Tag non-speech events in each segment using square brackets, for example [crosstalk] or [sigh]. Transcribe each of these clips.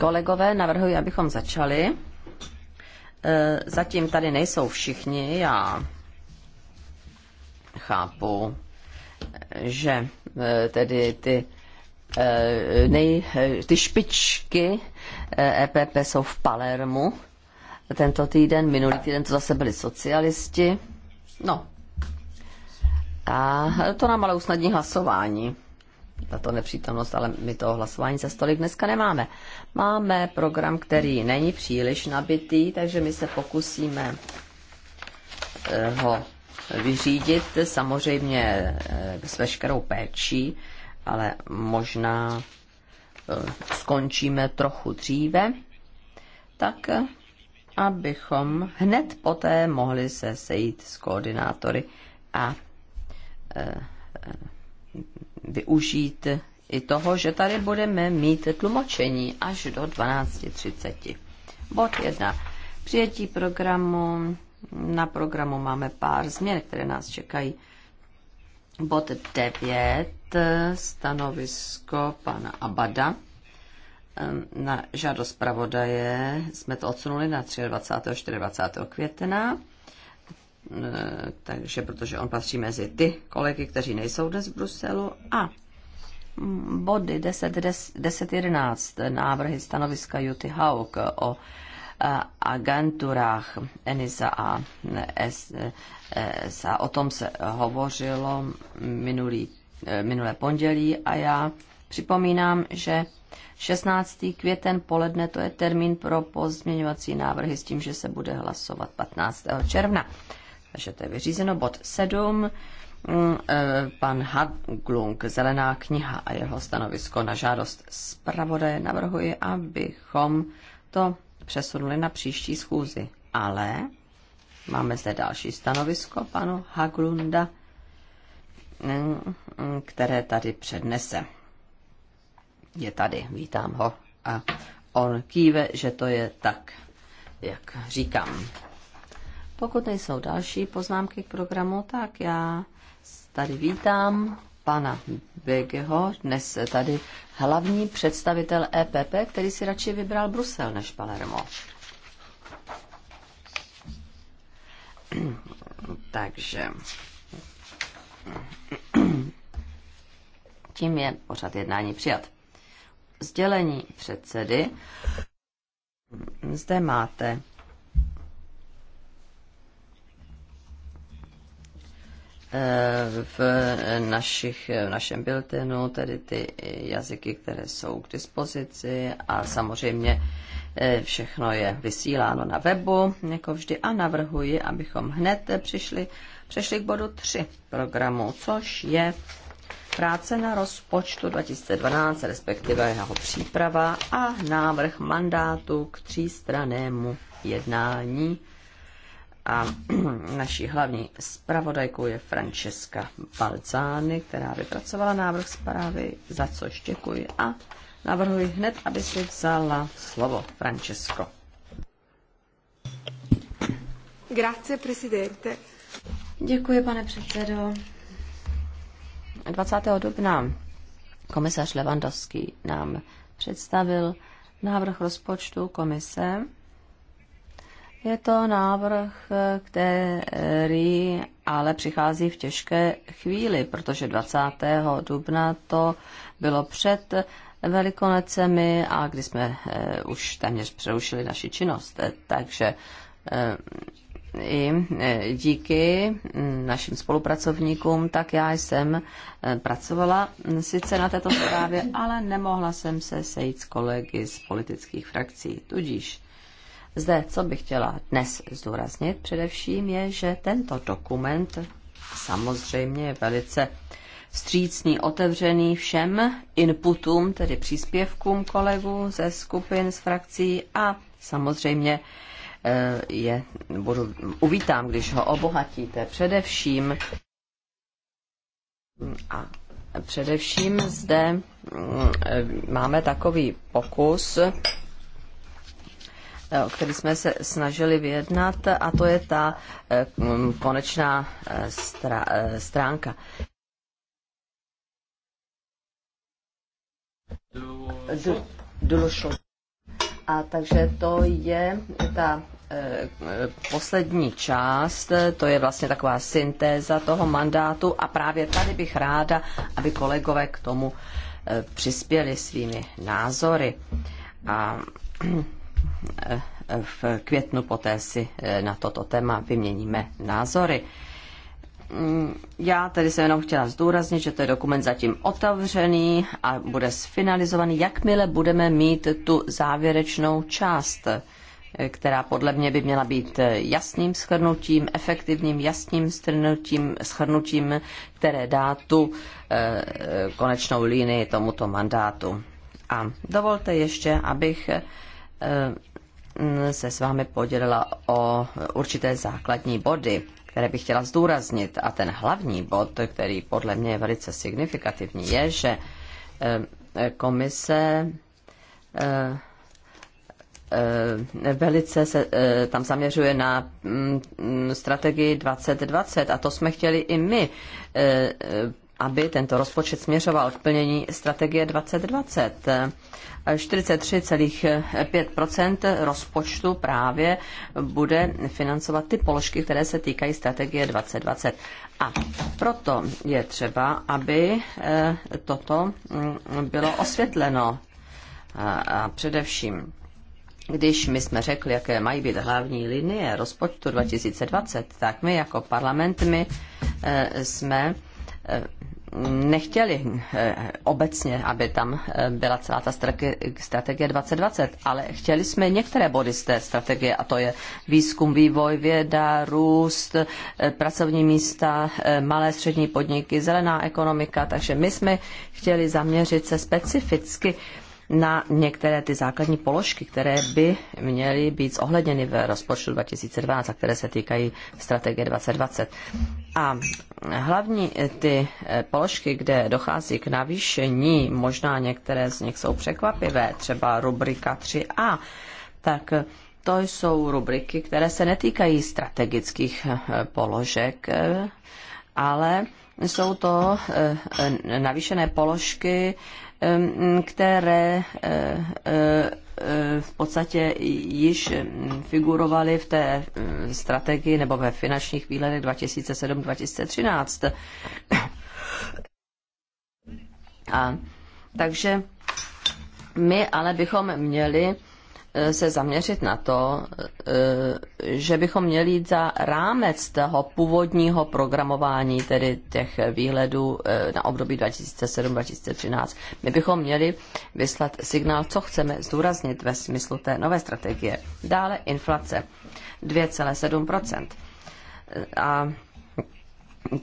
Kolegové, navrhuji, abychom začali. E, zatím tady nejsou všichni, já chápu, že e, tedy ty, e, nej, ty špičky EPP jsou v Palermu tento týden, minulý týden to zase byli socialisti. No. A to nám ale usnadní hlasování tato nepřítomnost, ale my toho hlasování za stolik dneska nemáme. Máme program, který není příliš nabitý, takže my se pokusíme eh, ho vyřídit samozřejmě eh, s veškerou péčí, ale možná eh, skončíme trochu dříve, tak abychom hned poté mohli se sejít s koordinátory a využít i toho, že tady budeme mít tlumočení až do 12.30. Bod 1. Přijetí programu. Na programu máme pár změn, které nás čekají. Bod 9. Stanovisko pana Abada. Ehm, na žádost pravodaje jsme to odsunuli na 23. 24. 20. května. Eh, takže protože on patří mezi ty kolegy, kteří nejsou dnes v Bruselu a body 10, 10 11, návrhy stanoviska Juty Hauk o eh, agenturách ENISA a eh, SA. O tom se hovořilo minulý, minulé pondělí a já připomínám, že 16. květen poledne to je termín pro pozměňovací návrhy s tím, že se bude hlasovat 15. června takže to je vyřízeno. Bod 7, mm, e, pan Haglung, Zelená kniha a jeho stanovisko na žádost zpravodaje navrhuji, abychom to přesunuli na příští schůzi. Ale máme zde další stanovisko panu Haglunda, mm, které tady přednese. Je tady, vítám ho. A on kýve, že to je tak, jak říkám. Pokud nejsou další poznámky k programu, tak já tady vítám pana Begeho, dnes tady hlavní představitel EPP, který si radši vybral Brusel než Palermo. Takže tím je pořad jednání přijat. Sdělení předsedy. Zde máte v, našich, v našem biltenu, tedy ty jazyky, které jsou k dispozici a samozřejmě eh, všechno je vysíláno na webu, jako vždy, a navrhuji, abychom hned přišli, přešli k bodu 3 programu, což je práce na rozpočtu 2012, respektive jeho příprava a návrh mandátu k třístranému jednání a [clears throat] naší hlavní zpravodajkou je Francesca Balzány, která vypracovala návrh zprávy, za což děkuji a navrhuji hned, aby si vzala slovo Francesco. Grazie, presidente. Děkuji, pane předsedo. 20. dubna komisař Levandovský nám představil návrh rozpočtu komise je to návrh, který ale přichází v těžké chvíli, protože 20. dubna to bylo před Velikonocemi a kdy jsme eh, už téměř přerušili naši činnost. Takže eh, i eh, díky mm, našim spolupracovníkům, tak já jsem pracovala mm, sice na této zprávě, ale nemohla jsem se sejít s kolegy z politických frakcí. Tudíž zde, co bych chtěla dnes zdůraznit především, je, že tento dokument samozřejmě je velice vstřícný, otevřený všem inputům, tedy příspěvkům kolegů ze skupin, z frakcí a samozřejmě eh, je, budu, uvítám, když ho obohatíte především a především zde mm, eh, máme takový pokus Eh, který jsme se snažili vyjednat, a to je ta eh, konečná eh, stránka. Dološlo. A takže to je ta poslední část, to je vlastně taková syntéza toho mandátu a právě tady bych ráda, aby kolegové k tomu přispěli svými názory. A [clears throat] v květnu poté si eh, na toto téma vyměníme názory. Mm, já tedy jsem jenom chtěla zdůraznit, že to je dokument zatím otevřený a bude sfinalizovaný, jakmile budeme mít tu závěrečnou část, eh, která podle mě by měla být eh, jasným schrnutím, efektivním jasným schrnutím, schrnutím které dá tu konečnou línii tomuto mandátu. A dovolte ještě, abych Eh, se s vámi podělila o určité základní body, které bych chtěla zdůraznit. A ten hlavní bod, který podle mě je velice signifikativní, je, že eh, komise eh, velice se tam zaměřuje na mm, strategii 2020 a to jsme chtěli i my, aby tento rozpočet směřoval k plnění strategie 2020. 43,5 rozpočtu právě bude financovat ty položky, které se týkají strategie 2020. A proto je třeba, aby eh, toto mm, bylo osvětleno. A především když my jsme řekli, jaké mají být hlavní linie rozpočtu 2020, tak my jako parlament my eh, jsme eh, nechtěli eh, obecně, aby tam eh, byla celá ta strategie 2020, ale chtěli jsme některé body z té strategie, a to je výzkum, vývoj, věda, růst, eh, pracovní místa, malé střední podniky, zelená ekonomika, takže my jsme chtěli zaměřit se specificky na některé ty základní položky, které by měly být zohledněny v rozpočtu 2012 a které se týkají strategie 2020. A hlavní ty eh, položky, kde dochází k navýšení, možná některé z nich jsou překvapivé, třeba rubrika 3a, tak to jsou rubriky, které se netýkají strategických eh, položek, eh, ale jsou to navýšené položky, které eh, eh, v podstatě již figurovaly v té eh, strategii nebo ve finančních výhledech 2007-2013. A takže my ale bychom měli se zaměřit na to, eh, že bychom měli jít za rámec toho původního programování, tedy těch výhledů eh, na období 2007-2013. My bychom měli vyslat signál, co chceme zdůraznit ve smyslu té nové strategie. Dále inflace 2,7 A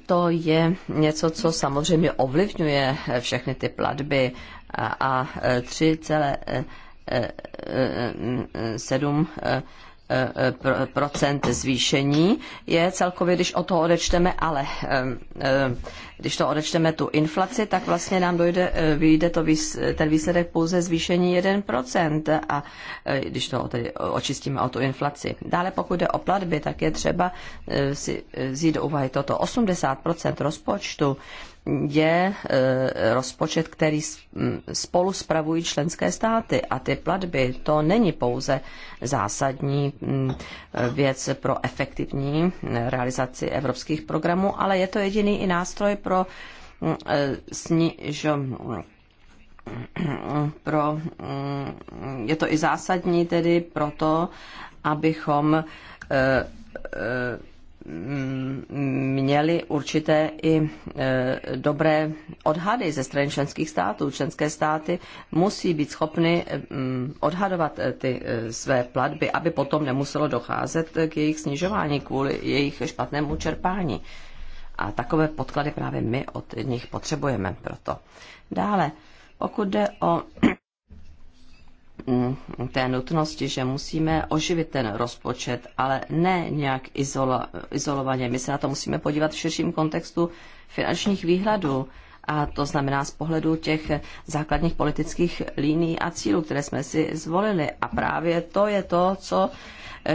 to je něco, co samozřejmě ovlivňuje všechny ty platby a 3, 7 eh, eh, procent zvýšení je celkově, když o toho odečteme, ale eh, když to odečteme tu inflaci, tak vlastně nám dojde, vyjde to, ten výsledek pouze zvýšení 1% a když to tedy očistíme o tu inflaci. Dále pokud jde o platby, tak je třeba si vzít do úvahy toto 80% rozpočtu je eh, rozpočet, který spolu spravují členské státy a ty platby, to není pouze zásadní mm, věc pro efektivní realizaci evropských programů, ale je to jediný i nástroj pro mm, eh, snižování [clears throat] pro, mm, je to i zásadní tedy proto, abychom eh, měli určité i e, dobré odhady ze strany členských států. Členské státy musí být schopny e, odhadovat e, ty své platby, aby potom nemuselo docházet k jejich snižování kvůli jejich špatnému čerpání. A takové podklady právě my od nich potřebujeme proto. Dále, pokud jde o Mm, té nutnosti, že musíme oživit ten rozpočet, ale ne nějak izolo, izolovaně. My se na to musíme podívat v širším kontextu finančních výhledů a to znamená z pohledu těch základních politických líní a cílů, které jsme si zvolili. A právě to je to, co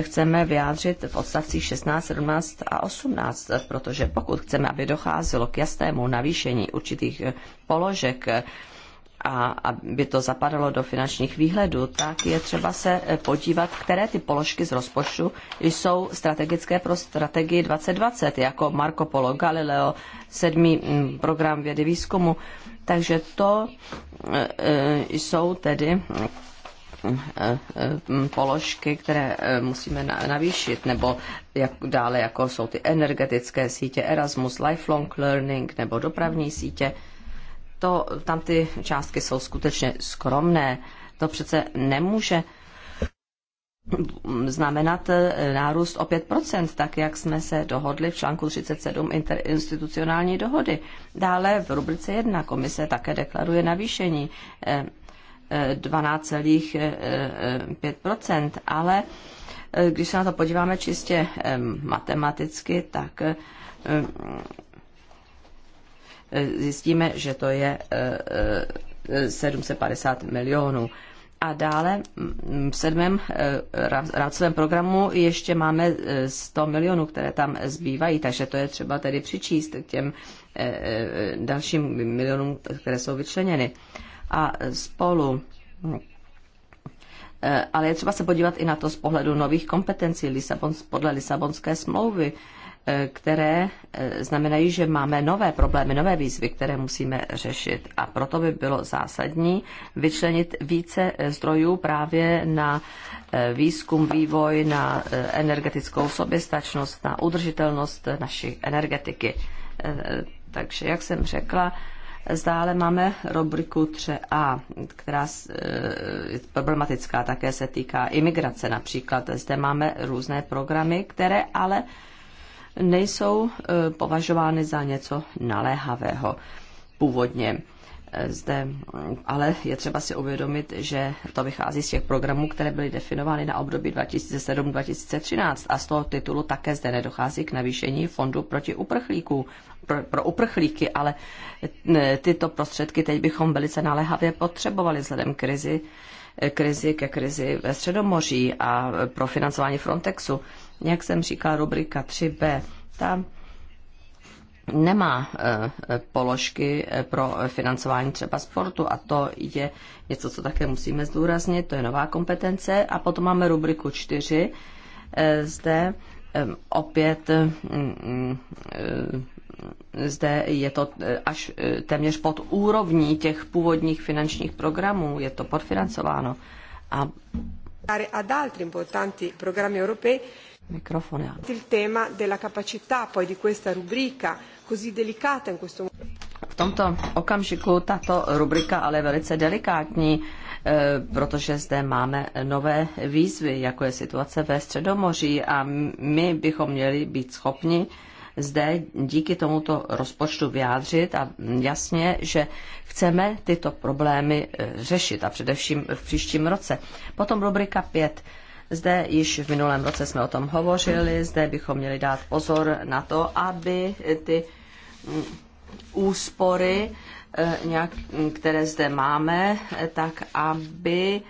chceme vyjádřit v odstavcích 16, 17 a 18, protože pokud chceme, aby docházelo k jasnému navýšení určitých položek, a aby to zapadalo do finančních výhledů, tak je třeba se eh, podívat, které ty položky z rozpočtu jsou strategické pro strategii 2020, jako Marco Polo, Galileo, sedmý mm, program vědy výzkumu. Takže to eh, eh, jsou tedy položky, které musíme navýšit, nebo jak, dále, jako jsou ty energetické sítě Erasmus, lifelong learning nebo dopravní sítě to, tam ty částky jsou skutečně skromné. To přece nemůže znamenat eh, nárůst o 5%, tak jak jsme se dohodli v článku 37 interinstitucionální dohody. Dále v rubrice 1 komise také deklaruje navýšení 12,5%, eh, eh, ale když se na to podíváme čistě matematicky, tak zjistíme, že to je 750 eh, eh, milionů. A dále mm, v sedmém eh, rácovém programu ještě máme 100 milionů, které tam zbývají, takže to je třeba tedy přičíst k těm dalším milionům, které jsou vyčleněny. A spolu ale je třeba se podívat i na to z pohledu nových kompetencí Lisabon, podle Lisabonské smlouvy které eh, znamenají, že máme nové problémy, nové výzvy, které musíme řešit. A proto by bylo zásadní vyčlenit více eh, zdrojů právě na eh, výzkum, vývoj, na energetickou soběstačnost, na udržitelnost naší energetiky. Takže, jak jsem řekla, Zdále máme rubriku 3a, která je problematická, také se týká imigrace například. Zde máme různé programy, které ale nejsou eh, považovány za něco naléhavého původně eh, zde, mm, ale je třeba si uvědomit, že to vychází z těch programů, které byly definovány na období 2007-2013 a z toho titulu také zde nedochází k navýšení fondu proti uprchlíků, pro, pro uprchlíky, ale eh, tyto prostředky teď bychom velice naléhavě potřebovali vzhledem krizi, krizi ke krizi ve Středomoří a pro financování Frontexu jak jsem říkal, rubrika 3b, tam nemá e, e, položky e, pro financování třeba sportu a to je něco, co také musíme zdůraznit, to je nová kompetence. A potom máme rubriku 4, zde opět zde je to až téměř pod úrovní těch původních finančních programů, je to podfinancováno. A ad altri importanti programmi europei Mikrofon Il tema della capacità poi di questa rubrica così delicata in questo v tomto okamžiku tato rubrika ale velice delikátní, eh, protože zde máme nové výzvy, jako je situace ve Středomoří a my bychom měli být schopni zde díky tomuto rozpočtu vyjádřit a jasně, že chceme tyto problémy eh, řešit a především v příštím roce. Potom rubrika 5 zde již v minulém roce jsme o tom hovořili, zde bychom měli dát pozor na to, aby ty mm, úspory, eh, nějak, mm, které zde máme, tak aby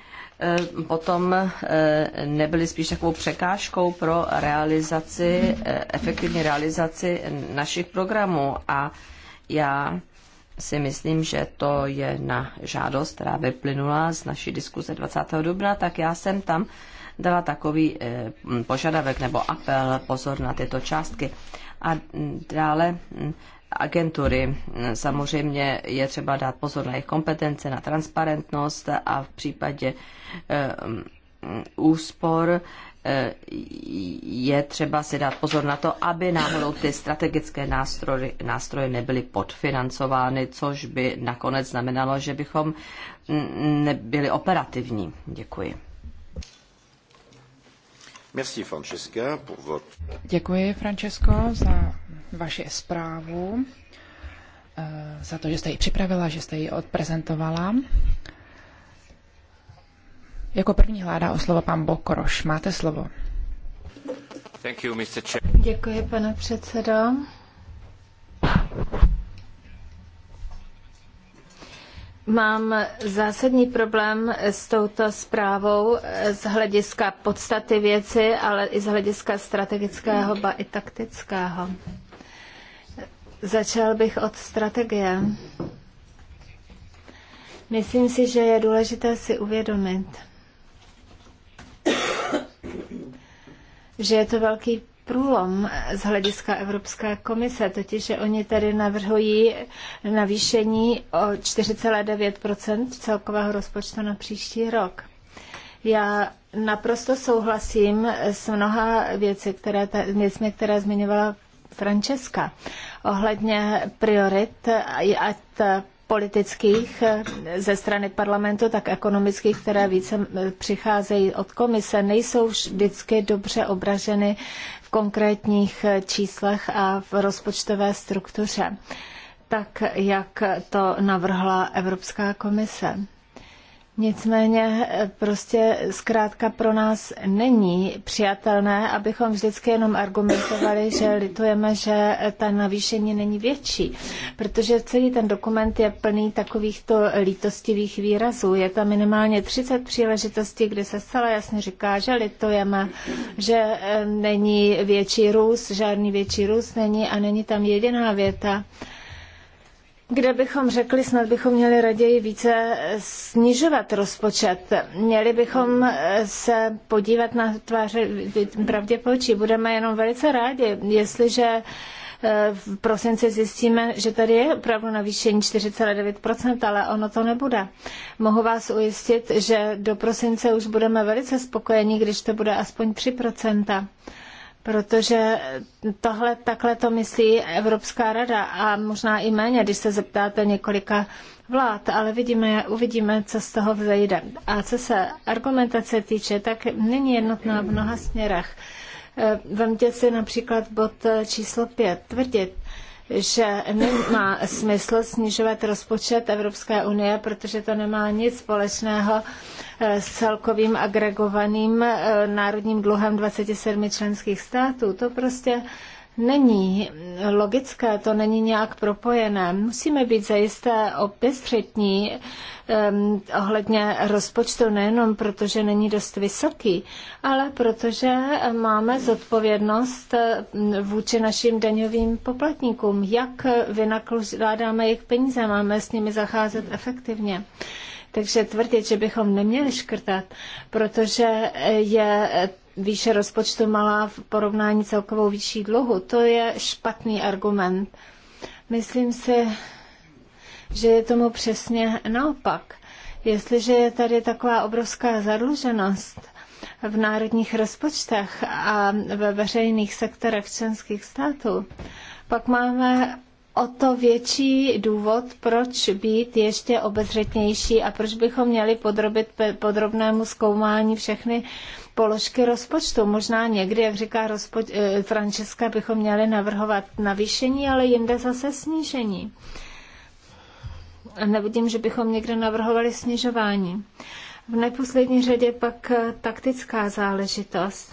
eh, potom eh, nebyly spíš takovou překážkou pro realizaci, efektivní realizaci našich programů. A já si myslím, že to je na žádost, která vyplynula z naší diskuze 20. dubna, tak já jsem tam dala takový eh, požadavek nebo apel pozor na tyto částky. A dále agentury. Samozřejmě je třeba dát pozor na jejich kompetence, na transparentnost a v případě eh, úspor eh, je třeba si dát pozor na to, aby náhodou ty strategické nástroje, nástroje nebyly podfinancovány, což by nakonec znamenalo, že bychom nebyli operativní. Děkuji. Merci, Francesca, pour votre... Děkuji, Francesco, za vaši zprávu, eh, za to, že jste ji připravila, že jste ji odprezentovala. Jako první hládá o slovo pan Bokroš. Máte slovo. Thank you, Mr. Děkuji, pane předsedo. Mám zásadní problém s touto zprávou z hlediska podstaty věci, ale i z hlediska strategického, ba i taktického. Začal bych od strategie. Myslím si, že je důležité si uvědomit, že je to velký průlom z hlediska Evropské komise, totiž, že oni tady navrhují navýšení o 4,9 celkového rozpočtu na příští rok. Já naprosto souhlasím s mnoha věci, které, ta, věcmi, které zmiňovala Francesca ohledně priorit a politických ze strany parlamentu, tak ekonomických, které více přicházejí od komise, nejsou vždycky dobře obraženy v konkrétních číslech a v rozpočtové struktuře, tak jak to navrhla Evropská komise. Nicméně eh, prostě zkrátka pro nás není přijatelné, abychom vždycky jenom argumentovali, že litujeme, že eh, ta navýšení není větší, protože celý ten dokument je plný takovýchto lítostivých výrazů. Je tam minimálně 30 příležitostí, kdy se zcela jasně říká, že litujeme, že eh, není větší růst, žádný větší růst není a není tam jediná věta, kde bychom řekli, snad bychom měli raději více eh, snižovat rozpočet. Měli bychom eh, se podívat na tváře pravdě po Budeme jenom velice rádi, jestliže eh, v prosinci zjistíme, že tady je opravdu navýšení 4,9%, ale ono to nebude. Mohu vás ujistit, že do prosince už budeme velice spokojeni, když to bude aspoň 3% protože tohle takhle to myslí Evropská rada a možná i méně, když se zeptáte několika vlád, ale vidíme, uvidíme, co z toho vzejde. A co se argumentace týče, tak není jednotná v mnoha směrech. Eh, Vemte si například bod číslo 5. Tvrdit, že nemá smysl snižovat rozpočet Evropské unie, protože to nemá nic společného eh, s celkovým agregovaným eh, národním dluhem 27 členských států. To prostě není logické, to není nějak propojené. Musíme být zajisté obezřetní um, ohledně rozpočtu nejenom protože není dost vysoký, ale protože máme zodpovědnost eh, vůči našim daňovým poplatníkům, jak vynakládáme jejich peníze, máme s nimi zacházet efektivně. Takže tvrdit, že bychom neměli škrtat, protože je výše rozpočtu malá v porovnání celkovou výší dluhu. To je špatný argument. Myslím si, že je tomu přesně naopak. Jestliže je tady taková obrovská zadluženost v národních rozpočtech a ve veřejných sektorech členských států, pak máme o to větší důvod, proč být ještě obezřetnější a proč bychom měli podrobit podrobnému zkoumání všechny položky rozpočtu. Možná někdy, jak říká rozpoč- eh, Frančeska, bychom měli navrhovat navýšení, ale jinde zase snížení. Nevidím, že bychom někde navrhovali snižování. V neposlední řadě pak eh, taktická záležitost.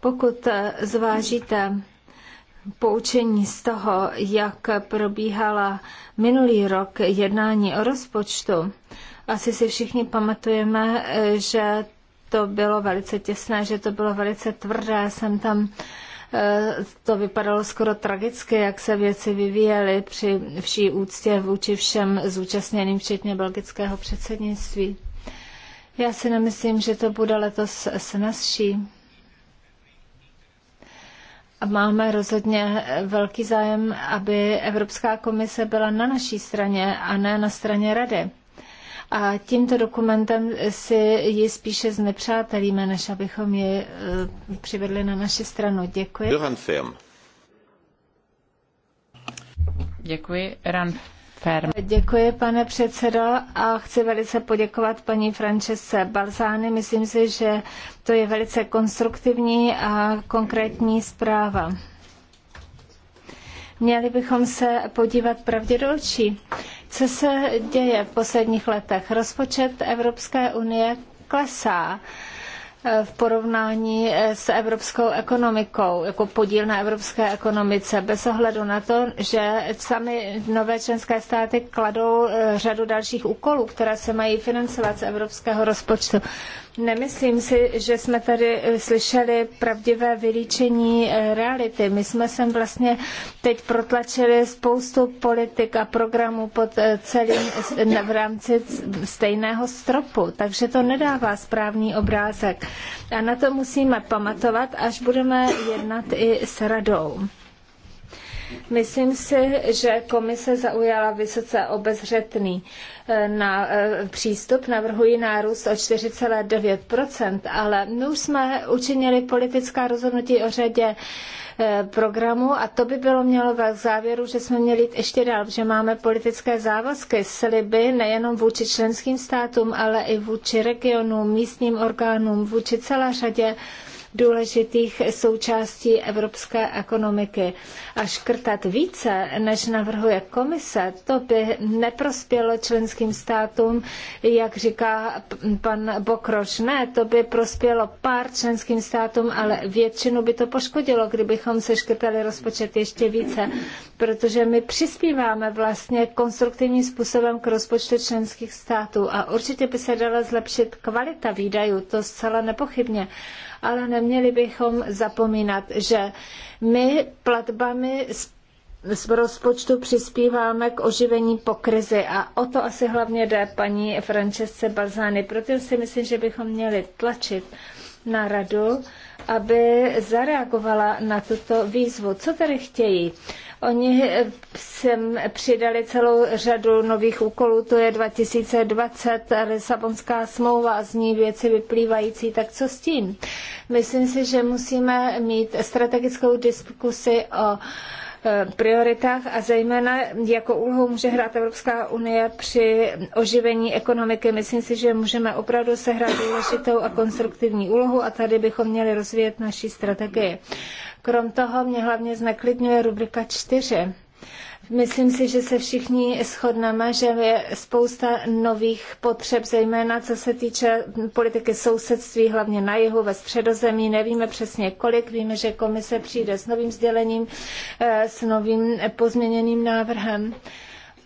Pokud eh, zvážíte poučení z toho, jak probíhala minulý rok jednání o rozpočtu, asi si všichni pamatujeme, že to bylo velice těsné, že to bylo velice tvrdé. Jsem tam eh, to vypadalo skoro tragicky, jak se věci vyvíjely při vší úctě vůči všem zúčastněným, včetně belgického předsednictví. Já si nemyslím, že to bude letos snazší. A máme rozhodně velký zájem, aby Evropská komise byla na naší straně a ne na straně Rady a tímto dokumentem si ji spíše znepřátelíme, než abychom ji eh, přivedli na naši stranu. Děkuji. Děkuji. Ran Firm. Děkuji, pane předsedo, a chci velice poděkovat paní Francesce Balzány. Myslím si, že to je velice konstruktivní a konkrétní zpráva. Měli bychom se podívat pravdě do očí. Co se děje v posledních letech? Rozpočet Evropské unie klesá eh, v porovnání eh, s evropskou ekonomikou, jako podíl na evropské ekonomice, bez ohledu na to, že sami nové členské státy kladou eh, řadu dalších úkolů, které se mají financovat z evropského rozpočtu. Nemyslím si, že jsme tady eh, slyšeli pravdivé vylíčení eh, reality. My jsme sem vlastně teď protlačili spoustu politik a programů pod eh, celým v rámci stejného stropu, takže to nedává správný obrázek. A na to musíme pamatovat, až budeme jednat i s radou. Myslím si, že komise zaujala vysoce obezřetný eh, na eh, přístup, navrhují nárůst o 4,9%, ale my už jsme učinili politická rozhodnutí o řadě eh, programu a to by bylo mělo k závěru, že jsme měli jít ještě dál, že máme politické závazky, sliby nejenom vůči členským státům, ale i vůči regionům, místním orgánům, vůči celé řadě důležitých součástí evropské ekonomiky. A škrtat více, než navrhuje komise, to by neprospělo členským státům, jak říká pan Bokroš. Ne, to by prospělo pár členským státům, ale většinu by to poškodilo, kdybychom se škrtali rozpočet ještě více, protože my přispíváme vlastně konstruktivním způsobem k rozpočtu členských států a určitě by se dala zlepšit kvalita výdajů, to zcela nepochybně ale neměli bychom zapomínat, že my platbami z rozpočtu přispíváme k oživení po krizi a o to asi hlavně jde paní Francesce Balzány. Proto si myslím, že bychom měli tlačit na radu, aby zareagovala na tuto výzvu. Co tedy chtějí? Oni sem přidali celou řadu nových úkolů, to je 2020, Lisabonská smlouva a z ní věci vyplývající, tak co s tím? Myslím si, že musíme mít strategickou diskusi o e, prioritách a zejména jako úlohu může hrát Evropská unie při oživení ekonomiky. Myslím si, že můžeme opravdu sehrát důležitou a konstruktivní úlohu a tady bychom měli rozvíjet naši strategii. Krom toho mě hlavně zneklidňuje rubrika 4. Myslím si, že se všichni shodneme, že je spousta nových potřeb, zejména co se týče politiky sousedství, hlavně na jihu, ve středozemí. Nevíme přesně kolik, víme, že komise přijde s novým sdělením, eh, s novým pozměněným návrhem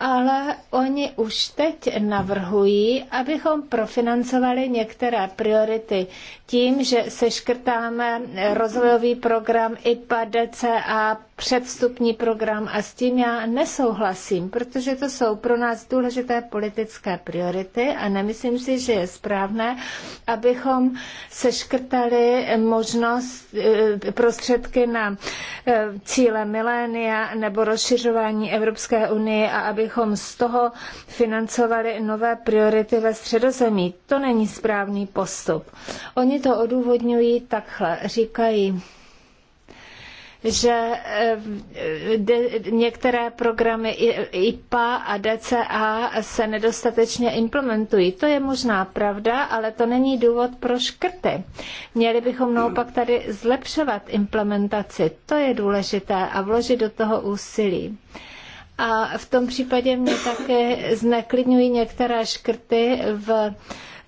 ale oni už teď navrhují, abychom profinancovali některé priority tím, že seškrtáme rozvojový program IPA, DCA, předvstupní program a s tím já nesouhlasím, protože to jsou pro nás důležité politické priority a nemyslím si, že je správné, abychom seškrtali možnost eh, prostředky na eh, cíle milénia nebo rozšiřování Evropské unie a abychom z toho financovali nové priority ve středozemí. To není správný postup. Oni Oni to odůvodňují takhle, říkají, že eh, některé programy IPA a DCA se nedostatečně implementují. To je možná pravda, ale to není důvod pro škrty. Měli bychom naopak tady zlepšovat implementaci. To je důležité a vložit do toho úsilí. A v tom případě mě také zneklidňují některé škrty v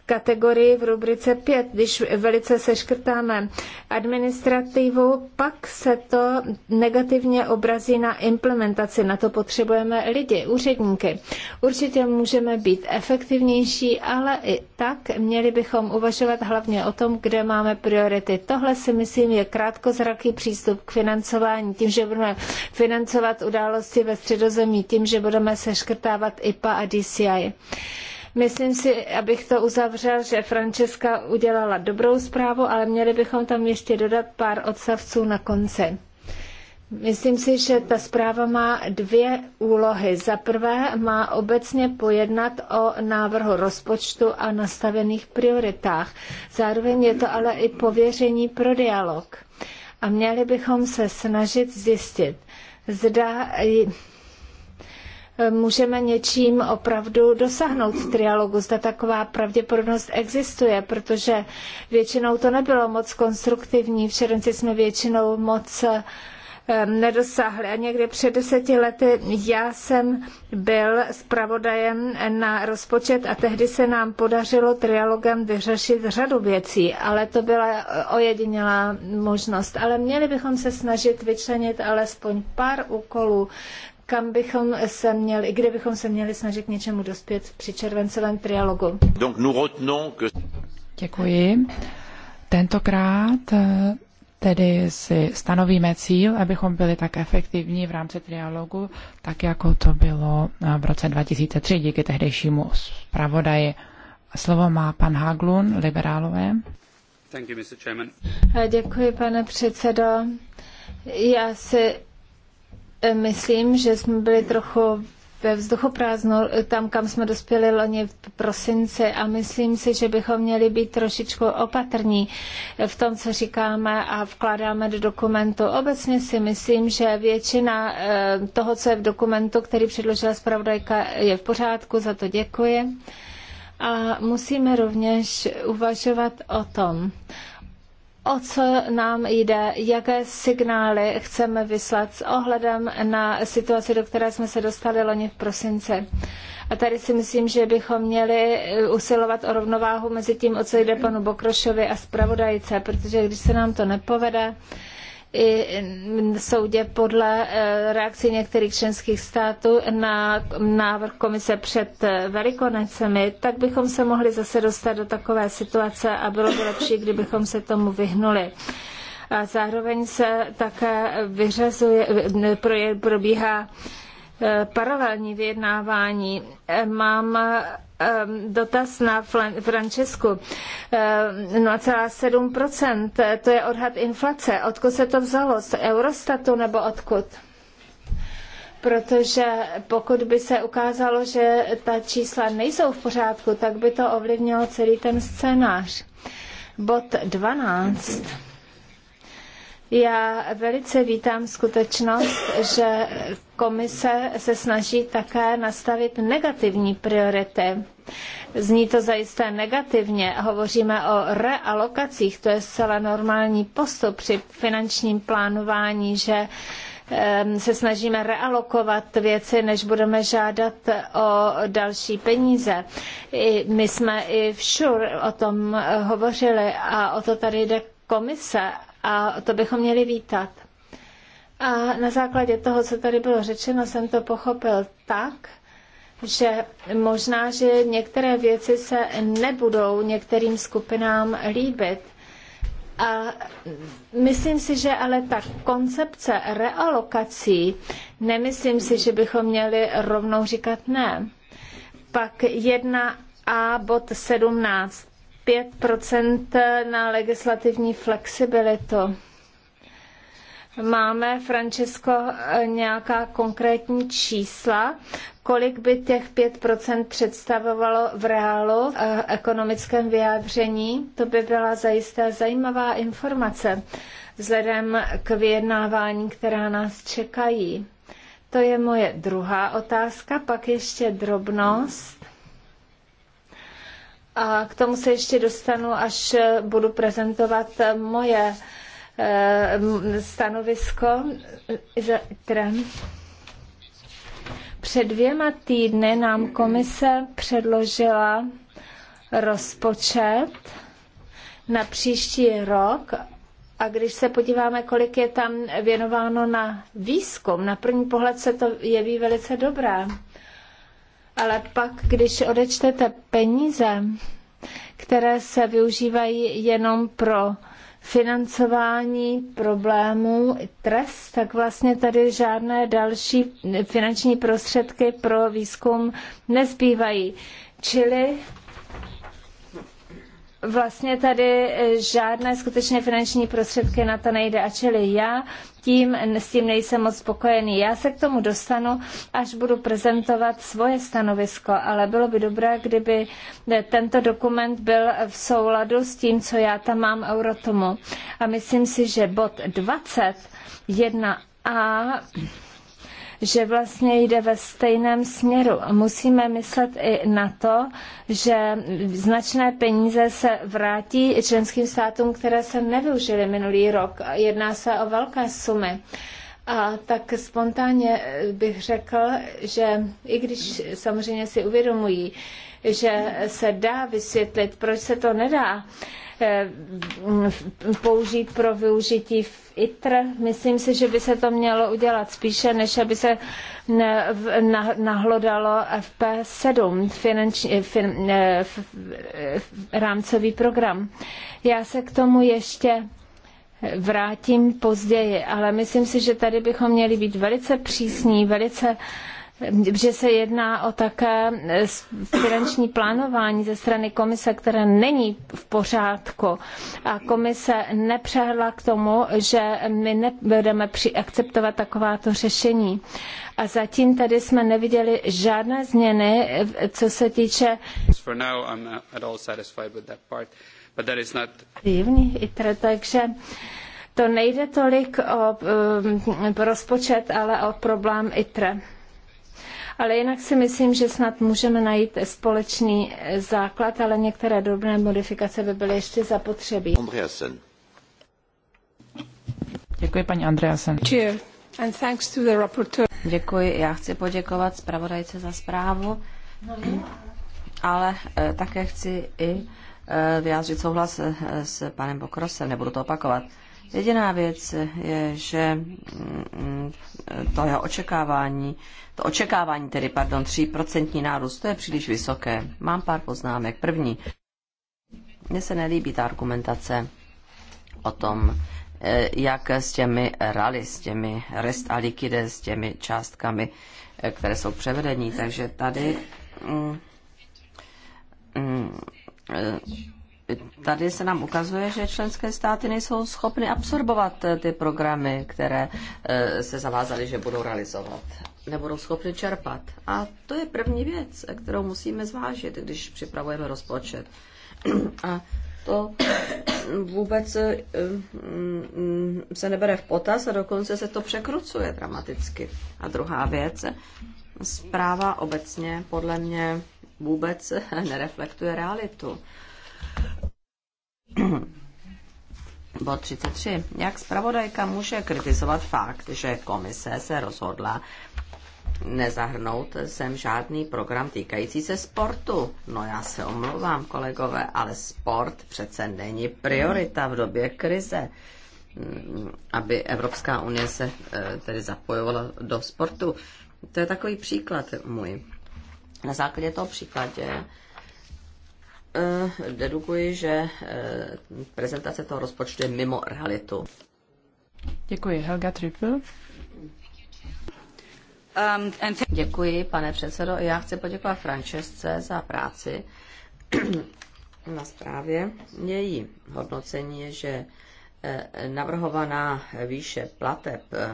kategorii v rubrice 5. Když velice seškrtáme administrativu, pak se to negativně obrazí na implementaci. Na to potřebujeme lidi, úředníky. Určitě můžeme být efektivnější, ale i tak měli bychom uvažovat hlavně o tom, kde máme priority. Tohle si myslím je krátkozraký přístup k financování, tím, že budeme financovat události ve středozemí, tím, že budeme seškrtávat IPA a DCI. Myslím si, abych to uzavřel, že Francesca udělala dobrou zprávu, ale měli bychom tam ještě dodat pár odstavců na konci. Myslím si, že ta zpráva má dvě úlohy. Za prvé má obecně pojednat o návrhu rozpočtu a nastavených prioritách. Zároveň je to ale i pověření pro dialog. A měli bychom se snažit zjistit, zda můžeme něčím opravdu dosáhnout v trialogu. Zda taková pravděpodobnost existuje, protože většinou to nebylo moc konstruktivní. V červenci jsme většinou moc nedosáhli. A někde před deseti lety já jsem byl zpravodajem na rozpočet a tehdy se nám podařilo trialogem vyřešit řadu věcí, ale to byla ojedinělá možnost. Ale měli bychom se snažit vyčlenit alespoň pár úkolů, kam bychom se měli, kde bychom se měli snažit k něčemu dospět při červencovém trialogu. Děkuji. Tentokrát eh, tedy si stanovíme cíl, abychom byli tak efektivní v rámci trialogu, tak jako to bylo eh, v roce 2003 díky tehdejšímu zpravodaji. Slovo má pan Haglun, liberálové. Eh, děkuji, pane předsedo. Já si Eh, myslím, že jsme byli trochu ve vzduchu prázdno, eh, tam, kam jsme dospěli loni v prosinci a myslím si, že bychom měli být trošičku opatrní v tom, co říkáme a vkládáme do dokumentu. Obecně si myslím, že většina eh, toho, co je v dokumentu, který předložila zpravodajka, je v pořádku, za to děkuji. A musíme rovněž uvažovat o tom, o co nám jde, jaké signály chceme vyslat s ohledem na situaci, do které jsme se dostali loni v prosinci. A tady si myslím, že bychom měli eh, usilovat o rovnováhu mezi tím, o co jde panu Bokrošovi a zpravodajce, protože když se nám to nepovede, i soudě podle eh, reakcí některých členských států na návrh komise před eh, velikonocemi, tak bychom se mohli zase dostat do takové situace a bylo by lepší, kdybychom se tomu vyhnuli. A zároveň se také vyřazuje, probíhá eh, paralelní vyjednávání. Mám Ehm, dotaz na Francesku. 0,7%, ehm, eh, to je odhad inflace. Odkud se to vzalo? Z Eurostatu nebo odkud? Protože pokud by se ukázalo, že ta čísla nejsou v pořádku, tak by to ovlivnilo celý ten scénář. Bod 12. Já velice vítám skutečnost, že Komise se snaží také nastavit negativní priority. Zní to zajisté negativně. Hovoříme o realokacích, to je zcela normální postup při finančním plánování, že se snažíme realokovat věci, než budeme žádat o další peníze. I my jsme i všur o tom hovořili a o to tady jde komise a to bychom měli vítat. A na základě toho, co tady bylo řečeno, jsem to pochopil tak, že možná, že některé věci se nebudou některým skupinám líbit. A myslím si, že ale ta koncepce realokací, nemyslím si, že bychom měli rovnou říkat ne. Pak 1a bod 17, 5% na legislativní flexibilitu. Máme, Francesco, eh, nějaká konkrétní čísla, kolik by těch 5% představovalo v reálu v eh, ekonomickém vyjádření? To by byla zajisté zajímavá informace vzhledem k vyjednávání, která nás čekají. To je moje druhá otázka, pak ještě drobnost. A k tomu se ještě dostanu, až budu prezentovat moje Eh, stanovisko, které před dvěma týdny nám komise předložila rozpočet na příští rok a když se podíváme, kolik je tam věnováno na výzkum, na první pohled se to jeví velice dobré. Ale pak, když odečtete peníze, které se využívají jenom pro financování problémů trest, tak vlastně tady žádné další finanční prostředky pro výzkum nezbývají. Čili vlastně tady eh, žádné skutečné finanční prostředky na to nejde. A čili já tím, s tím nejsem moc spokojený. Já se k tomu dostanu, až budu prezentovat svoje stanovisko, ale bylo by dobré, kdyby eh, tento dokument byl v souladu s tím, co já tam mám Eurotomu. A myslím si, že bod 21 a že vlastně jde ve stejném směru. Musíme myslet i na to, že značné peníze se vrátí členským státům, které se nevyužily minulý rok. Jedná se o velké sumy. A tak spontánně bych řekl, že i když samozřejmě si uvědomují, že se dá vysvětlit, proč se to nedá, Eh, použít pro využití v ITR. Myslím si, že by se to mělo udělat spíše, než aby se nahlodalo FP7, finanční, eh, fin, eh, rámcový program. Já se k tomu ještě vrátím později, ale myslím si, že tady bychom měli být velice přísní, velice že se jedná o také eh, finanční plánování ze strany komise, které není v pořádku. A komise nepřehla k tomu, že my nebudeme akceptovat takováto řešení. A zatím tady jsme neviděli žádné změny, co se týče... Uh, takže to nejde tolik o um, rozpočet, ale o problém ITRE. Ale jinak si myslím, že snad můžeme najít společný eh, základ, ale některé drobné modifikace by byly ještě zapotřebí. Andreasen. Děkuji, paní Andreasen. And thanks to the rapporteur. Děkuji, já chci poděkovat zpravodajce za zprávu, ale eh, také chci i eh, vyjádřit souhlas s panem Bokrosem, nebudu to opakovat. Jediná věc je, že mm, mm, to jeho očekávání to očekávání tedy, pardon, 3% nárůst, to je příliš vysoké. Mám pár poznámek. První, mně se nelíbí ta argumentace o tom, eh, jak s těmi rally, s těmi rest a likide, s těmi částkami, eh, které jsou převedení. Takže tady mm, mm, eh, tady se nám ukazuje, že členské státy nejsou schopny absorbovat ty programy, které se zavázaly, že budou realizovat nebudou schopny čerpat. A to je první věc, kterou musíme zvážit, když připravujeme rozpočet. [clears throat] A to vůbec eh, mm, se nebere v potaz a dokonce se to překrucuje dramaticky. A druhá věc, zpráva obecně podle mě vůbec [laughs] nereflektuje realitu. [clears throat] Bod 33. Jak zpravodajka může kritizovat fakt, že komise se rozhodla nezahrnout sem žádný program týkající se sportu. No já se omlouvám, kolegové, ale sport přece není priorita v době krize mm, aby Evropská unie se e, tedy zapojovala do sportu. To je takový příklad můj. Na základě toho příkladě e, dedukuji, že e, prezentace toho rozpočtu je mimo realitu. Děkuji. Helga Trippel. Um, Děkuji, pane předsedo. Já chci poděkovat Francesce za práci [clears throat] na zprávě. Její hodnocení je, že eh, navrhovaná výše plateb, eh,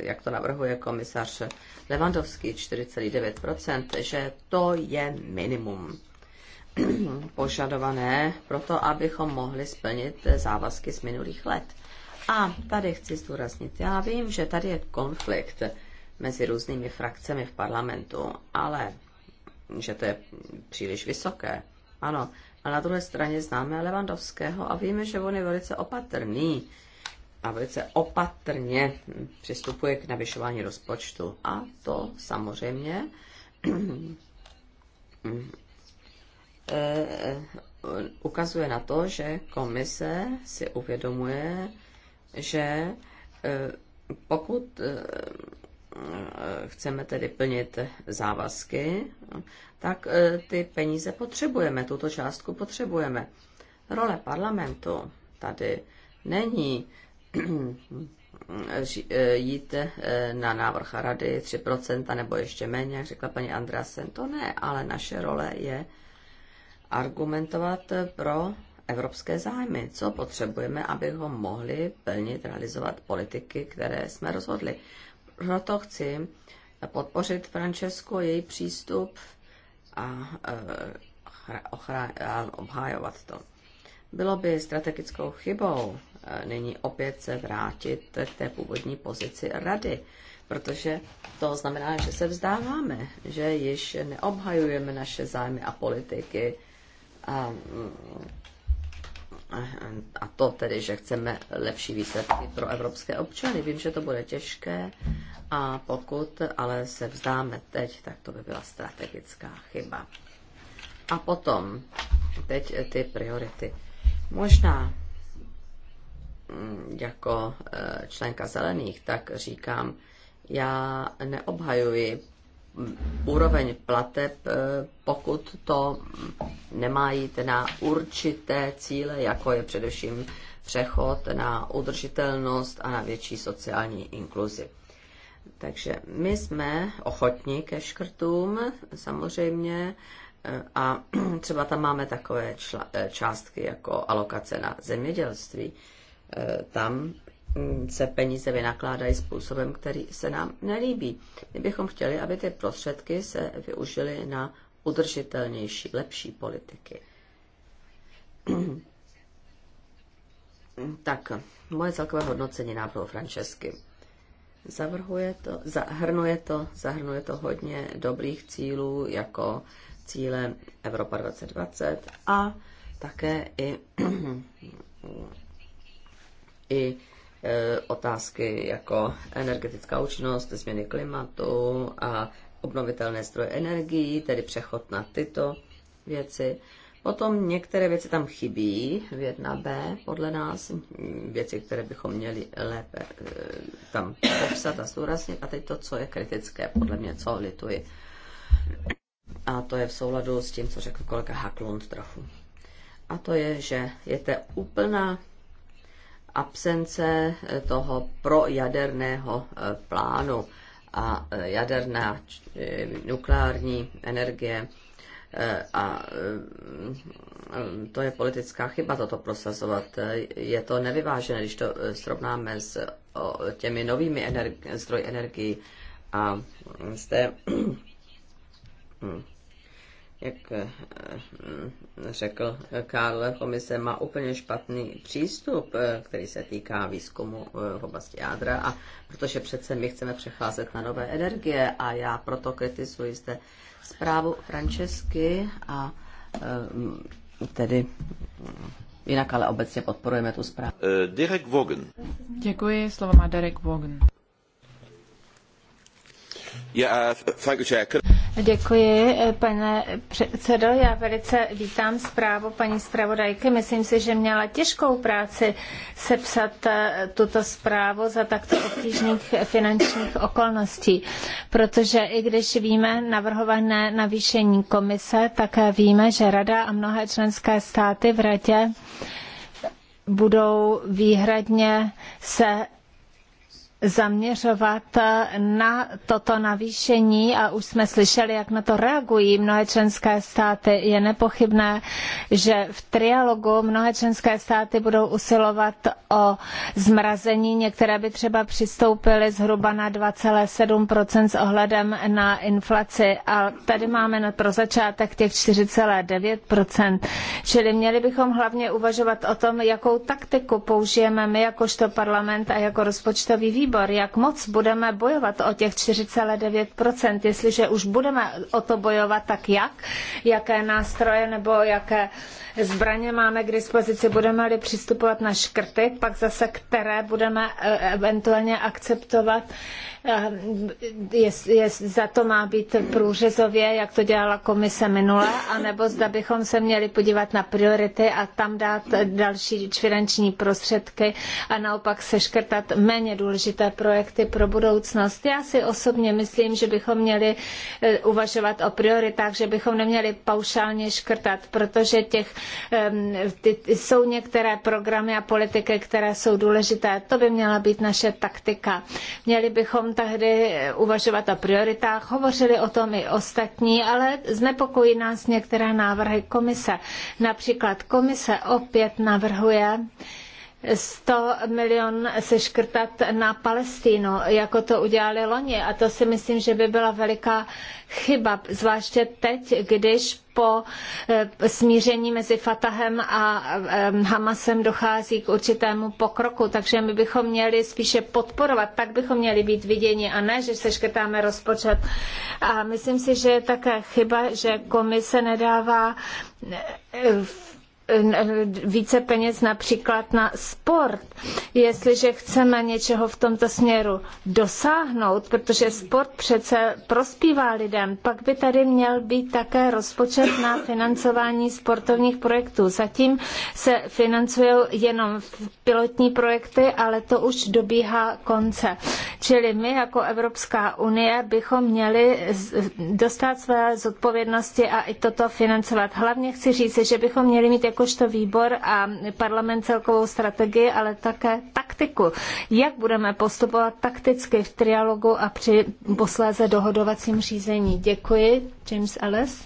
jak to navrhuje komisař Levandovský, 4,9%, že to je minimum [clears throat] požadované pro to, abychom mohli splnit závazky z minulých let. A tady chci zdůraznit, já vím, že tady je konflikt mezi různými frakcemi v parlamentu, ale že to je příliš vysoké. Ano, a na druhé straně známe Levandovského a víme, že on je velice opatrný a velice opatrně přistupuje k navyšování rozpočtu. A to samozřejmě [clears throat] eh, eh, ukazuje na to, že komise si uvědomuje, že eh, pokud Eh, chceme tedy plnit závazky, tak eh, ty peníze potřebujeme, tuto částku potřebujeme. Role parlamentu tady není eh, jít na návrh rady 3% nebo ještě méně, jak řekla paní Andreasen, to ne, ale naše role je argumentovat pro evropské zájmy, co potřebujeme, abychom mohli plnit, realizovat politiky, které jsme rozhodli proto chci podpořit Francesco její přístup a, eh, a obhájovat to. Bylo by strategickou chybou eh, nyní opět se vrátit k té původní pozici rady, protože to znamená, že se vzdáváme, že již neobhajujeme naše zájmy a politiky a mm, a to tedy, že chceme lepší výsledky pro evropské občany. Vím, že to bude těžké a pokud ale se vzdáme teď, tak to by byla strategická chyba. A potom, teď ty priority. Možná mm, jako eh, členka zelených, tak říkám, já neobhajuji úroveň plateb, eh, pokud to nemají na určité cíle, jako je především přechod na udržitelnost a na větší sociální inkluzi. Takže my jsme ochotní ke škrtům, samozřejmě, eh, a [clears throat] třeba tam máme takové eh, částky jako alokace na zemědělství. Tam se peníze vynakládají způsobem, který se nám nelíbí. My bychom chtěli, aby ty prostředky se využily na udržitelnější, lepší politiky. [clears throat] tak, moje celkové hodnocení návrhu Francesky. Zavrhuje to, zahrnuje to, zahrnuje to hodně dobrých cílů, jako cíle Evropa 2020 a také i, [clears throat] i Eh, otázky jako energetická účinnost, změny klimatu a obnovitelné stroje energií, tedy přechod na tyto věci. Potom některé věci tam chybí v 1b, podle nás, věci, které bychom měli lépe eh, tam popsat a zdůraznit. A teď to, co je kritické, podle mě, co lituji. A to je v souladu s tím, co řekl kolega Haklund trochu. A to je, že je to úplná absence eh, toho projaderného eh, plánu a eh, jaderná nukleární energie a to je politická chyba toto prosazovat. Je to nevyvážené, když to srovnáme s těmi novými energi- zdroji energií a zde [clears throat] jak eh, hm, řekl Karl, komise má úplně špatný přístup, eh, který se týká výzkumu eh, v oblasti jádra, a protože přece my chceme přecházet na nové energie a já proto kritizuji zde zprávu Francesky a tedy hm, jinak ale obecně podporujeme tu zprávu. Derek Vogen. Děkuji, slovo má Derek Vogen. Yeah, uh, thank you, Chair. Děkuji, pane předsedo. Já velice vítám zprávu paní zpravodajky. Myslím si, že měla těžkou práci sepsat eh, tuto zprávu za takto obtížných finančních okolností, protože i když víme navrhované navýšení komise, také víme, že Rada a mnohé členské státy v Radě budou výhradně se zaměřovat na toto navýšení a už jsme slyšeli, jak na to reagují mnohé členské státy. Je nepochybné, že v trialogu mnohé členské státy budou usilovat o zmrazení, některé by třeba přistoupily zhruba na 2,7% s ohledem na inflaci a tady máme pro začátek těch 4,9%. Čili měli bychom hlavně uvažovat o tom, jakou taktiku použijeme my jakožto parlament a jako rozpočtový výbor výbor, jak moc budeme bojovat o těch 4,9%, jestliže už budeme o to bojovat, tak jak, jaké nástroje nebo jaké zbraně máme k dispozici, budeme-li přistupovat na škrty, pak zase které budeme eh, eventuálně akceptovat. Je, eh, je, za to má být průřezově, jak to dělala komise minule, anebo zda bychom se měli podívat na priority a tam dát další finanční prostředky a naopak seškrtat méně důležité projekty pro budoucnost. Já si osobně myslím, že bychom měli eh, uvažovat o prioritách, že bychom neměli paušálně škrtat, protože těch jsou některé programy a politiky, které jsou důležité. To by měla být naše taktika. Měli bychom tehdy uvažovat o prioritách, hovořili o tom i ostatní, ale znepokojí nás některé návrhy komise. Například komise opět navrhuje, 100 milion seškrtat na Palestínu, jako to udělali loni. A to si myslím, že by byla veliká chyba, zvláště teď, když po eh, smíření mezi Fatahem a eh, Hamasem dochází k určitému pokroku, takže my bychom měli spíše podporovat, tak bychom měli být viděni a ne, že seškrtáme rozpočet. A myslím si, že je také chyba, že komise nedává eh, více peněz například na sport. Jestliže chceme něčeho v tomto směru dosáhnout, protože sport přece prospívá lidem, pak by tady měl být také rozpočet na financování sportovních projektů. Zatím se financují jenom pilotní projekty, ale to už dobíhá konce. Čili my jako Evropská unie bychom měli dostat své zodpovědnosti a i toto financovat. Hlavně chci říct, že bychom měli mít jako jakožto výbor a parlament celkovou strategii, ale také taktiku. Jak budeme postupovat takticky v trialogu a při posléze dohodovacím řízení. Děkuji. James Ellis.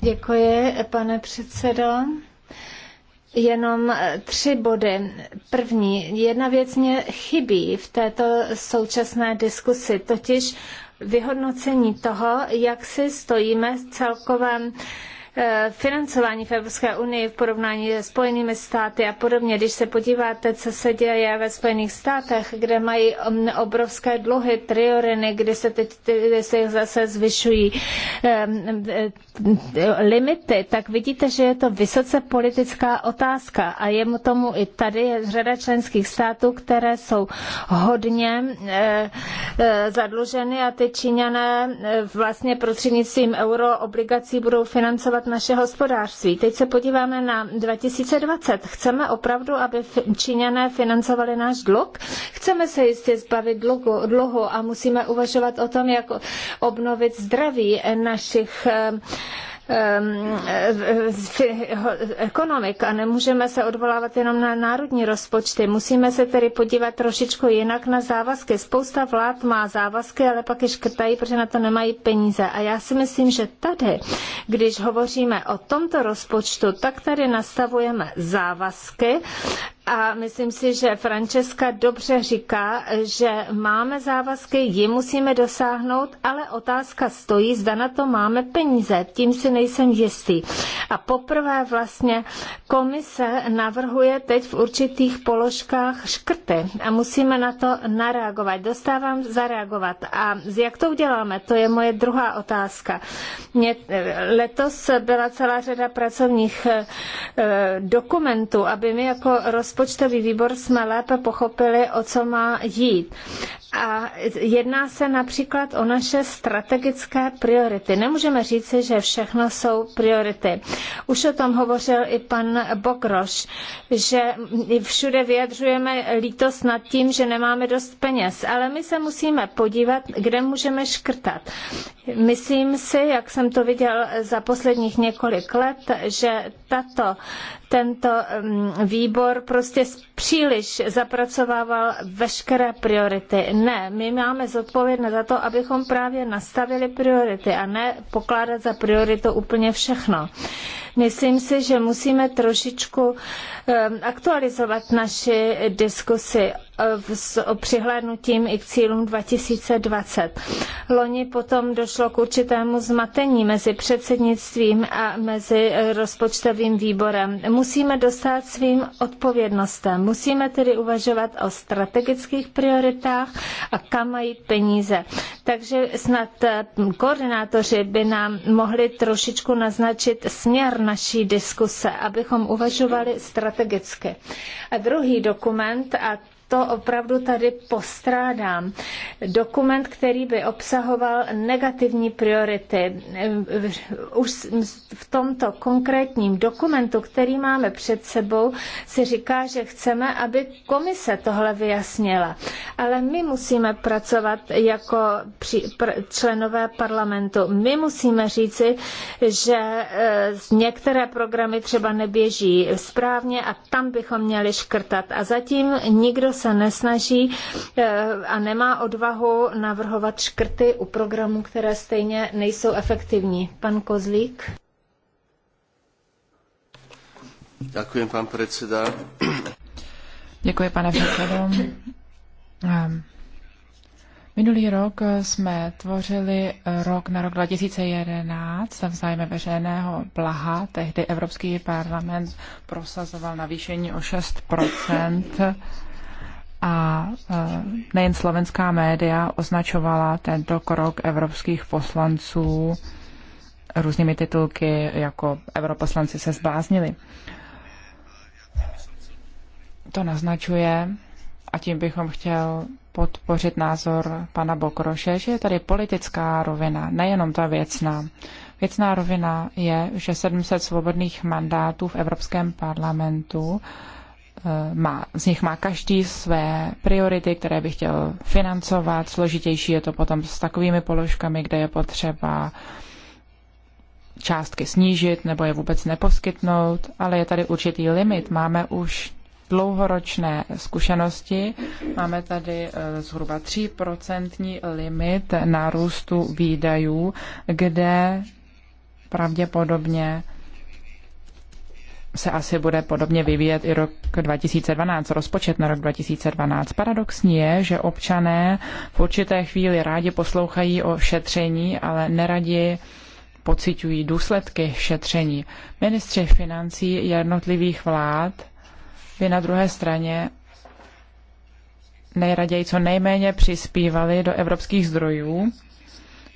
Děkuji, pane předsedo. Jenom tři body. První, jedna věc mě chybí v této současné diskusi, totiž vyhodnocení toho, jak si stojíme v celkovém Eh, financování v Evropské unii v porovnání se Spojenými státy a podobně. Když se podíváte, co se děje ve Spojených státech, kde mají mm, obrovské dluhy, trioriny, kde se teď kdy se zase zvyšují eh, limity, tak vidíte, že je to vysoce politická otázka a je mu tomu i tady je řada členských států, které jsou hodně eh, zadluženy a ty Číňané vlastně prostřednictvím euroobligací budou financovat prosazovat naše hospodářství. Teď se podíváme na 2020. Chceme opravdu, aby Číňané financovali náš dluh? Chceme se jistě zbavit dluhu, dluhu a musíme uvažovat o tom, jak obnovit zdraví našich eh, Ehm, ekonomik a nemůžeme se odvolávat jenom na národní rozpočty. Musíme se tedy podívat trošičku jinak na závazky. Spousta vlád má závazky, ale pak je škrtají, protože na to nemají peníze. A já si myslím, že tady, když hovoříme o tomto rozpočtu, tak tady nastavujeme závazky a myslím si, že Francesca dobře říká, že máme závazky, ji musíme dosáhnout, ale otázka stojí, zda na to máme peníze. Tím si nejsem jistý. A poprvé vlastně komise navrhuje teď v určitých položkách škrty a musíme na to nareagovat. Dostávám zareagovat. A jak to uděláme? To je moje druhá otázka. Mě, eh, letos byla celá řada pracovních eh, eh, dokumentů, aby mi jako roz rozpočtový výbor jsme lépe pochopili, o co má jít. A jedná se například o naše strategické priority. Nemůžeme říci, že všechno jsou priority. Už o tom hovořil i pan Bokroš, že všude vyjadřujeme lítost nad tím, že nemáme dost peněz, ale my se musíme podívat, kde můžeme škrtat. Myslím si, jak jsem to viděl za posledních několik let, že tato tento mm, výbor prostě příliš zapracovával veškeré priority. Ne, my máme zodpovědnost za to, abychom právě nastavili priority a ne pokládat za prioritu úplně všechno. Myslím si, že musíme trošičku ehm, aktualizovat naši diskusi eh, s přihlédnutím i k cílům 2020. Loni potom došlo k určitému zmatení mezi předsednictvím a mezi eh, rozpočtovým výborem. Musíme dostat svým odpovědnostem Musíme tedy uvažovat o strategických prioritách a kam mají peníze. Takže snad eh, koordinátoři by nám mohli trošičku naznačit směr naší diskuse, abychom uvažovali strategicky. A druhý dokument, a to opravdu tady postrádám. Dokument, který by obsahoval negativní priority. Eh, už v tomto konkrétním dokumentu, který máme před sebou, se říká, že chceme, aby komise tohle vyjasnila. Ale my musíme pracovat jako členové parlamentu. My musíme říci, že eh, některé programy třeba neběží správně a tam bychom měli škrtat. A zatím nikdo se nesnaží eh, a nemá odvahu navrhovat škrty u programů, které stejně nejsou efektivní. Pan Kozlík. Děkuji, pan předseda. Děkuji, pane předsedo. Ehm, minulý rok jsme tvořili rok na rok 2011 v zájmu veřejného blaha. Tehdy Evropský parlament prosazoval navýšení o 6 a e, nejen slovenská média označovala tento krok evropských poslanců různými titulky, jako europoslanci se zbláznili. To naznačuje, a tím bychom chtěl podpořit názor pana Bokroše, že je tady politická rovina, nejenom ta věcná. Věcná rovina je, že 700 svobodných mandátů v Evropském parlamentu uh, Eh, má, z nich má každý své priority, které by chtěl financovat. Složitější je to potom s takovými položkami, kde je potřeba částky snížit nebo je vůbec neposkytnout, ale je tady určitý limit. Máme už dlouhoročné zkušenosti. Máme tady eh, zhruba 3% limit nárůstu výdajů, kde pravděpodobně se asi bude podobně vyvíjet i rok 2012, rozpočet na rok 2012. Paradoxní je, že občané v určité chvíli rádi poslouchají o šetření, ale neradi pocitují důsledky šetření. Ministři financí jednotlivých vlád by na druhé straně nejraději co nejméně přispívali do evropských zdrojů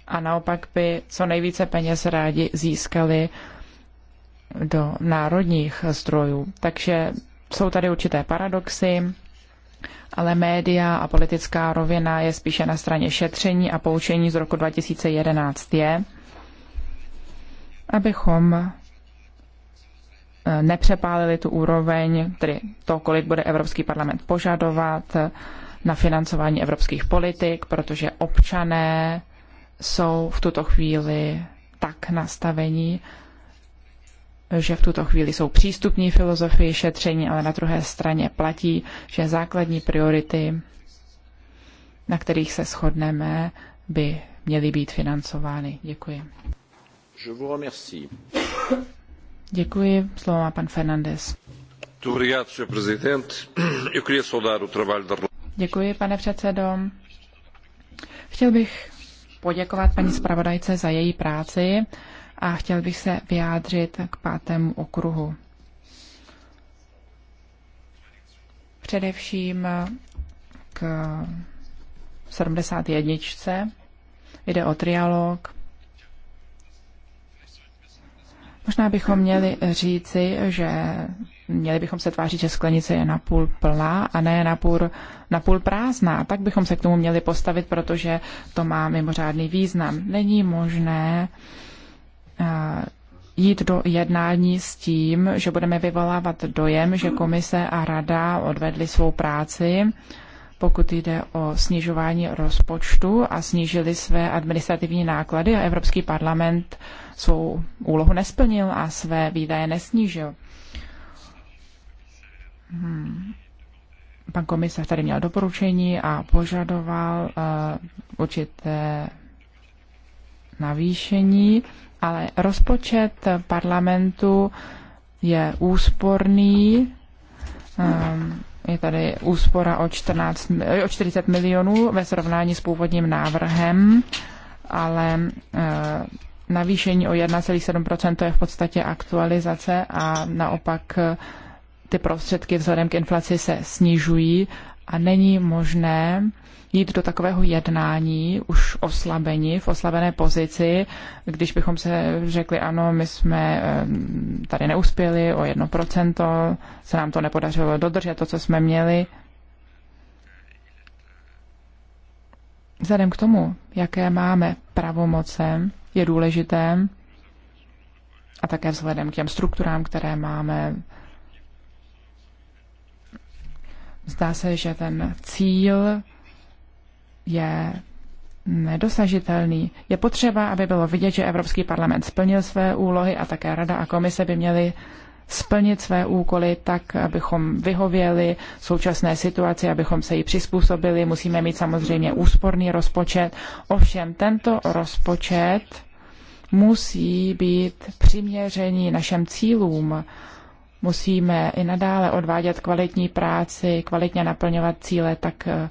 a naopak by co nejvíce peněz rádi získali do národních zdrojů. Takže jsou tady určité paradoxy, ale média a politická rovina je spíše na straně šetření a poučení z roku 2011 je, abychom eh, nepřepálili tu úroveň, tedy to, kolik bude Evropský parlament požadovat eh, na financování evropských politik, protože občané jsou v tuto chvíli tak nastavení, že v tuto chvíli jsou přístupní filozofii šetření, ale na druhé straně platí, že základní priority, na kterých se shodneme, by měly být financovány. Děkuji. Je vous remercie. Děkuji. Slovo má pan Fernandez. Děkuji, pane předsedo. Chtěl bych poděkovat paní zpravodajce za její práci a chtěl bych se vyjádřit k pátému okruhu. Především k 71. Jde o trialog. Možná bychom měli říci, že měli bychom se tvářit, že sklenice je napůl plná a ne napůl, napůl prázdná. Tak bychom se k tomu měli postavit, protože to má mimořádný význam. Není možné uh, Eh, jít do jednání s tím, že budeme vyvolávat dojem, že komise a rada odvedly svou práci, pokud jde o snižování rozpočtu a snížili své administrativní náklady a Evropský parlament svou úlohu nesplnil a své výdaje nesnížil. Hmm. Pan komisař tady měl doporučení a požadoval uh, určité navýšení ale rozpočet parlamentu je úsporný. Ehm, je tady úspora o, 14, eh, o 40 milionů ve srovnání s původním návrhem, ale eh, navýšení o 1,7 to je v podstatě aktualizace a naopak eh, ty prostředky vzhledem k inflaci se snižují a není možné jít do takového jednání už oslabení, v oslabené pozici, když bychom se řekli, ano, my jsme eh, tady neuspěli o jedno procento se nám to nepodařilo dodržet, to, co jsme měli. Vzhledem k tomu, jaké máme pravomoce, je důležité, a také vzhledem k těm strukturám, které máme, Zdá se, že ten cíl je nedosažitelný. Je potřeba, aby bylo vidět, že Evropský parlament splnil své úlohy a také Rada a Komise by měly splnit své úkoly tak, abychom vyhověli současné situaci, abychom se jí přizpůsobili. Musíme mít samozřejmě úsporný rozpočet. Ovšem tento rozpočet musí být přiměřený našem cílům musíme i nadále odvádět kvalitní práci, kvalitně naplňovat cíle, tak eh,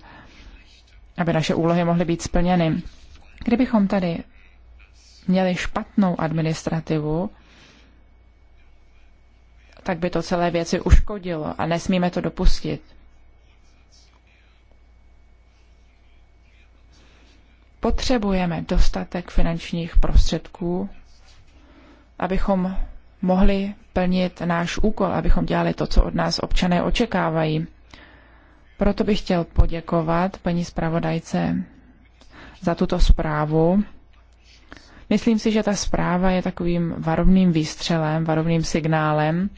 aby naše úlohy mohly být splněny. Kdybychom tady měli špatnou administrativu, tak by to celé věci uškodilo a nesmíme to dopustit. Potřebujeme dostatek finančních prostředků, abychom mohli plnit náš úkol, abychom dělali to, co od nás občané očekávají. Proto bych chtěl poděkovat paní zpravodajce za tuto zprávu. Myslím si, že ta zpráva je takovým varovným výstřelem, varovným signálem,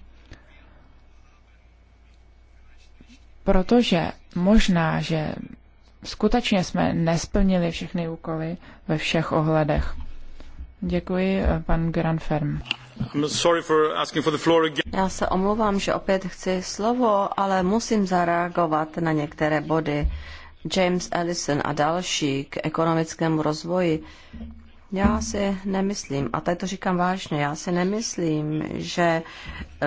protože možná, že skutečně jsme nesplnili všechny úkoly ve všech ohledech. Děkuji, eh, pan Granferm. Já se omlouvám, že opět chci slovo, ale musím zareagovat na některé body. James Ellison a další k ekonomickému rozvoji. Já si nemyslím, a tady to říkám vážně, já si nemyslím, že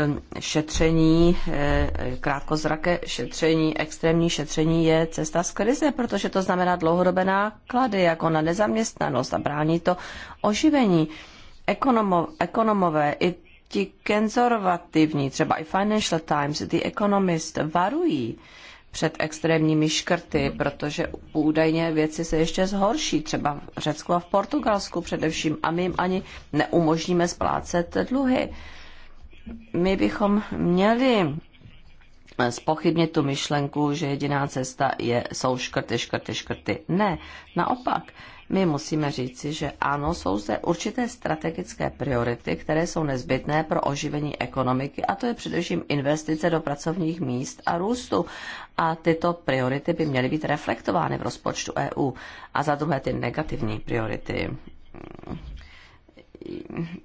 um, šetření, eh, krátkozraké šetření, extrémní šetření je cesta z krize, protože to znamená dlouhodobé náklady, jako na nezaměstnanost a brání to oživení ekonomo, ekonomové i ti konzervativní, třeba i Financial Times, The Economist, varují před extrémními škrty, protože údajně věci se ještě zhorší, třeba v Řecku a v Portugalsku především, a my jim ani neumožníme splácet dluhy. My bychom měli spochybnit tu myšlenku, že jediná cesta je, jsou škrty, škrty, škrty. Ne, naopak, my musíme říci, že ano, jsou zde určité strategické priority, které jsou nezbytné pro oživení ekonomiky a to je především investice do pracovních míst a růstu. A tyto priority by měly být reflektovány v rozpočtu EU. A za druhé ty negativní priority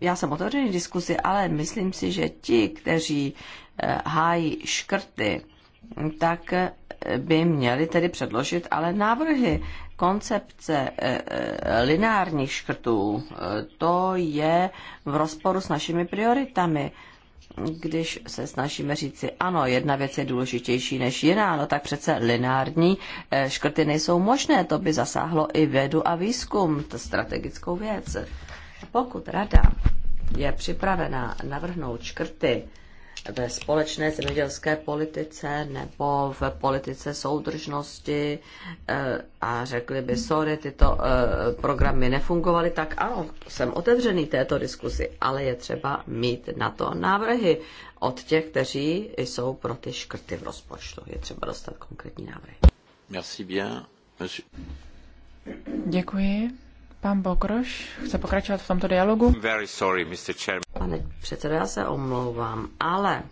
já jsem otevřený diskusi, ale myslím si, že ti, kteří eh, hájí škrty, tak by měli tedy předložit ale návrhy. Koncepce eh, eh, lineárních škrtů, eh, to je v rozporu s našimi prioritami když se snažíme říci, ano, jedna věc je důležitější než jiná, no tak přece lineární škrty nejsou možné, to by zasáhlo i vědu a výzkum, to strategickou věc. Pokud rada je připravena navrhnout škrty, ve společné zemědělské politice nebo v politice soudržnosti eh, a řekli by, sorry, tyto eh, programy nefungovaly, tak ano, jsem otevřený této diskusi, ale je třeba mít na to návrhy od těch, kteří jsou pro ty škrty v rozpočtu. Je třeba dostat konkrétní návrhy. Merci bien, Merci. Děkuji. Pan Bokroš chce pokračovat v tomto dialogu. Pane předsedo, já se omlouvám, ale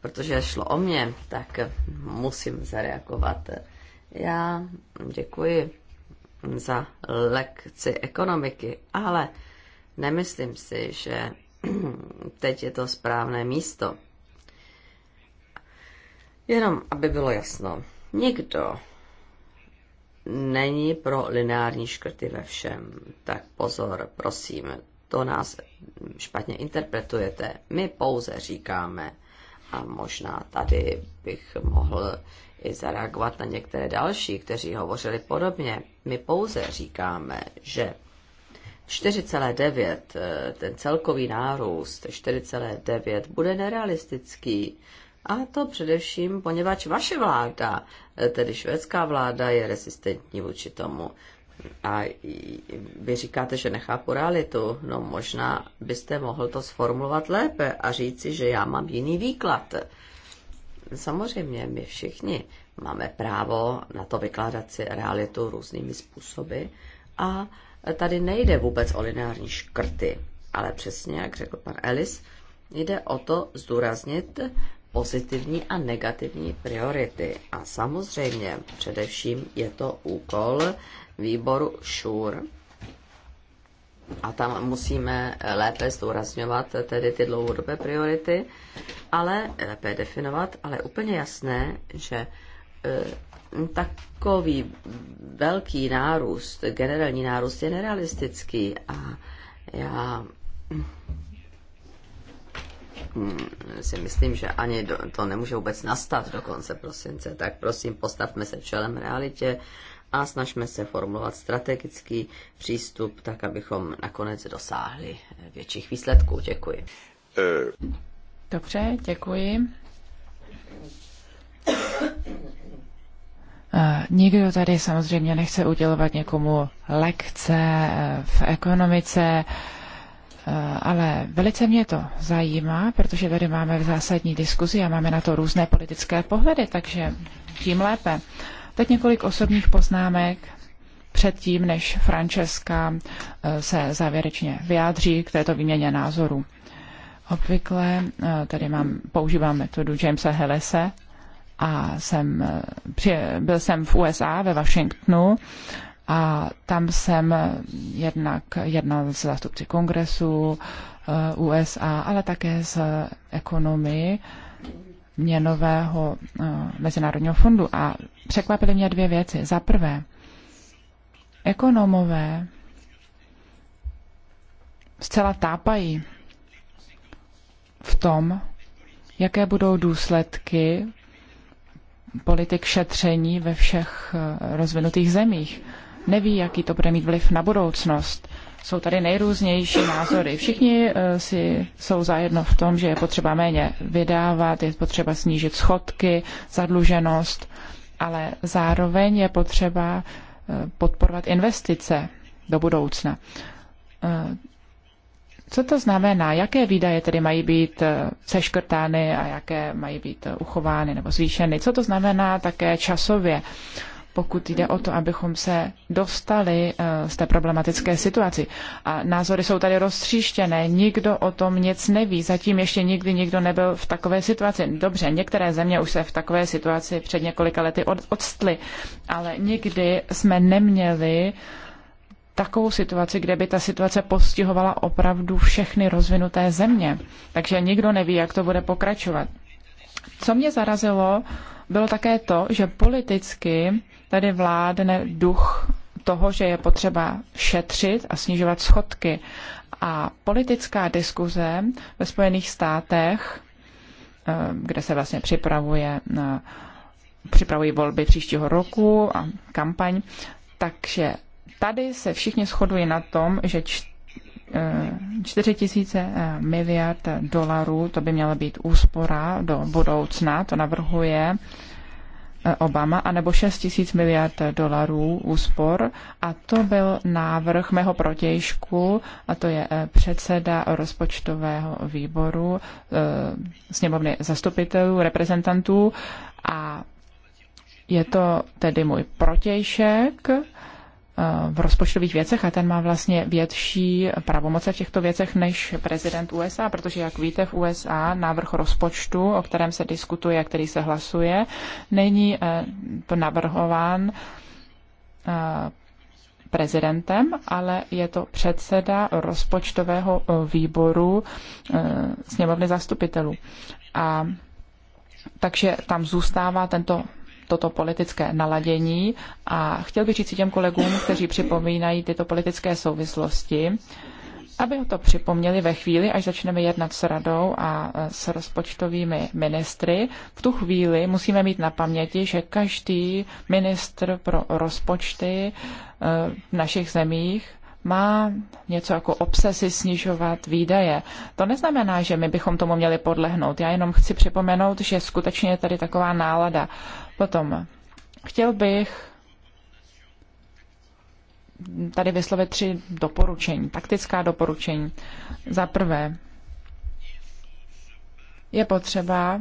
protože šlo o mě, tak musím zareagovat. Já děkuji za lekci ekonomiky, ale nemyslím si, že [clears throat] teď je to správné místo. Jenom, aby bylo jasno, Nikdo není pro lineární škrty ve všem. Tak pozor, prosím, to nás špatně interpretujete. My pouze říkáme, a možná tady bych mohl i zareagovat na některé další, kteří hovořili podobně. My pouze říkáme, že 4,9, eh, ten celkový nárůst 4,9 bude nerealistický a to především, poněvadž vaše vláda, eh, tedy švédská vláda, je rezistentní vůči tomu. A vy říkáte, že nechápu realitu. No možná byste mohl to sformulovat lépe a říci, že já mám jiný výklad. Samozřejmě, my všichni máme právo na to vykládat si realitu různými způsoby. A tady nejde vůbec o lineární škrty, ale přesně, jak řekl pan Ellis, jde o to zdůraznit pozitivní a negativní priority. A samozřejmě především je to úkol výboru ŠUR. A tam musíme lépe zdůrazňovat tedy ty dlouhodobé priority, ale lépe definovat, ale úplně jasné, že e, takový velký nárůst, generální nárůst je nerealistický a já Mm, si myslím, že ani do, to nemůže vůbec nastat do konce prosince. Tak prosím, postavme se čelem realitě a snažme se formulovat strategický přístup, tak abychom nakonec dosáhli větších výsledků. Děkuji. Dobře, děkuji. Eh, nikdo tady samozřejmě nechce udělovat někomu lekce eh, v ekonomice. Eh, ale velice mě to zajímá, protože tady máme v zásadní diskuzi a máme na to různé politické pohledy, takže tím lépe. Teď několik osobních poznámek předtím, než Francesca eh, se závěrečně vyjádří k této výměně názoru. Obvykle eh, tady mám, používám metodu Jamesa Hellese a jsem, byl jsem v USA ve Washingtonu a tam jsem jednak jednal s zástupci kongresu eh, USA, ale také z ekonomy měnového eh, mezinárodního fondu. A překvapily mě dvě věci. Za prvé, ekonomové zcela tápají v tom, jaké budou důsledky politik šetření ve všech eh, rozvinutých zemích neví, jaký to bude mít vliv na budoucnost. Jsou tady nejrůznější názory. Všichni eh, si jsou zajedno v tom, že je potřeba méně vydávat, je potřeba snížit schodky, zadluženost, ale zároveň je potřeba eh, podporovat investice do budoucna. Eh, co to znamená? Jaké výdaje tedy mají být seškrtány a jaké mají být uchovány nebo zvýšeny? Co to znamená také časově? pokud jde o to, abychom se dostali eh, z té problematické situaci. A názory jsou tady roztříštěné, nikdo o tom nic neví, zatím ještě nikdy nikdo nebyl v takové situaci. Dobře, některé země už se v takové situaci před několika lety odstly, ale nikdy jsme neměli takovou situaci, kde by ta situace postihovala opravdu všechny rozvinuté země. Takže nikdo neví, jak to bude pokračovat. Co mě zarazilo, bylo také to, že politicky tady vládne duch toho, že je potřeba šetřit a snižovat schodky. A politická diskuze ve Spojených státech, eh, kde se vlastně připravuje na, eh, připravují volby příštího roku a kampaň, takže tady se všichni shodují na tom, že 4 eh, tisíce miliard dolarů, to by měla být úspora do budoucna, to navrhuje Obama, anebo 6 tisíc miliard dolarů úspor. A to byl návrh mého protějšku, a to je eh, předseda rozpočtového výboru eh, sněmovny zastupitelů, reprezentantů. A je to tedy můj protějšek, v rozpočtových věcech a ten má vlastně větší pravomoce v těchto věcech než prezident USA, protože, jak víte, v USA návrh rozpočtu, o kterém se diskutuje a který se hlasuje, není eh, navrhován eh, prezidentem, ale je to předseda rozpočtového eh, výboru sněmovny zastupitelů. A takže tam zůstává tento toto politické naladění a chtěl bych říct těm kolegům, kteří připomínají tyto politické souvislosti, aby ho to připomněli ve chvíli, až začneme jednat s radou a e, s rozpočtovými ministry. V tu chvíli musíme mít na paměti, že každý ministr pro rozpočty e, v našich zemích má něco jako obsesy snižovat výdaje. To neznamená, že my bychom tomu měli podlehnout. Já jenom chci připomenout, že skutečně je tady taková nálada. Potom chtěl bych tady vyslovit tři doporučení, taktická doporučení. Za prvé, je potřeba,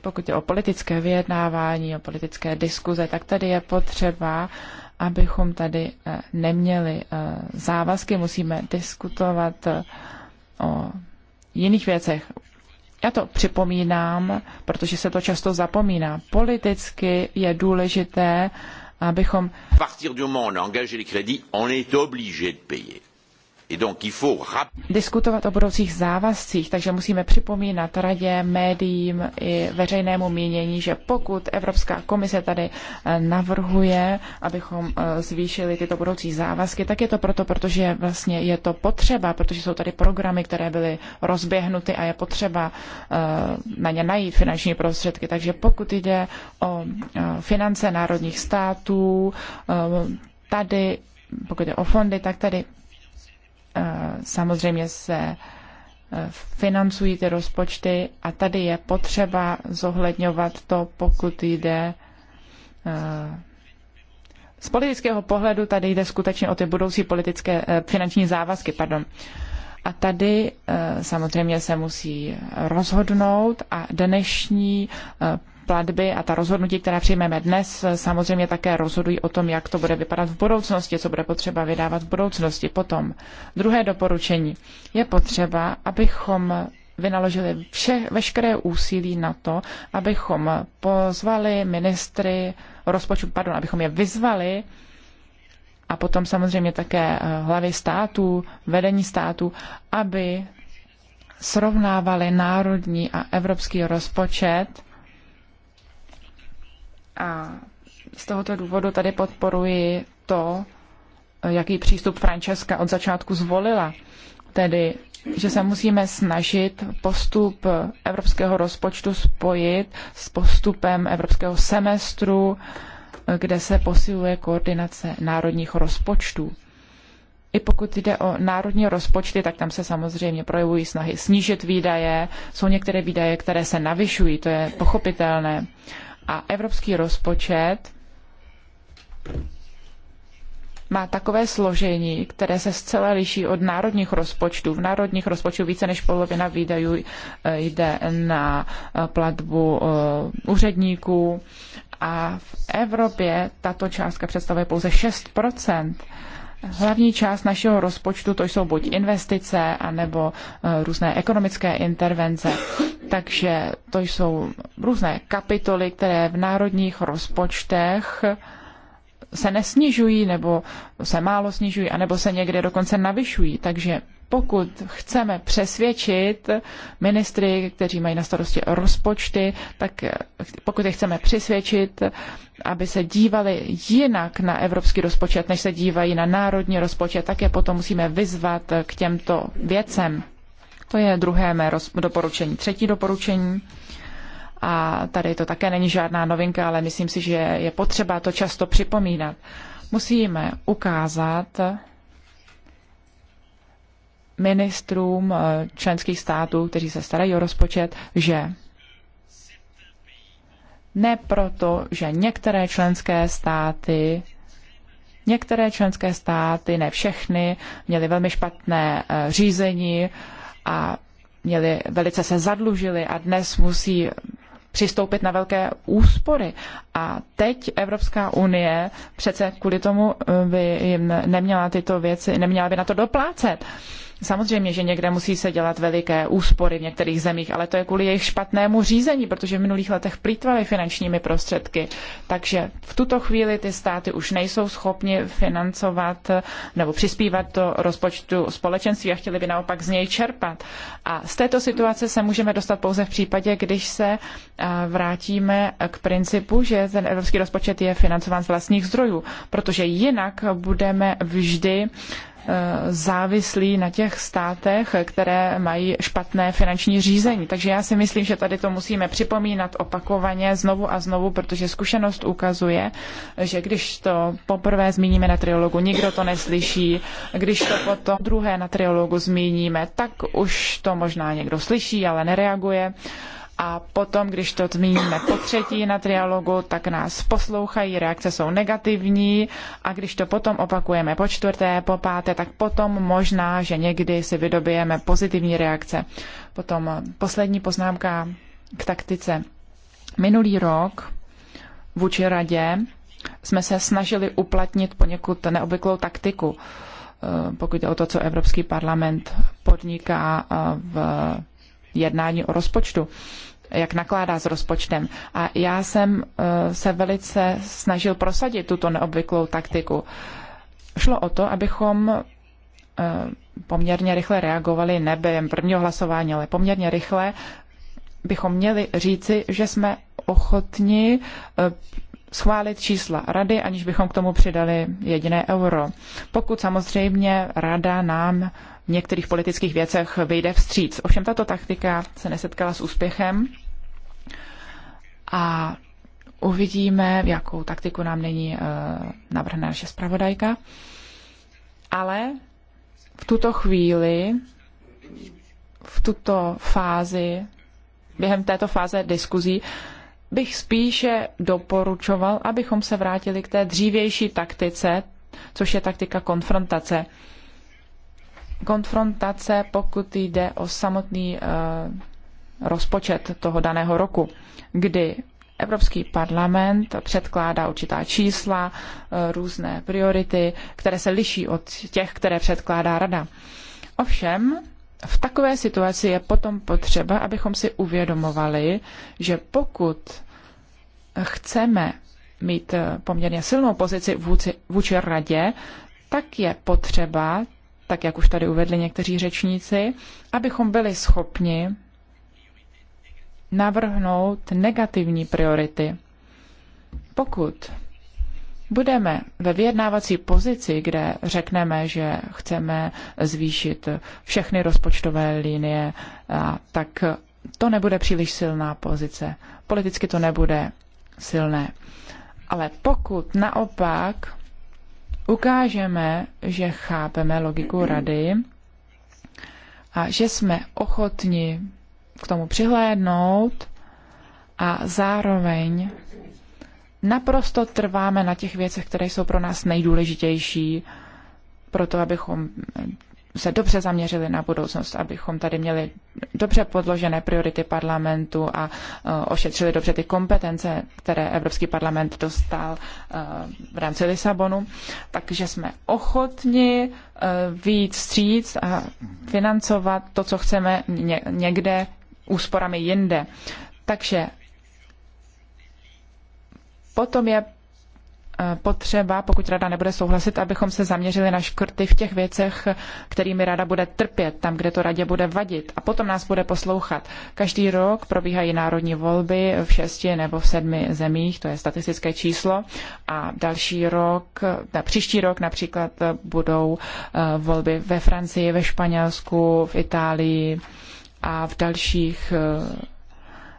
pokud je o politické vyjednávání, o politické diskuze, tak tady je potřeba, abychom tady eh, neměli eh, závazky, musíme diskutovat eh, o jiných věcech. Já to připomínám, protože se to často zapomíná. Politicky je důležité, abychom... Partir du moment on les crédits, on est obligé de payer diskutovat o budoucích závazcích, takže musíme připomínat radě, médiím i veřejnému mínění, že pokud Evropská komise tady eh, navrhuje, abychom eh, zvýšili tyto budoucí závazky, tak je to proto, protože vlastně je to potřeba, protože jsou tady programy, které byly rozběhnuty a je potřeba eh, na ně najít finanční prostředky. Takže pokud jde o finance národních států, tady pokud je o fondy, tak tady Eh, samozřejmě se eh, financují ty rozpočty a tady je potřeba zohledňovat to, pokud jde eh, z politického pohledu tady jde skutečně o ty budoucí politické finanční závazky. Pardon. A tady samozřejmě se musí rozhodnout a dnešní platby a ta rozhodnutí, která přijmeme dnes, samozřejmě také rozhodují o tom, jak to bude vypadat v budoucnosti, co bude potřeba vydávat v budoucnosti. Potom druhé doporučení. Je potřeba, abychom vynaložili vše, veškeré úsilí na to, abychom pozvali ministry rozpočtu, pardon, abychom je vyzvali a potom samozřejmě také eh, hlavy států, vedení států, aby srovnávali národní a evropský rozpočet a z tohoto důvodu tady podporuji to, jaký přístup Francesca od začátku zvolila. Tedy, že se musíme snažit postup evropského rozpočtu spojit s postupem evropského semestru, kde se posiluje koordinace národních rozpočtů. I pokud jde o národní rozpočty, tak tam se samozřejmě projevují snahy snížit výdaje. Jsou některé výdaje, které se navyšují, to je pochopitelné a evropský rozpočet má takové složení, které se zcela liší od národních rozpočtů. V národních rozpočtů více než polovina výdajů eh, jde na eh, platbu eh, úředníků a v Evropě tato částka představuje pouze 6 Hlavní část našeho rozpočtu to jsou buď investice, anebo eh, různé ekonomické intervence. Takže to jsou různé kapitoly, které v národních rozpočtech se nesnižují nebo se málo snižují, anebo se někde dokonce navyšují. Takže pokud chceme přesvědčit ministry, kteří mají na starosti rozpočty, tak eh, pokud je chceme přesvědčit, aby se dívali jinak na evropský rozpočet, než se dívají na národní rozpočet, tak je potom musíme vyzvat k těmto věcem. To je druhé mé doporučení. Třetí doporučení a tady to také není žádná novinka, ale myslím si, že je potřeba to často připomínat. Musíme ukázat ministrům eh, členských států, kteří se starají o rozpočet, že ne proto, že některé členské státy Některé členské státy, ne všechny, měly velmi špatné eh, řízení a měli, velice se zadlužili a dnes musí přistoupit na velké úspory. A teď Evropská unie přece kvůli tomu eh, by jim neměla tyto věci, neměla by na to doplácet. Samozřejmě, že někde musí se dělat veliké úspory v některých zemích, ale to je kvůli jejich špatnému řízení, protože v minulých letech plýtvali finančními prostředky. Takže v tuto chvíli ty státy už nejsou schopni financovat eh, nebo přispívat do rozpočtu společenství a chtěli by naopak z něj čerpat. A z této situace se můžeme dostat pouze v případě, když se eh, vrátíme k principu, že ten evropský rozpočet je financován z vlastních zdrojů, protože jinak budeme vždy závislí na těch státech, které mají špatné finanční řízení. Takže já si myslím, že tady to musíme připomínat opakovaně znovu a znovu, protože zkušenost ukazuje, že když to poprvé zmíníme na triologu, nikdo to neslyší, když to potom druhé na triologu zmíníme, tak už to možná někdo slyší, ale nereaguje a potom, když to zmíníme po třetí na trialogu, tak nás poslouchají, reakce jsou negativní a když to potom opakujeme po čtvrté, po páté, tak potom možná, že někdy si vydobijeme pozitivní reakce. Potom poslední poznámka k taktice. Minulý rok vůči radě jsme se snažili uplatnit poněkud neobvyklou taktiku, eh, pokud je o to, co Evropský parlament podniká eh, v jednání o rozpočtu jak nakládá s rozpočtem. A já jsem eh, se velice snažil prosadit tuto neobvyklou taktiku. Šlo o to, abychom eh, poměrně rychle reagovali, ne během prvního hlasování, ale poměrně rychle bychom měli říci, že jsme ochotni eh, schválit čísla rady, aniž bychom k tomu přidali jediné euro. Pokud samozřejmě rada nám v některých politických věcech vyjde vstříc. Ovšem tato taktika se nesetkala s úspěchem a uvidíme, jakou taktiku nám uh, navrhne naše zpravodajka. Ale v tuto chvíli, v tuto fázi, během této fáze diskuzí, bych spíše doporučoval, abychom se vrátili k té dřívější taktice, což je taktika konfrontace. Konfrontace, pokud jde o samotný uh, rozpočet toho daného roku, kdy Evropský parlament předkládá určitá čísla, e, různé priority, které se liší od těch, které předkládá rada. Ovšem, v takové situaci je potom potřeba, abychom si uvědomovali, že pokud chceme mít e, poměrně silnou pozici vůči, vůči radě, tak je potřeba, tak jak už tady uvedli někteří řečníci, abychom byli schopni navrhnout negativní priority. Pokud budeme ve vyjednávací pozici, kde řekneme, že chceme zvýšit všechny rozpočtové linie, tak to nebude příliš silná pozice. Politicky to nebude silné. Ale pokud naopak ukážeme, že chápeme logiku rady a že jsme ochotni k tomu přihlédnout a zároveň naprosto trváme na těch věcech, které jsou pro nás nejdůležitější, proto abychom se dobře zaměřili na budoucnost, abychom tady měli dobře podložené priority parlamentu a e, ošetřili dobře ty kompetence, které Evropský parlament dostal e, v rámci Lisabonu. Takže jsme ochotni e, víc stříct a financovat to, co chceme někde úsporami jinde. Takže potom je e, potřeba, pokud rada nebude souhlasit, abychom se zaměřili na škrty v těch věcech, kterými rada bude trpět, tam, kde to radě bude vadit. A potom nás bude poslouchat. Každý rok probíhají národní volby v šesti nebo v sedmi zemích, to je statistické číslo. A další rok, na příští rok například budou e, volby ve Francii, ve Španělsku, v Itálii, a v dalších eh,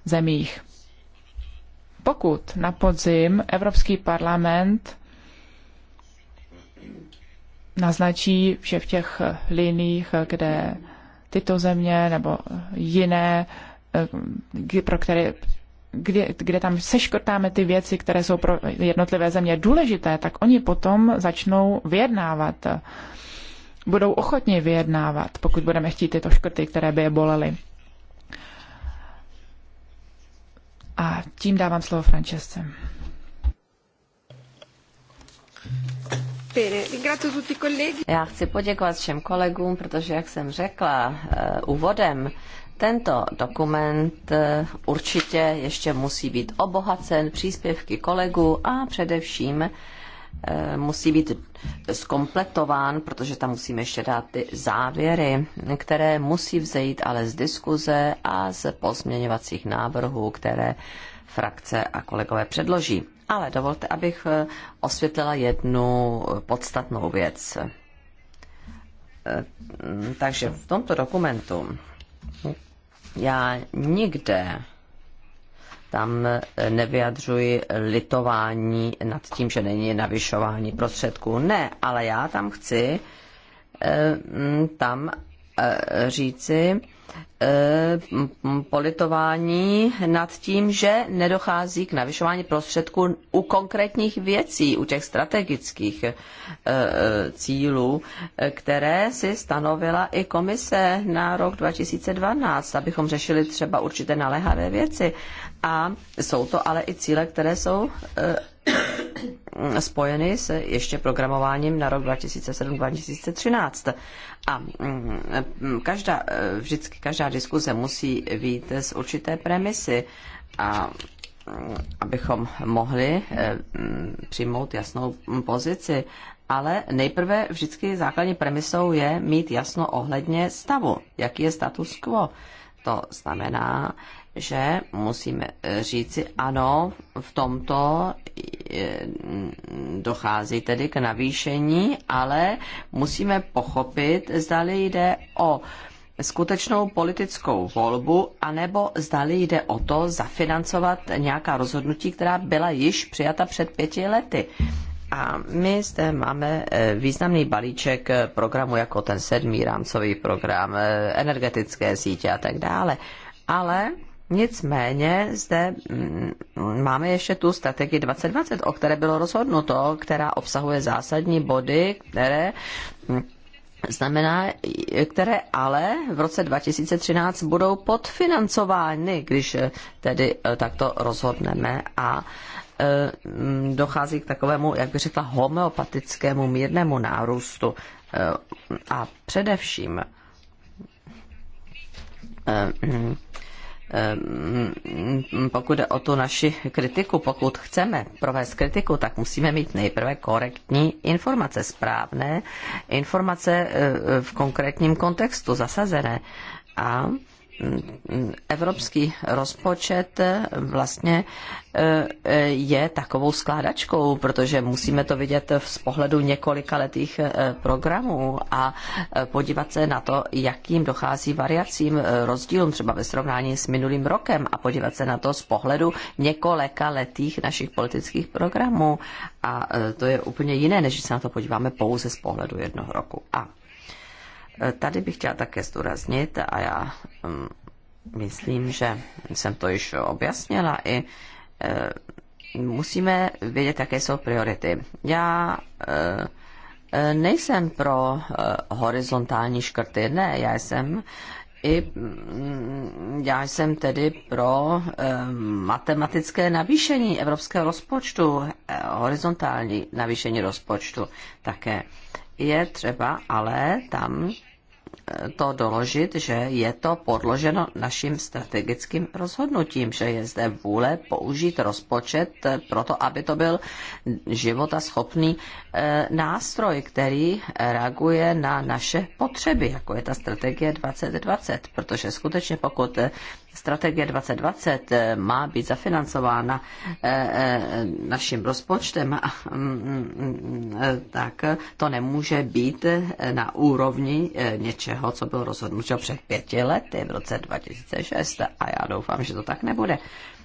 zemích. Pokud na podzim Evropský parlament naznačí, že v těch eh, liních, eh, kde tyto země nebo jiné, pro které, kde, kde tam seškrtáme ty věci, které jsou pro jednotlivé země důležité, tak oni potom začnou vyjednávat budou ochotni vyjednávat, pokud budeme chtít tyto škrty, které by je bolely. A tím dávám slovo Francesce. Já chci poděkovat všem kolegům, protože, jak jsem řekla eh, úvodem, tento dokument eh, určitě ještě musí být obohacen příspěvky kolegů a především Eh, musí být zkompletován, protože tam musíme ještě dát ty závěry, které musí vzejít ale z diskuze a z pozměňovacích návrhů, které frakce a kolegové předloží. Ale dovolte, abych eh, osvětlila jednu podstatnou věc. Eh, takže v tomto dokumentu já nikde tam eh, nevyjadřuji litování nad tím, že není navyšování prostředků. Ne, ale já tam chci eh, tam, Eh, říci eh, politování nad tím, že nedochází k navyšování prostředků u konkrétních věcí, u těch strategických eh, cílů, které si stanovila i komise na rok 2012, abychom řešili třeba určité naléhavé věci. A jsou to ale i cíle, které jsou [coughs] spojeny s ještě programováním na rok 2007-2013. A mm, každá, vždycky každá diskuze musí být z určité premisy. A mm, abychom mohli eh, mm, přijmout jasnou pozici. Ale nejprve vždycky základní premisou je mít jasno ohledně stavu, jaký je status quo. To znamená, že musíme eh, říci ano, v tomto eh, dochází tedy k navýšení, ale musíme pochopit, zdali jde o skutečnou politickou volbu, anebo zdali jde o to zafinancovat nějaká rozhodnutí, která byla již přijata před pěti lety. A my zde máme eh, významný balíček programu jako ten sedmý rámcový program, energetické sítě a tak dále. Ale Nicméně zde mm, máme ještě tu strategii 2020, o které bylo rozhodnuto, která obsahuje zásadní body, které mm, znamená, které ale v roce 2013 budou podfinancovány, když eh, tedy eh, takto rozhodneme a eh, mm, dochází k takovému, jak bych řekla, homeopatickému mírnému nárůstu. A především Ehm, pokud jde o tu naši kritiku, pokud chceme provést kritiku, tak musíme mít nejprve korektní informace, správné informace eh, v konkrétním kontextu zasazené. A evropský rozpočet vlastně eh, je takovou skládačkou, protože musíme to vidět z pohledu několika letých eh, programů a eh, podívat se na to, jakým dochází variacím rozdílům třeba ve srovnání s minulým rokem a podívat se na to z pohledu několika letých našich politických programů. A to je úplně jiné, než se na to podíváme pouze z pohledu jednoho roku. A Tady bych chtěla také zdůraznit, a já mm, myslím, že jsem to již objasnila, i eh, musíme vědět, jaké jsou priority. Já eh, eh, nejsem pro horizontální škrty, ne, já jsem i mm, já jsem tedy pro matematické navýšení evropského rozpočtu, horizontální navýšení rozpočtu také. Je třeba ale tam to doložit, že je to podloženo naším strategickým rozhodnutím, že je zde vůle použít rozpočet proto, aby to byl životaschopný eh, nástroj, který reaguje na naše potřeby, jako je ta strategie 2020, protože skutečně pokud strategie 2020 eh, má být zafinancována eh, eh, naším rozpočtem, mm, mm, tak to nemůže být na úrovni něčeho, co bylo rozhodnuto před pěti lety v roce 2006 a já doufám, že to tak nebude.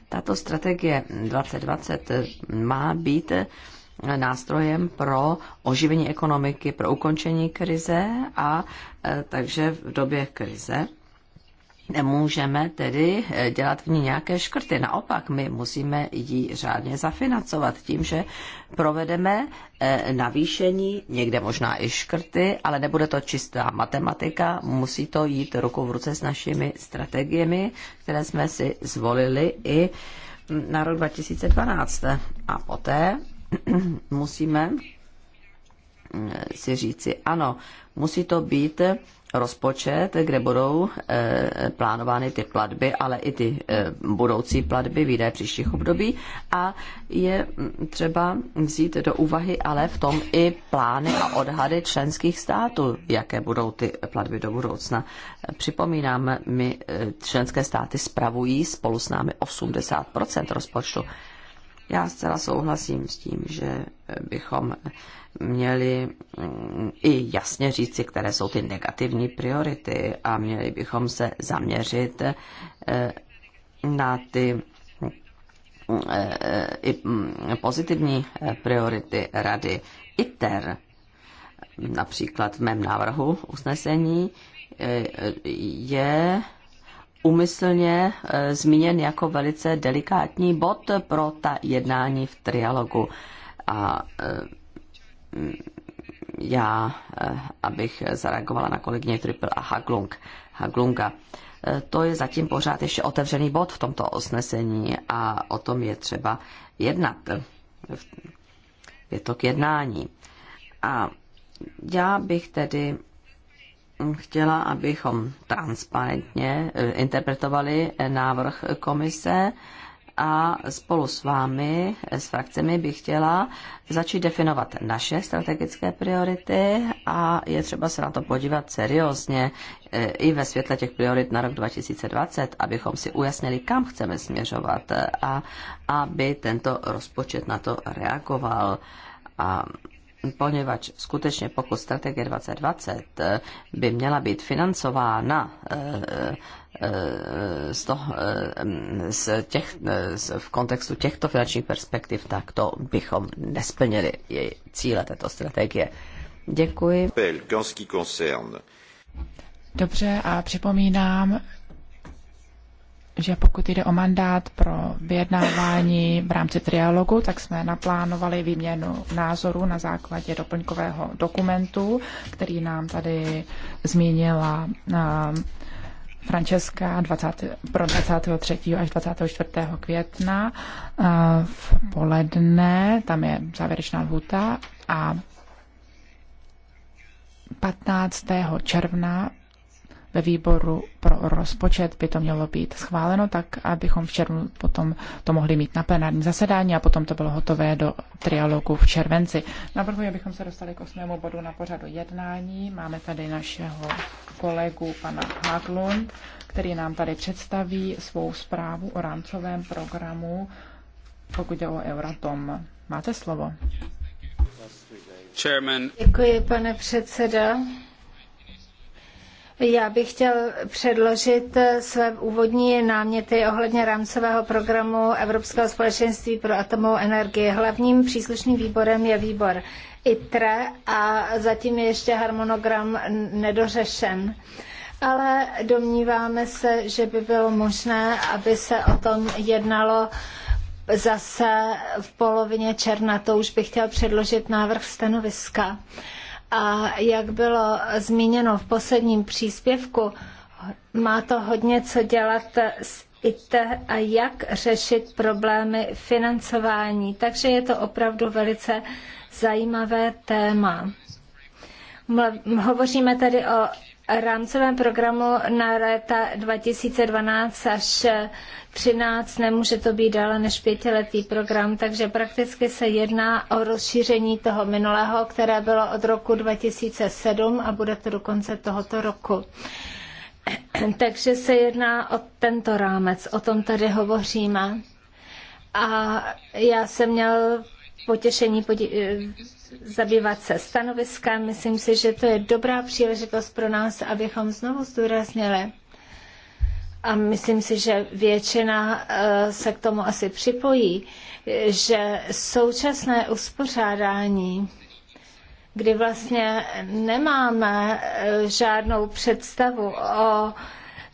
Tato strategie 2020 má být nástrojem pro oživení ekonomiky, pro ukončení krize a takže v době krize Nemůžeme tedy eh, dělat v ní nějaké škrty. Naopak, my musíme ji řádně zafinancovat tím, že provedeme eh, navýšení, někde možná i škrty, ale nebude to čistá matematika, musí to jít ruku v ruce s našimi strategiemi, které jsme si zvolili i hm, na rok 2012. A poté [clears throat] musíme hm, si říci, ano, musí to být rozpočet, kde budou eh, plánovány ty platby, ale i ty eh, budoucí platby, výdaje příštích období a je mm, třeba vzít do úvahy ale v tom i plány a odhady členských států, jaké budou ty platby do budoucna. Připomínám, my eh, členské státy spravují spolu s námi 80% rozpočtu. Já zcela souhlasím s tím, že bychom měli mm, i jasně říci, které jsou ty negativní priority a měli bychom se zaměřit eh, na ty mm, eh, i mm, pozitivní eh, priority rady. ITER, například v mém návrhu usnesení, je úmyslně eh, zmíněn jako velice delikátní bod pro ta jednání v trialogu. A eh, já, eh, abych zareagovala na kolegyně Triple a Haglung, Haglunga, to je zatím pořád ještě otevřený bod v tomto osnesení a o tom je třeba jednat. Je to k jednání. A já bych tedy chtěla, abychom transparentně eh, interpretovali návrh komise a spolu s vámi, eh, s frakcemi bych chtěla začít definovat naše strategické priority a je třeba se na to podívat seriózně eh, i ve světle těch priorit na rok 2020, abychom si ujasnili, kam chceme směřovat a aby tento rozpočet na to reagoval. A poněvadž skutečně pokud strategie 2020 eh, by měla být financována eh, eh, z, toho, z těch, z, v kontextu těchto finančních perspektiv, tak to bychom nesplnili její cíle této strategie. Děkuji. Dobře a připomínám, že pokud jde o mandát pro vyjednávání v rámci trialogu, tak jsme naplánovali výměnu názoru na základě doplňkového dokumentu, který nám tady zmínila Francesca 20, pro 23. až 24. května v poledne, tam je závěrečná lhuta a 15. června ve výboru pro rozpočet by to mělo být schváleno, tak abychom v červnu potom to mohli mít na plenární zasedání a potom to bylo hotové do trialogu v červenci. Navrhuji, abychom se dostali k osmému bodu na pořadu jednání. Máme tady našeho kolegu pana Haglund, který nám tady představí svou zprávu o rámcovém programu, pokud jde o Euratom. Máte slovo. Děkuji, pane předseda. Já bych chtěl předložit eh, své úvodní náměty ohledně rámcového programu Evropského společenství pro atomovou energii. Hlavním příslušným výborem je výbor ITRE a zatím je ještě harmonogram nedořešen ale domníváme se, že by bylo možné, aby se o tom jednalo zase v polovině června. To už bych chtěl předložit návrh stanoviska. A jak bylo zmíněno v posledním příspěvku, má to hodně co dělat s ite a jak řešit problémy financování. Takže je to opravdu velice zajímavé téma. Hovoříme tady o rámcovém programu na léta 2012 až 13, nemůže to být déle než pětiletý program, takže prakticky se jedná o rozšíření toho minulého, které bylo od roku 2007 a bude to do konce tohoto roku. [clears throat] Takže se jedná o tento rámec, o tom tady hovoříme. A já jsem měl potěšení podí- eh, zabývat se stanoviskem. Myslím si, že to je dobrá příležitost pro nás, abychom znovu zdůraznili, a myslím si, že většina eh, se k tomu asi připojí, že současné uspořádání, kdy vlastně nemáme eh, žádnou představu o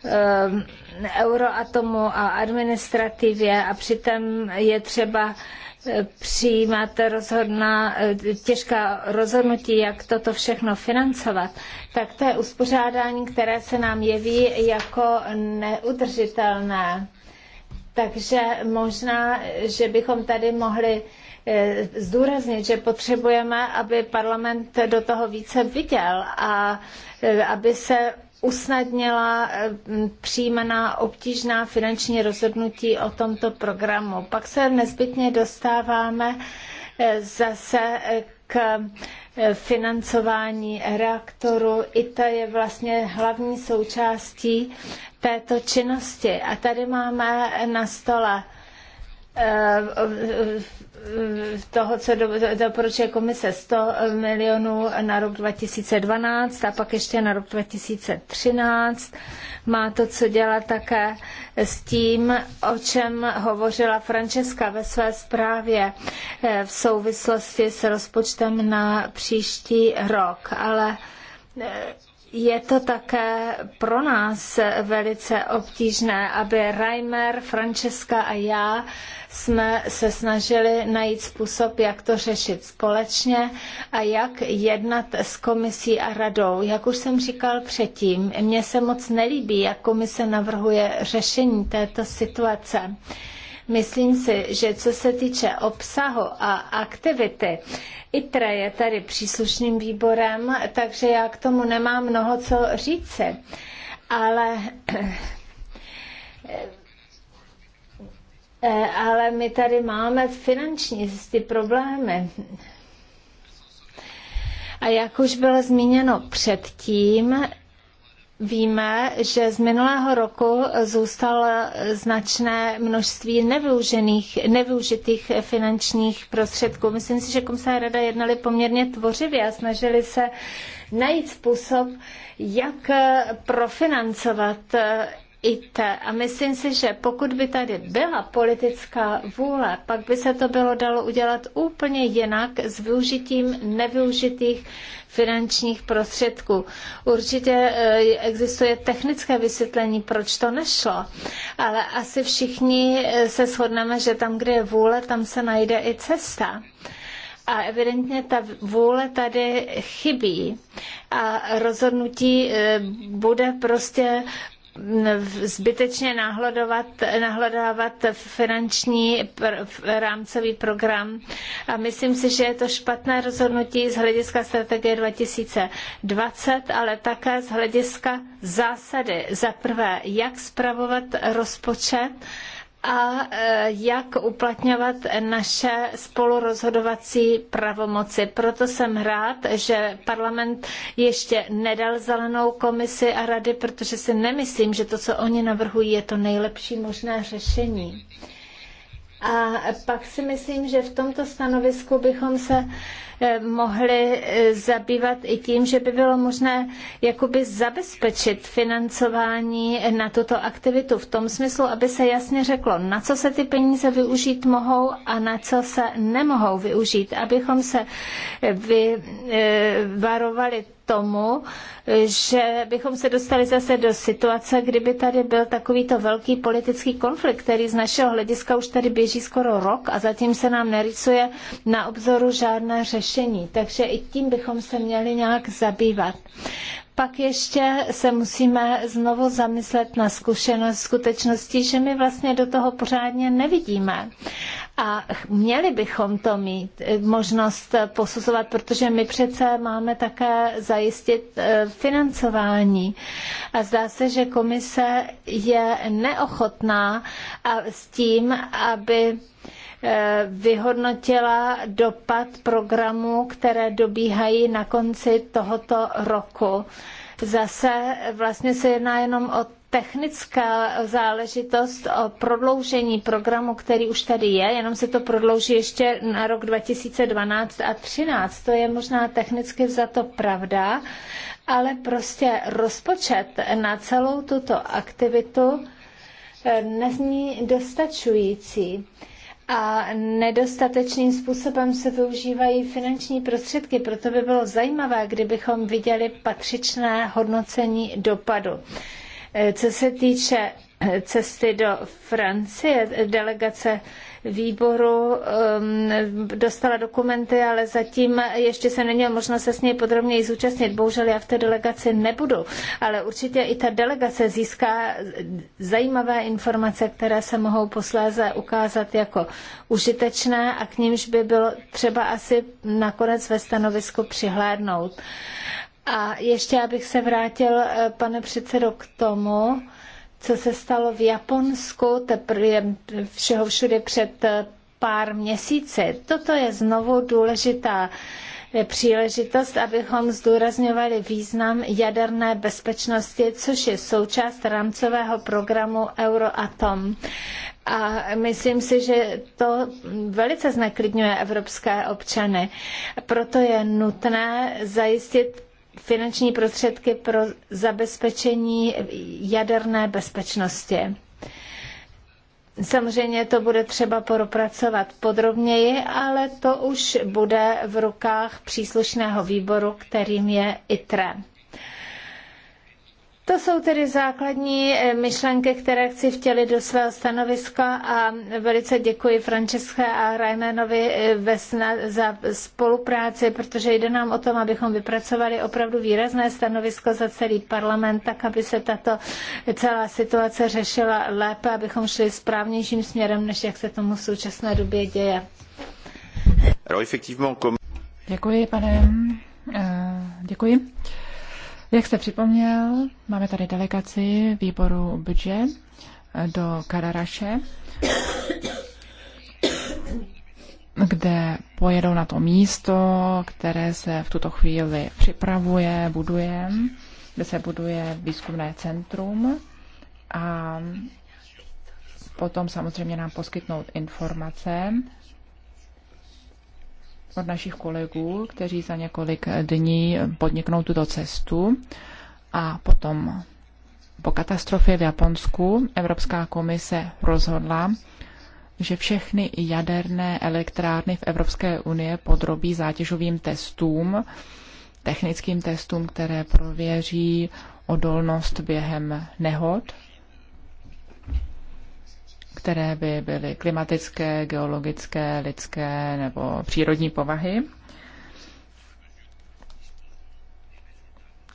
eh, Euroatomu a administrativě a přitom je třeba přijímat rozhodná, těžká rozhodnutí, jak toto všechno financovat, tak to je uspořádání, které se nám jeví jako neudržitelné. Takže možná, že bychom tady mohli eh, zdůraznit, že potřebujeme, aby parlament do toho více viděl a eh, aby se usnadnila eh, přijímaná obtížná finanční rozhodnutí o tomto programu. Pak se nezbytně dostáváme eh, zase eh, k financování reaktoru. I to je vlastně hlavní součástí této činnosti. A tady máme na stole toho, co doporučuje komise 100 milionů na rok 2012 a pak ještě na rok 2013. Má to co dělat také s tím, o čem hovořila Francesca ve své zprávě eh, v souvislosti s rozpočtem na příští rok. Ale eh, je to také pro nás velice obtížné, aby Reimer, Francesca a já jsme se snažili najít způsob, jak to řešit společně a jak jednat s komisí a radou. Jak už jsem říkal předtím, mně se moc nelíbí, jak komise navrhuje řešení této situace. Myslím si, že co se týče obsahu a aktivity, ITRA je tady příslušným výborem, takže já k tomu nemám mnoho co říci. Ale eh, eh, ale my tady máme finanční ty problémy. A jak už bylo zmíněno předtím, Víme, že z minulého roku zůstalo značné množství nevyužených, nevyužitých finančních prostředků. Myslím si, že Komisa Rada jednali poměrně tvořivě a snažili se najít způsob, jak profinancovat te. A myslím si, že pokud by tady byla politická vůle, pak by se to bylo dalo udělat úplně jinak s využitím nevyužitých finančních prostředků. Určitě eh, existuje technické vysvětlení, proč to nešlo, ale asi všichni eh, se shodneme, že tam, kde je vůle, tam se najde i cesta. A evidentně ta vůle tady chybí a rozhodnutí eh, bude prostě zbytečně nahlodovat, nahlodávat finanční pr- rámcový program a myslím si, že je to špatné rozhodnutí z hlediska strategie 2020, ale také z hlediska zásady. Za prvé, jak spravovat rozpočet, a e, jak uplatňovat naše spolurozhodovací pravomoci. Proto jsem rád, že parlament ještě nedal zelenou komisi a rady, protože si nemyslím, že to, co oni navrhují, je to nejlepší možné řešení. A pak si myslím, že v tomto stanovisku bychom se eh, mohli eh, zabývat i tím, že by bylo možné jakoby zabezpečit financování na tuto aktivitu v tom smyslu, aby se jasně řeklo, na co se ty peníze využít mohou a na co se nemohou využít, abychom se eh, vyvarovali tomu, že bychom se dostali zase do situace, kdyby tady byl takovýto velký politický konflikt, který z našeho hlediska už tady běží skoro rok a zatím se nám nerýsuje na obzoru žádné řešení. Takže i tím bychom se měli nějak zabývat. Pak ještě se musíme znovu zamyslet na zkušenost skutečnosti, že my vlastně do toho pořádně nevidíme. A měli bychom to mít eh, možnost eh, posuzovat, protože my přece máme také zajistit eh, financování. A zdá se, že komise je neochotná s tím, aby Eh, vyhodnotila dopad programů, které dobíhají na konci tohoto roku. Zase vlastně se jedná jenom o technická záležitost o prodloužení programu, který už tady je, jenom se to prodlouží ještě na rok 2012 a 2013. To je možná technicky vzato pravda, ale prostě rozpočet na celou tuto aktivitu eh, není dostačující a nedostatečným způsobem se využívají finanční prostředky. Proto by bylo zajímavé, kdybychom viděli patřičné hodnocení dopadu. E, co se týče e, cesty do Francie, delegace výboru um, dostala dokumenty, ale zatím ještě se neměla možnost se s něj podrobněji zúčastnit. Bohužel já v té delegaci nebudu, ale určitě i ta delegace získá zajímavé informace, které se mohou posléze ukázat jako užitečné a k nímž by bylo třeba asi nakonec ve stanovisku přihlédnout. A ještě abych se vrátil, eh, pane předsedo, k tomu, co se stalo v Japonsku, teprve všeho všude před eh, pár měsíci. Toto je znovu důležitá eh, příležitost, abychom zdůrazňovali význam jaderné bezpečnosti, což je součást rámcového programu Euroatom. A myslím si, že to velice zneklidňuje evropské občany. Proto je nutné zajistit finanční prostředky pro zabezpečení jaderné bezpečnosti. Samozřejmě to bude třeba propracovat podrobněji, ale to už bude v rukách příslušného výboru, kterým je ITRE. To jsou tedy základní eh, myšlenky, které chci vtělit do svého stanoviska a velice děkuji Francesce a Reimernovi eh, za spolupráci, protože jde nám o tom, abychom vypracovali opravdu výrazné stanovisko za celý parlament, tak aby se tato celá situace řešila lépe, abychom šli správnějším směrem, než jak se tomu v současné době děje. Děkuji, pane. Eh, děkuji. Jak jste připomněl, máme tady delegaci výboru budget eh, do Kararaše, kde pojedou na to místo, které se v tuto chvíli připravuje, buduje, kde se buduje výzkumné centrum a potom samozřejmě nám poskytnout informace od našich kolegů, kteří za několik dní podniknou tuto cestu. A potom po katastrofě v Japonsku Evropská komise rozhodla, že všechny jaderné elektrárny v Evropské unie podrobí zátěžovým testům, technickým testům, které prověří odolnost během nehod které by byly klimatické, geologické, lidské nebo přírodní povahy.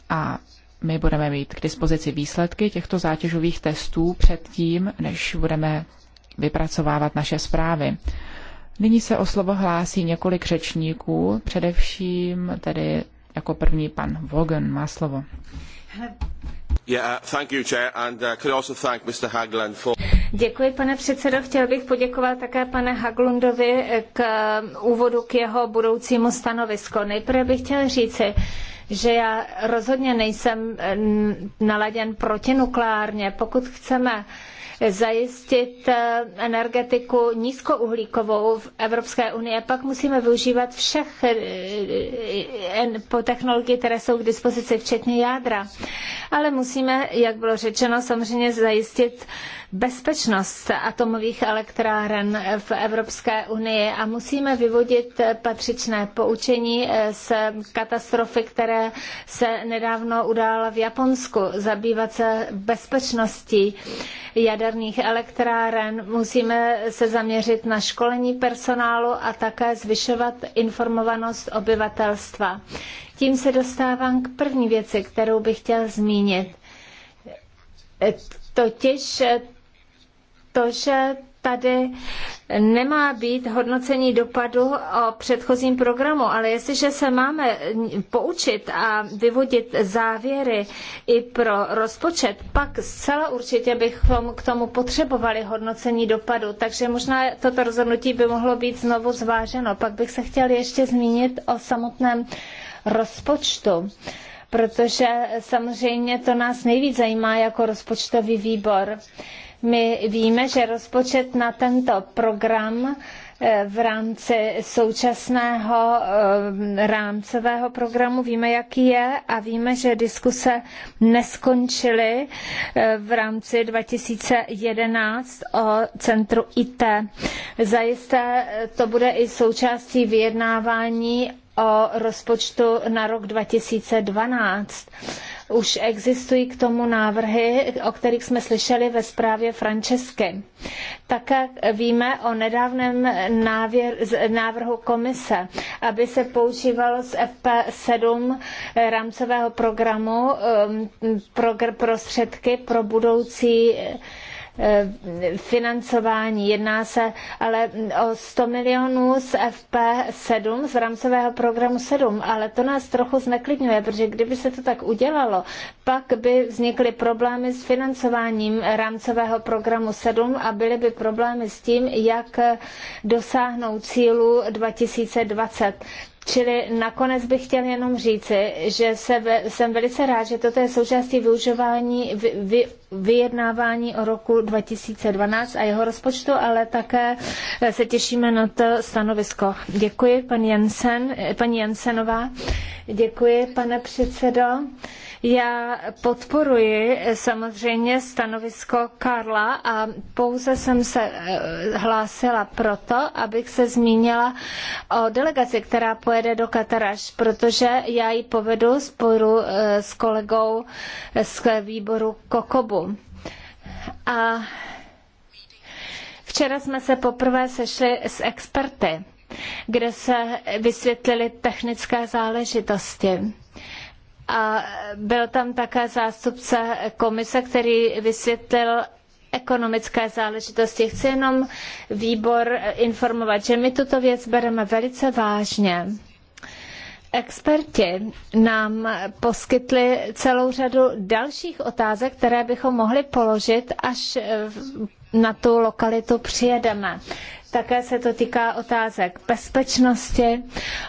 A my budeme mít k dispozici výsledky těchto zátěžových testů předtím, než budeme vypracovávat naše zprávy. Nyní se o slovo hlásí několik řečníků, především tedy jako první pan Vogen má slovo. Yeah, uh, thank you, Chair, and uh, could also thank Mr. Hagland for... Děkuji, pane předsedo. Chtěl bych poděkovat také pane Haglundovi k um, úvodu k jeho budoucímu stanovisku. Nejprve bych chtěl říci, že já rozhodně nejsem um, naladěn protinukleárně. Pokud chceme zajistit um, energetiku nízkouhlíkovou v Evropské unii, pak musíme využívat všech uh, uh, technologií, které jsou k dispozici, včetně jádra. Ale musíme, jak bylo řečeno, samozřejmě zajistit bezpečnost atomových elektráren v Evropské unii a musíme vyvodit patřičné poučení z katastrofy, které se nedávno udála v Japonsku. Zabývat se bezpečností jaderných elektráren, musíme se zaměřit na školení personálu a také zvyšovat informovanost obyvatelstva. Tím se dostávám k první věci, kterou bych chtěl zmínit. Totiž to, že tady nemá být hodnocení dopadu o předchozím programu, ale jestliže se máme poučit a vyvodit závěry i pro rozpočet, pak zcela určitě bychom k tomu potřebovali hodnocení dopadu, takže možná toto rozhodnutí by mohlo být znovu zváženo. Pak bych se chtěl ještě zmínit o samotném rozpočtu protože samozřejmě to nás nejvíc zajímá jako rozpočtový výbor. Uh, my víme, že rozpočet na tento program eh, v rámci současného eh, rámcového programu. Víme, jaký je a víme, že diskuse neskončily eh, v rámci 2011 o centru IT. Zajisté to bude i součástí vyjednávání o rozpočtu na rok 2012. Už existují k tomu návrhy, o kterých jsme slyšeli ve zprávě Francesky. Také víme o nedávném návěr, návrhu komise, aby se používalo z FP7 rámcového programu um, pro prostředky pro budoucí Eh, financování. Jedná se ale o 100 milionů z FP7, z rámcového programu 7, ale to nás trochu zneklidňuje, protože kdyby se to tak udělalo, pak by vznikly problémy s financováním rámcového programu 7 a byly by problémy s tím, jak dosáhnout cílu 2020. Čili nakonec bych chtěl jenom říci, že se, jsem velice rád, že toto je součástí vy, vy, vyjednávání o roku 2012 a jeho rozpočtu, ale také se těšíme na to stanovisko. Děkuji, pan Jensen, paní Jensenová. Děkuji, pane předsedo. Já podporuji samozřejmě stanovisko Karla a pouze jsem se eh, hlásila proto, abych se zmínila o delegaci, která pojede do Kataraš, protože já ji povedu sporu eh, s kolegou z výboru Kokobu. A včera jsme se poprvé sešli s experty, kde se vysvětlily technické záležitosti a byl tam také zástupce komise, který vysvětlil ekonomické záležitosti. Chci jenom výbor informovat, že my tuto věc bereme velice vážně. Experti nám poskytli celou řadu dalších otázek, které bychom mohli položit, až na tu lokalitu přijedeme. Také se to týká otázek bezpečnosti,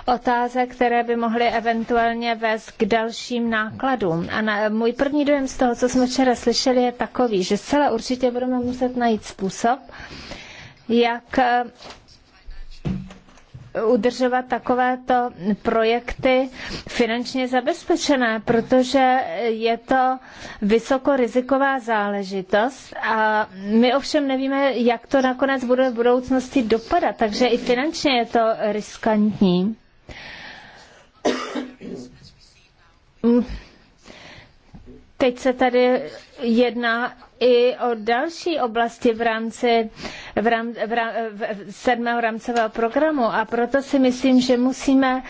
otázek, které by mohly eventuálně vést k dalším nákladům. A na, můj první dojem z toho, co jsme včera slyšeli, je takový, že zcela určitě budeme muset najít způsob, jak udržovat takovéto projekty finančně zabezpečené, protože je to vysokoriziková záležitost a my ovšem nevíme, jak to nakonec bude v budoucnosti dopadat, takže i finančně je to riskantní. Teď se tady jedná i o další oblasti v rámci v rám, v rám, v sedmého rámcového programu a proto si myslím, že musíme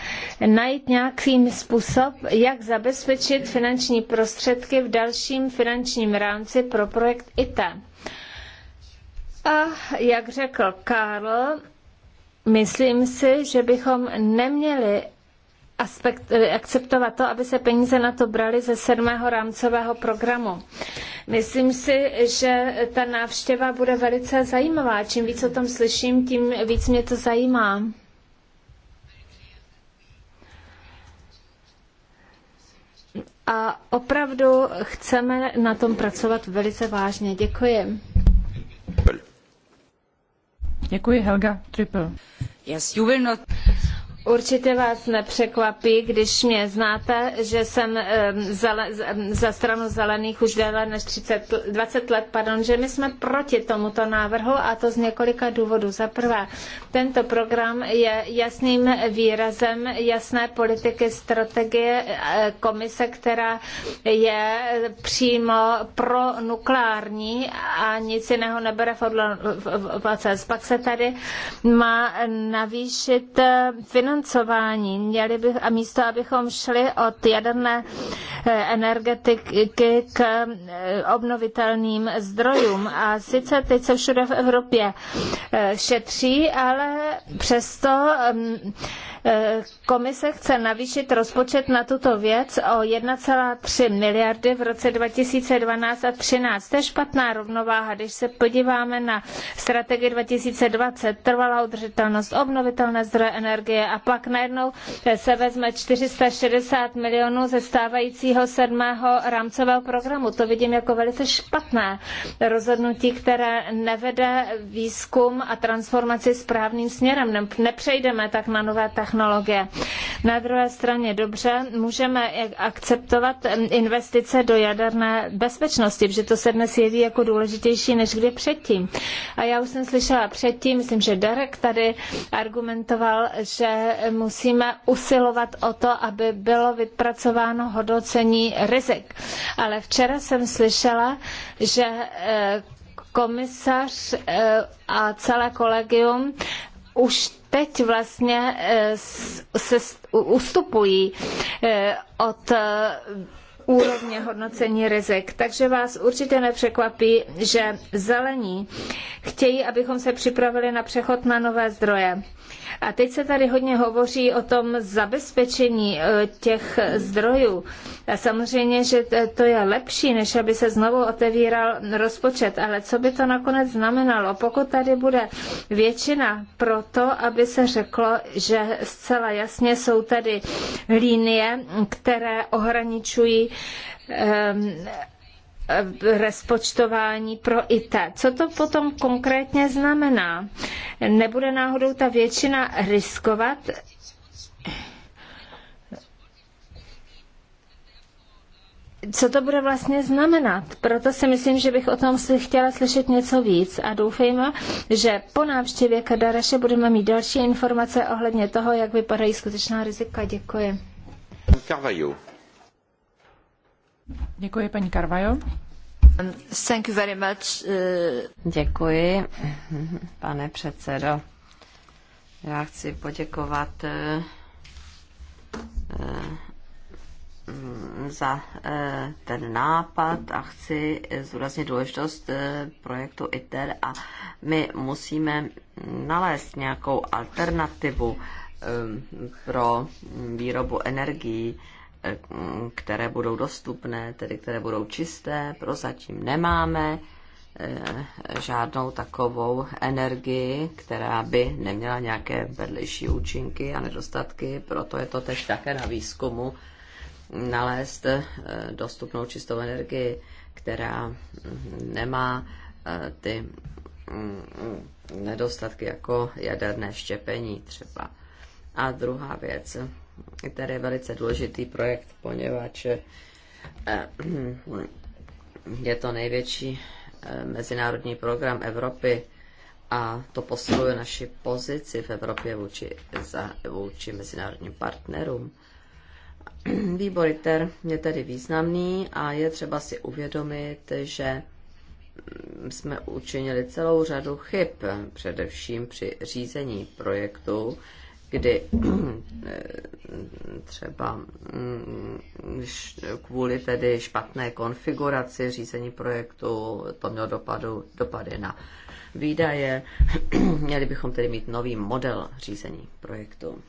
najít nějaký způsob, jak zabezpečit finanční prostředky v dalším finančním rámci pro projekt ITA. A jak řekl Karl, myslím si, že bychom neměli aspekt, eh, akceptovat to, aby se peníze na to braly ze sedmého rámcového programu. Myslím si, že ta návštěva bude velice zajímavá. Čím víc o tom slyším, tím víc mě to zajímá. A opravdu chceme na tom pracovat velice vážně. Děkuji. Děkuji, Helga Triple. Yes, you will not... Určitě vás nepřekvapí, když mě znáte, že jsem za, za stranu zelených už déle než 30, 20 let, pardon, že my jsme proti tomuto návrhu a to z několika důvodů. Za prvé, tento program je jasným výrazem jasné politiky, strategie komise, která je přímo pronukleární a nic jiného nebere v, odlo- v, v, v, v, Pak se tady má navýšit finanční financování. Měli bych, a místo, abychom šli od jaderné eh, energetiky k eh, obnovitelným zdrojům. A sice teď se všude v Evropě eh, šetří, ale přesto mm, Eh, komise chce navýšit rozpočet na tuto věc o 1,3 miliardy v roce 2012 a 2013. To je špatná rovnováha, když se podíváme na strategii 2020, trvalá udržitelnost, obnovitelné zdroje energie a pak najednou eh, se vezme 460 milionů ze stávajícího sedmého rámcového programu. To vidím jako velice špatné rozhodnutí, které nevede výzkum a transformaci správným směrem. Nepřejdeme tak na nové technologie technologie. Na druhé straně dobře, můžeme akceptovat investice do jaderné bezpečnosti, protože to se dnes jeví jako důležitější než kdy předtím. A já už jsem slyšela předtím, myslím, že Derek tady argumentoval, že musíme usilovat o to, aby bylo vypracováno hodnocení rizik. Ale včera jsem slyšela, že eh, komisař eh, a celé kolegium už teď vlastně eh, se ustupují eh, od eh, úrovně hodnocení rizik. Takže vás určitě nepřekvapí, že zelení chtějí, abychom se připravili na přechod na nové zdroje. A teď se tady hodně hovoří o tom zabezpečení e, těch zdrojů. A samozřejmě, že to je lepší, než aby se znovu otevíral rozpočet, ale co by to nakonec znamenalo? Pokud tady bude většina pro to, aby se řeklo, že zcela jasně jsou tady linie, které ohraničují um, rozpočtování pro IT. Co to potom konkrétně znamená? Nebude náhodou ta většina riskovat? co to bude vlastně znamenat. Proto si myslím, že bych o tom si chtěla slyšet něco víc a doufejme, že po návštěvě Kadaraše budeme mít další informace ohledně toho, jak vypadají skutečná rizika. Děkuji. Carvalho. Děkuji, paní Carvajo. Thank you very much. Uh, Děkuji, pane předsedo. Já chci poděkovat uh, uh, za ten nápad a chci zdůraznit důležitost projektu ITER a my musíme nalézt nějakou alternativu um, pro výrobu energií které budou dostupné, tedy které budou čisté. Prozatím nemáme eh, žádnou takovou energii, která by neměla nějaké vedlejší účinky a nedostatky, proto je to teď také na výzkumu nalézt eh, dostupnou čistou energii, která nemá eh, ty mm, nedostatky jako jaderné štěpení třeba. A druhá věc, který je velice důležitý projekt, poněvadž eh, je to největší eh, mezinárodní program Evropy a to posiluje naši pozici v Evropě vůči, za, vůči mezinárodním partnerům. Výbor ITER je tedy významný a je třeba si uvědomit, že jsme učinili celou řadu chyb, především při řízení projektu, kdy eh, třeba mm, kvůli tedy špatné konfiguraci řízení projektu to mělo dopadu, dopady na výdaje. [clears throat] Měli bychom tedy mít nový model řízení projektu.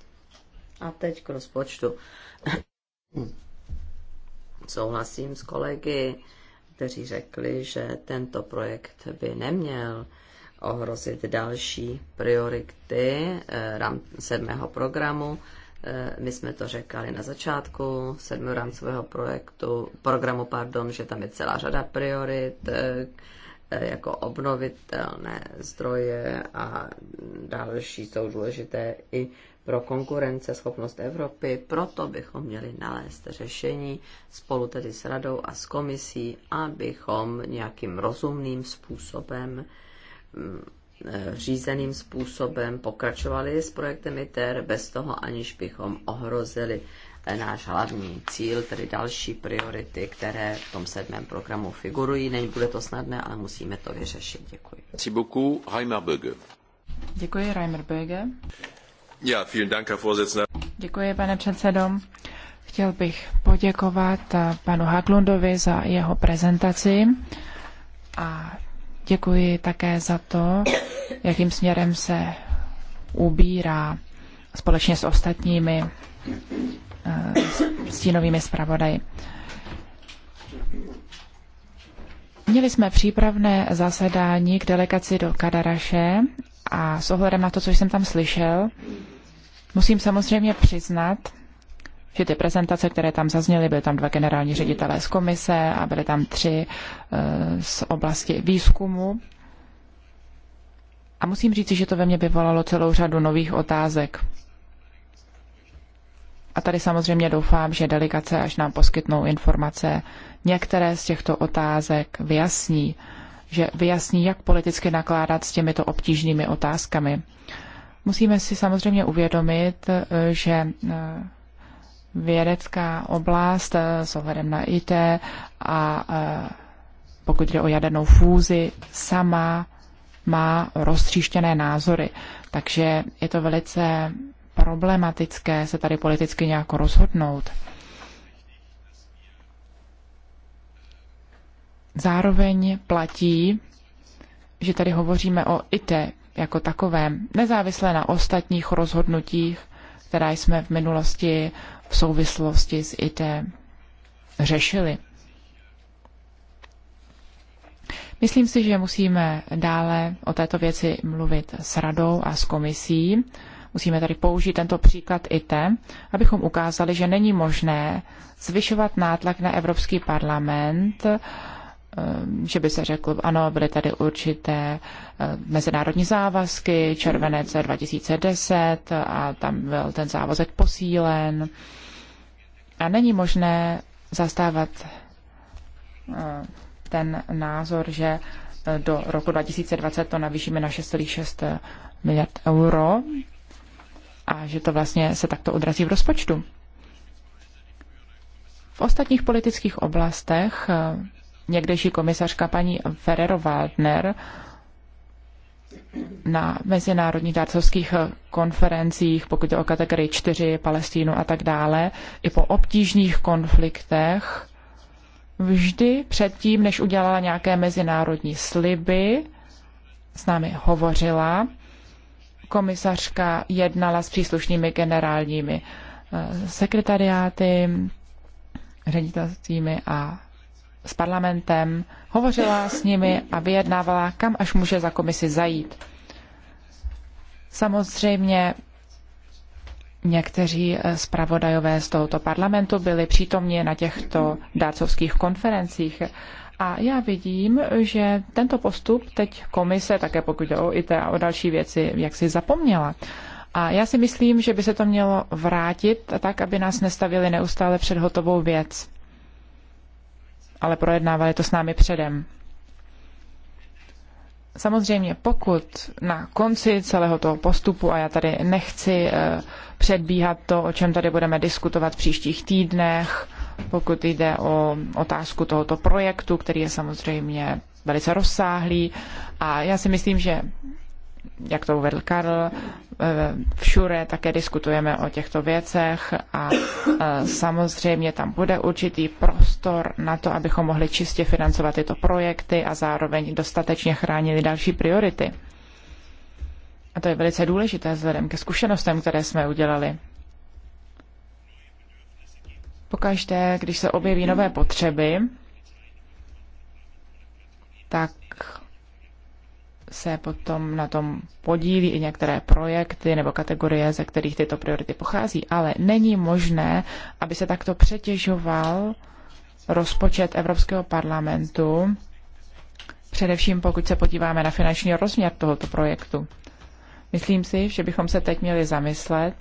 A teď k rozpočtu. [clears throat] Souhlasím s kolegy, kteří řekli, že tento projekt by neměl ohrozit další priority eh, sedmého programu. Eh, my jsme to řekali na začátku sedmého rámcového projektu, programu, pardon, že tam je celá řada priorit, eh, jako obnovitelné zdroje a další jsou důležité i pro konkurenceschopnost Evropy. Proto bychom měli nalézt řešení spolu tedy s radou a s komisí, abychom nějakým rozumným způsobem Eh, řízeným způsobem pokračovali s projektem ITER bez toho, aniž bychom ohrozili eh, náš hlavní cíl, tedy další priority, které v tom sedmém programu figurují. Není bude to snadné, ale musíme to vyřešit. Děkuji. Děkuji, Reimer Böge. Ja, vielen Dank, Herr Vorsitzender. Děkuji, pane předsedo. Chtěl bych poděkovat eh, panu Haglundovi za jeho prezentaci a Děkuji také za to, jakým směrem se ubírá společně s ostatními eh, stínovými zpravodaji. Měli jsme přípravné zasedání k delegaci do Kadaraše a s ohledem na to, co jsem tam slyšel, musím samozřejmě přiznat, že ty prezentace, které tam zazněly, byly tam dva generální ředitelé z komise a byly tam tři eh, z oblasti výzkumu. A musím říct, že to ve mně vyvolalo celou řadu nových otázek. A tady samozřejmě doufám, že delegace, až nám poskytnou informace, některé z těchto otázek vyjasní, že vyjasní, jak politicky nakládat s těmito obtížnými otázkami. Musíme si samozřejmě uvědomit, eh, že eh, vědecká oblast eh, s ohledem na IT a eh, pokud jde o jadernou fúzi, sama má roztříštěné názory. Takže je to velice problematické se tady politicky nějak rozhodnout. Zároveň platí, že tady hovoříme o ITE jako takovém, nezávisle na ostatních rozhodnutích, která jsme v minulosti v souvislosti s IT řešili. Myslím si, že musíme dále o této věci mluvit s radou a s komisí. Musíme tady použít tento příklad IT, abychom ukázali, že není možné zvyšovat nátlak na Evropský parlament, eh, že by se řekl, ano, byly tady určité eh, mezinárodní závazky, červenec 2010 a tam byl ten závazek posílen a není možné zastávat eh, ten názor, že eh, do roku 2020 to navýšíme na 6,6 eh, miliard euro a že to vlastně se takto odrazí v rozpočtu. V ostatních politických oblastech někdejší komisařka paní Ferrero-Waldner na mezinárodních dárcovských eh, konferencích, pokud je o kategorii 4, Palestínu a tak dále, i po obtížných konfliktech, vždy předtím, než udělala nějaké mezinárodní sliby, s námi hovořila, komisařka jednala s příslušnými generálními eh, sekretariáty, ředitelstvími a s parlamentem, hovořila s nimi a vyjednávala, kam až může za komisi zajít. Samozřejmě Někteří eh, zpravodajové z tohoto parlamentu byli přítomni na těchto dárcovských konferencích. A já vidím, že tento postup teď komise, také pokud jde o IT a o další věci, jak si zapomněla. A já si myslím, že by se to mělo vrátit tak, aby nás nestavili neustále před hotovou věc ale projednávali to s námi předem. Samozřejmě, pokud na konci celého toho postupu, a já tady nechci eh, předbíhat to, o čem tady budeme diskutovat v příštích týdnech, pokud jde o otázku tohoto projektu, který je samozřejmě velice rozsáhlý. A já si myslím, že jak to uvedl Karl, eh, všude také diskutujeme o těchto věcech a eh, samozřejmě tam bude určitý prostor na to, abychom mohli čistě financovat tyto projekty a zároveň dostatečně chránili další priority. A to je velice důležité vzhledem ke zkušenostem, které jsme udělali. Pokaždé, když se objeví nové potřeby, tak se potom na tom podílí i některé projekty nebo kategorie, ze kterých tyto priority pochází, ale není možné, aby se takto přetěžoval rozpočet Evropského parlamentu, především pokud se podíváme na finanční rozměr tohoto projektu. Myslím si, že bychom se teď měli zamyslet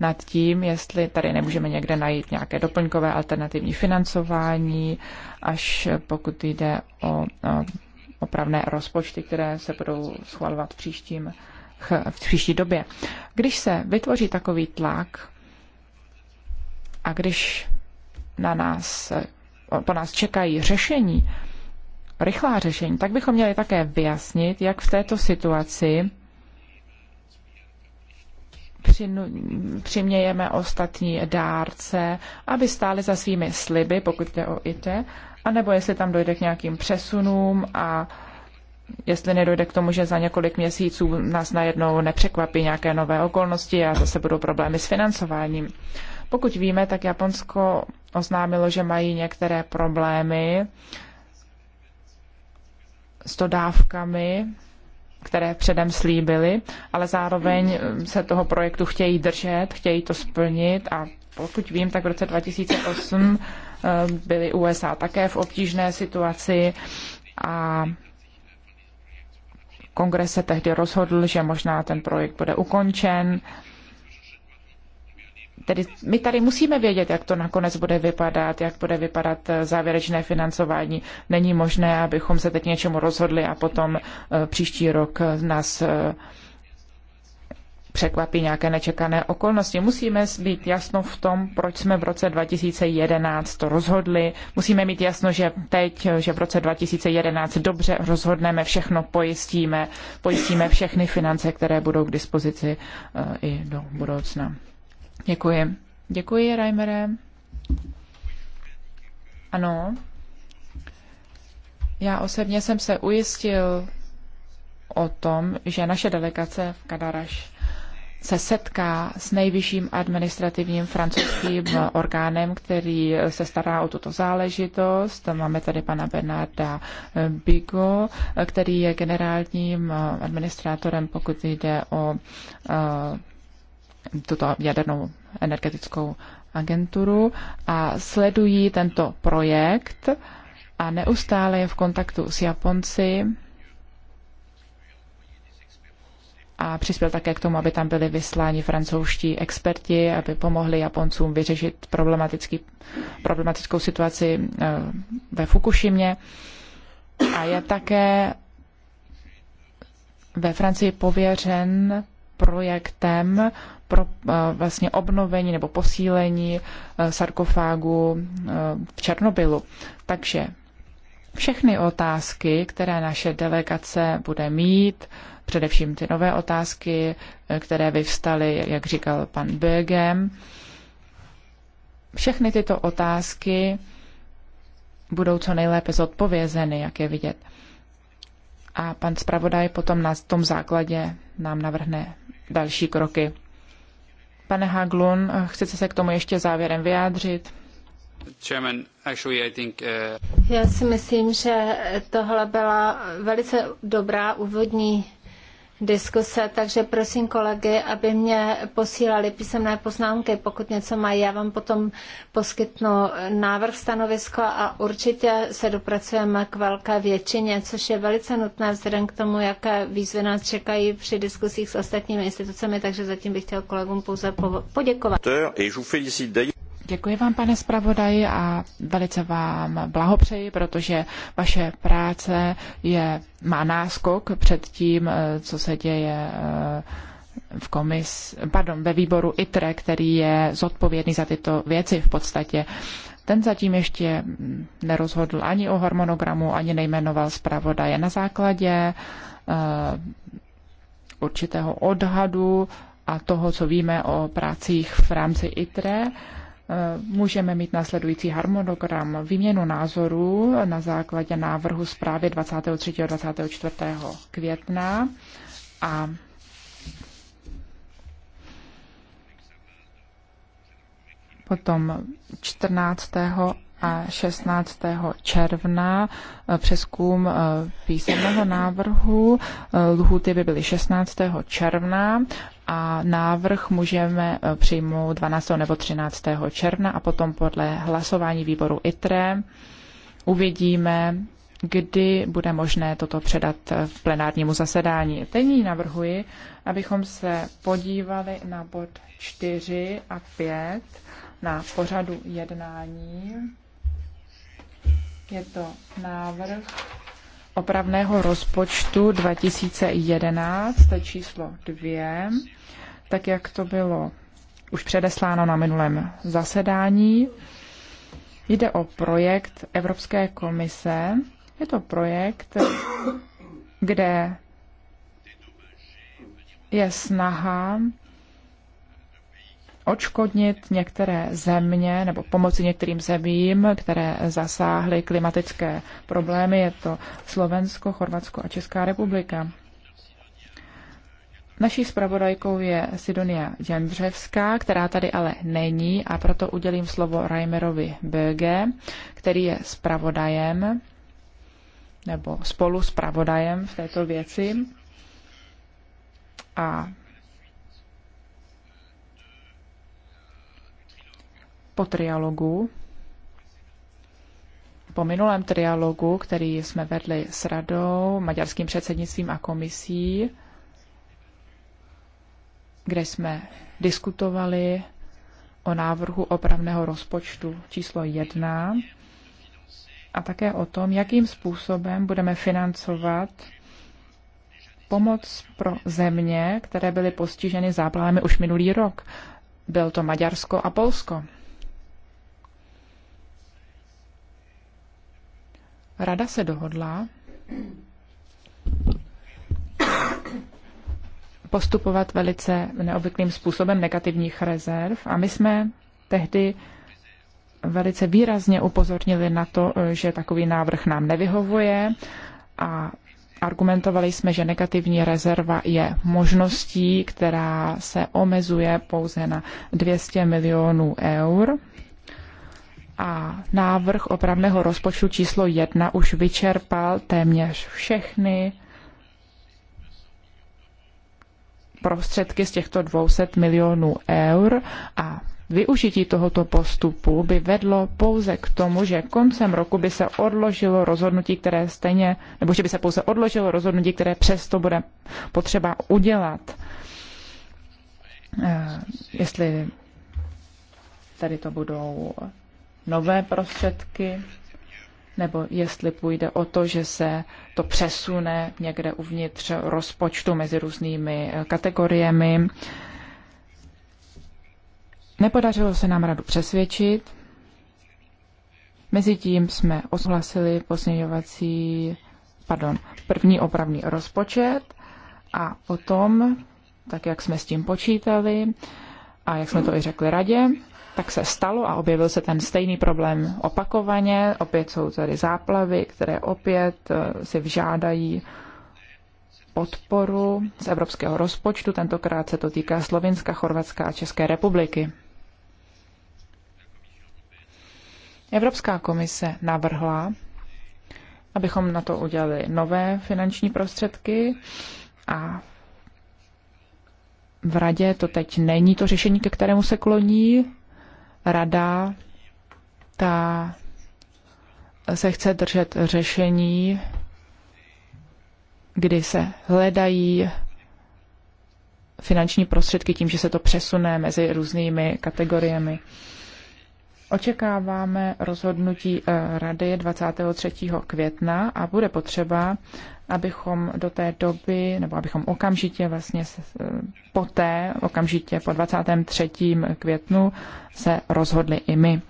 nad tím, jestli tady nemůžeme někde najít nějaké doplňkové alternativní financování, až pokud jde o, o opravné rozpočty, které se budou schvalovat v, příštím, v příští době. Když se vytvoří takový tlak a když na nás, po nás čekají řešení, rychlá řešení, tak bychom měli také vyjasnit, jak v této situaci přimějeme ostatní dárce, aby stáli za svými sliby, pokud jde o ITE, anebo jestli tam dojde k nějakým přesunům a jestli nedojde k tomu, že za několik měsíců nás najednou nepřekvapí nějaké nové okolnosti a zase budou problémy s financováním. Pokud víme, tak Japonsko oznámilo, že mají některé problémy s dodávkami, které předem slíbili, ale zároveň se toho projektu chtějí držet, chtějí to splnit a pokud vím, tak v roce 2008 Eh, byly USA také v obtížné situaci a kongres se tehdy rozhodl, že možná ten projekt bude ukončen. Tedy my tady musíme vědět, jak to nakonec bude vypadat, jak bude vypadat eh, závěrečné financování. Není možné, abychom se teď něčemu rozhodli a potom eh, příští rok nás překvapí nějaké nečekané okolnosti. Musíme být jasno v tom, proč jsme v roce 2011 to rozhodli. Musíme mít jasno, že teď, že v roce 2011 dobře rozhodneme, všechno pojistíme, pojistíme všechny finance, které budou k dispozici e, i do budoucna. Děkuji. Děkuji, Reimere. Ano. Já osobně jsem se ujistil o tom, že naše delegace v Kadaraš se setká s nejvyšším administrativním francouzským orgánem, který se stará o tuto záležitost. Máme tady pana Bernarda Bigo, který je generálním administrátorem, pokud jde o eh, tuto jadernou energetickou agenturu a sledují tento projekt a neustále je v kontaktu s Japonci a přispěl také k tomu, aby tam byli vysláni francouzští experti, aby pomohli Japoncům vyřešit problematický, problematickou situaci eh, ve Fukušimě. A je také ve Francii pověřen projektem pro eh, vlastně obnovení nebo posílení eh, sarkofágu v Černobylu. Takže všechny otázky, které naše delegace bude mít, především ty nové otázky, eh, které vyvstaly, jak říkal pan Bögem. Všechny tyto otázky budou co nejlépe zodpovězeny, jak je vidět. A pan zpravodaj potom na tom základě nám navrhne další kroky. Pane Haglun, chcete se k tomu ještě závěrem vyjádřit? Uh, Já si myslím, že tohle byla velice dobrá úvodní diskuse, takže prosím kolegy, aby mě posílali písemné poznámky, pokud něco mají. Já vám potom poskytnu návrh stanovisko a určitě se dopracujeme k velké většině, což je velice nutné vzhledem k tomu, jaké výzvy nás čekají při diskusích s ostatními institucemi, takže zatím bych chtěl kolegům pouze poděkovat. Děkuji vám, pane zpravodaji, a velice vám blahopřeji, protože vaše práce je, má náskok před tím, eh, co se děje eh, v komis, pardon, ve výboru ITRE, který je zodpovědný za tyto věci v podstatě. Ten zatím ještě nerozhodl ani o harmonogramu, ani nejmenoval zpravodaje. Na základě eh, určitého odhadu a toho, co víme o prácích v rámci ITRE, uh, Eh, můžeme mít následující harmonogram výměnu názorů na základě návrhu zprávy 23. a 24. května a potom 14. a 16. června eh, přeskum eh, písemného návrhu. Lhuty by byly 16. června a návrh můžeme eh, přijmout 12. nebo 13. června a potom podle hlasování výboru ITRE uvidíme, kdy bude možné toto předat v eh, plenárnímu zasedání. Teď navrhuji, abychom se podívali na bod 4 a 5 na pořadu jednání. Je to návrh opravného rozpočtu 2011, číslo 2 tak jak to bylo už předesláno na minulém zasedání. Jde o projekt Evropské komise. Je to projekt, kde je snaha očkodnit některé země nebo pomoci některým zemím, které zasáhly klimatické problémy. Je to Slovensko, Chorvatsko a Česká republika. Naší zpravodajkou je Sidonia Jembřevská, která tady ale není a proto udělím slovo Reimerovi Böge, který je zpravodajem nebo spolu zpravodajem v této věci. A po trialogu, po minulém trialogu, který jsme vedli s radou, maďarským předsednictvím a komisí, kde jsme diskutovali o návrhu opravného rozpočtu číslo 1 a také o tom, jakým způsobem budeme financovat pomoc pro země, které byly postiženy záplavami už minulý rok. Byl to Maďarsko a Polsko. Rada se dohodla, postupovat velice neobvyklým způsobem negativních rezerv a my jsme tehdy velice výrazně upozornili na to, že takový návrh nám nevyhovuje a argumentovali jsme, že negativní rezerva je možností, která se omezuje pouze na 200 milionů eur. A návrh opravného rozpočtu číslo 1 už vyčerpal téměř všechny prostředky z těchto 200 milionů eur a Využití tohoto postupu by vedlo pouze k tomu, že koncem roku by se odložilo rozhodnutí, které stejně, nebo že by se pouze odložilo rozhodnutí, které přesto bude potřeba udělat. Eh, jestli tady to budou nové prostředky, nebo jestli půjde o to, že se to přesune někde uvnitř rozpočtu mezi různými eh, kategoriemi. Nepodařilo se nám radu přesvědčit. Mezitím jsme oshlasili posměňovací, pardon, první opravný rozpočet a potom, tak jak jsme s tím počítali a jak jsme to i řekli radě, tak se stalo a objevil se ten stejný problém opakovaně. Opět jsou tady záplavy, které opět eh, si vžádají podporu z evropského rozpočtu. Tentokrát se to týká Slovinska, Chorvatska a České republiky. Evropská komise navrhla, abychom na to udělali nové finanční prostředky a v radě to teď není to řešení, ke kterému se kloní rada ta se chce držet řešení, kdy se hledají finanční prostředky tím, že se to přesune mezi různými kategoriemi. Očekáváme rozhodnutí eh, Rady 23. května a bude potřeba, abychom do té doby, nebo abychom okamžitě vlastně eh, poté, okamžitě po 23. květnu se rozhodli i my.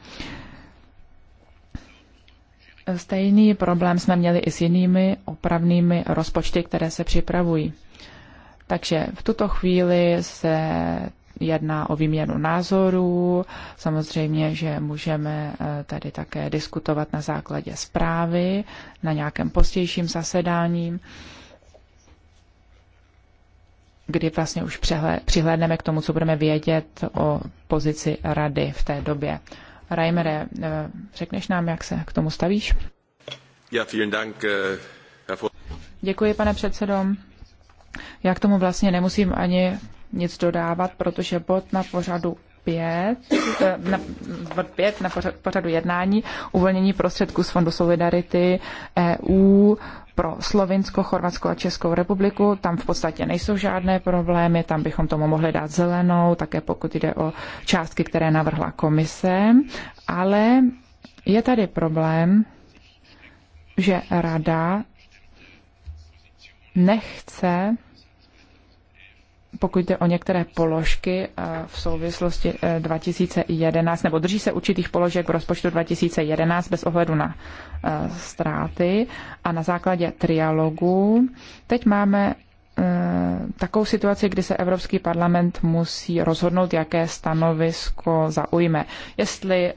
Stejný problém jsme měli i s jinými opravnými rozpočty, které se připravují. Takže v tuto chvíli se jedná o výměnu názorů. Samozřejmě, že můžeme eh, tady také diskutovat na základě zprávy na nějakém pozdějším zasedání, kdy vlastně už přihlédneme k tomu, co budeme vědět o pozici rady v té době. Reimere, eh, řekneš nám, jak se k tomu stavíš? Ja, vielen Dank, eh, Děkuji, pane předsedo. Já k tomu vlastně nemusím ani nic dodávat, protože bod na pořadu 5, eh, na, bod 5 na pořad, pořadu jednání uvolnění prostředků z Fondu Solidarity EU pro Slovinsko, Chorvatsko a Českou republiku. Tam v podstatě nejsou žádné problémy, tam bychom tomu mohli dát zelenou, také pokud jde o částky, které navrhla komise. Ale je tady problém, že rada nechce pokud jde o některé položky eh, v souvislosti 2011, eh, nebo drží se určitých položek v rozpočtu 2011 bez ohledu na eh, ztráty a na základě trialogu. Teď máme takovou situaci, kdy se Evropský parlament musí rozhodnout, jaké stanovisko zaujme. Jestli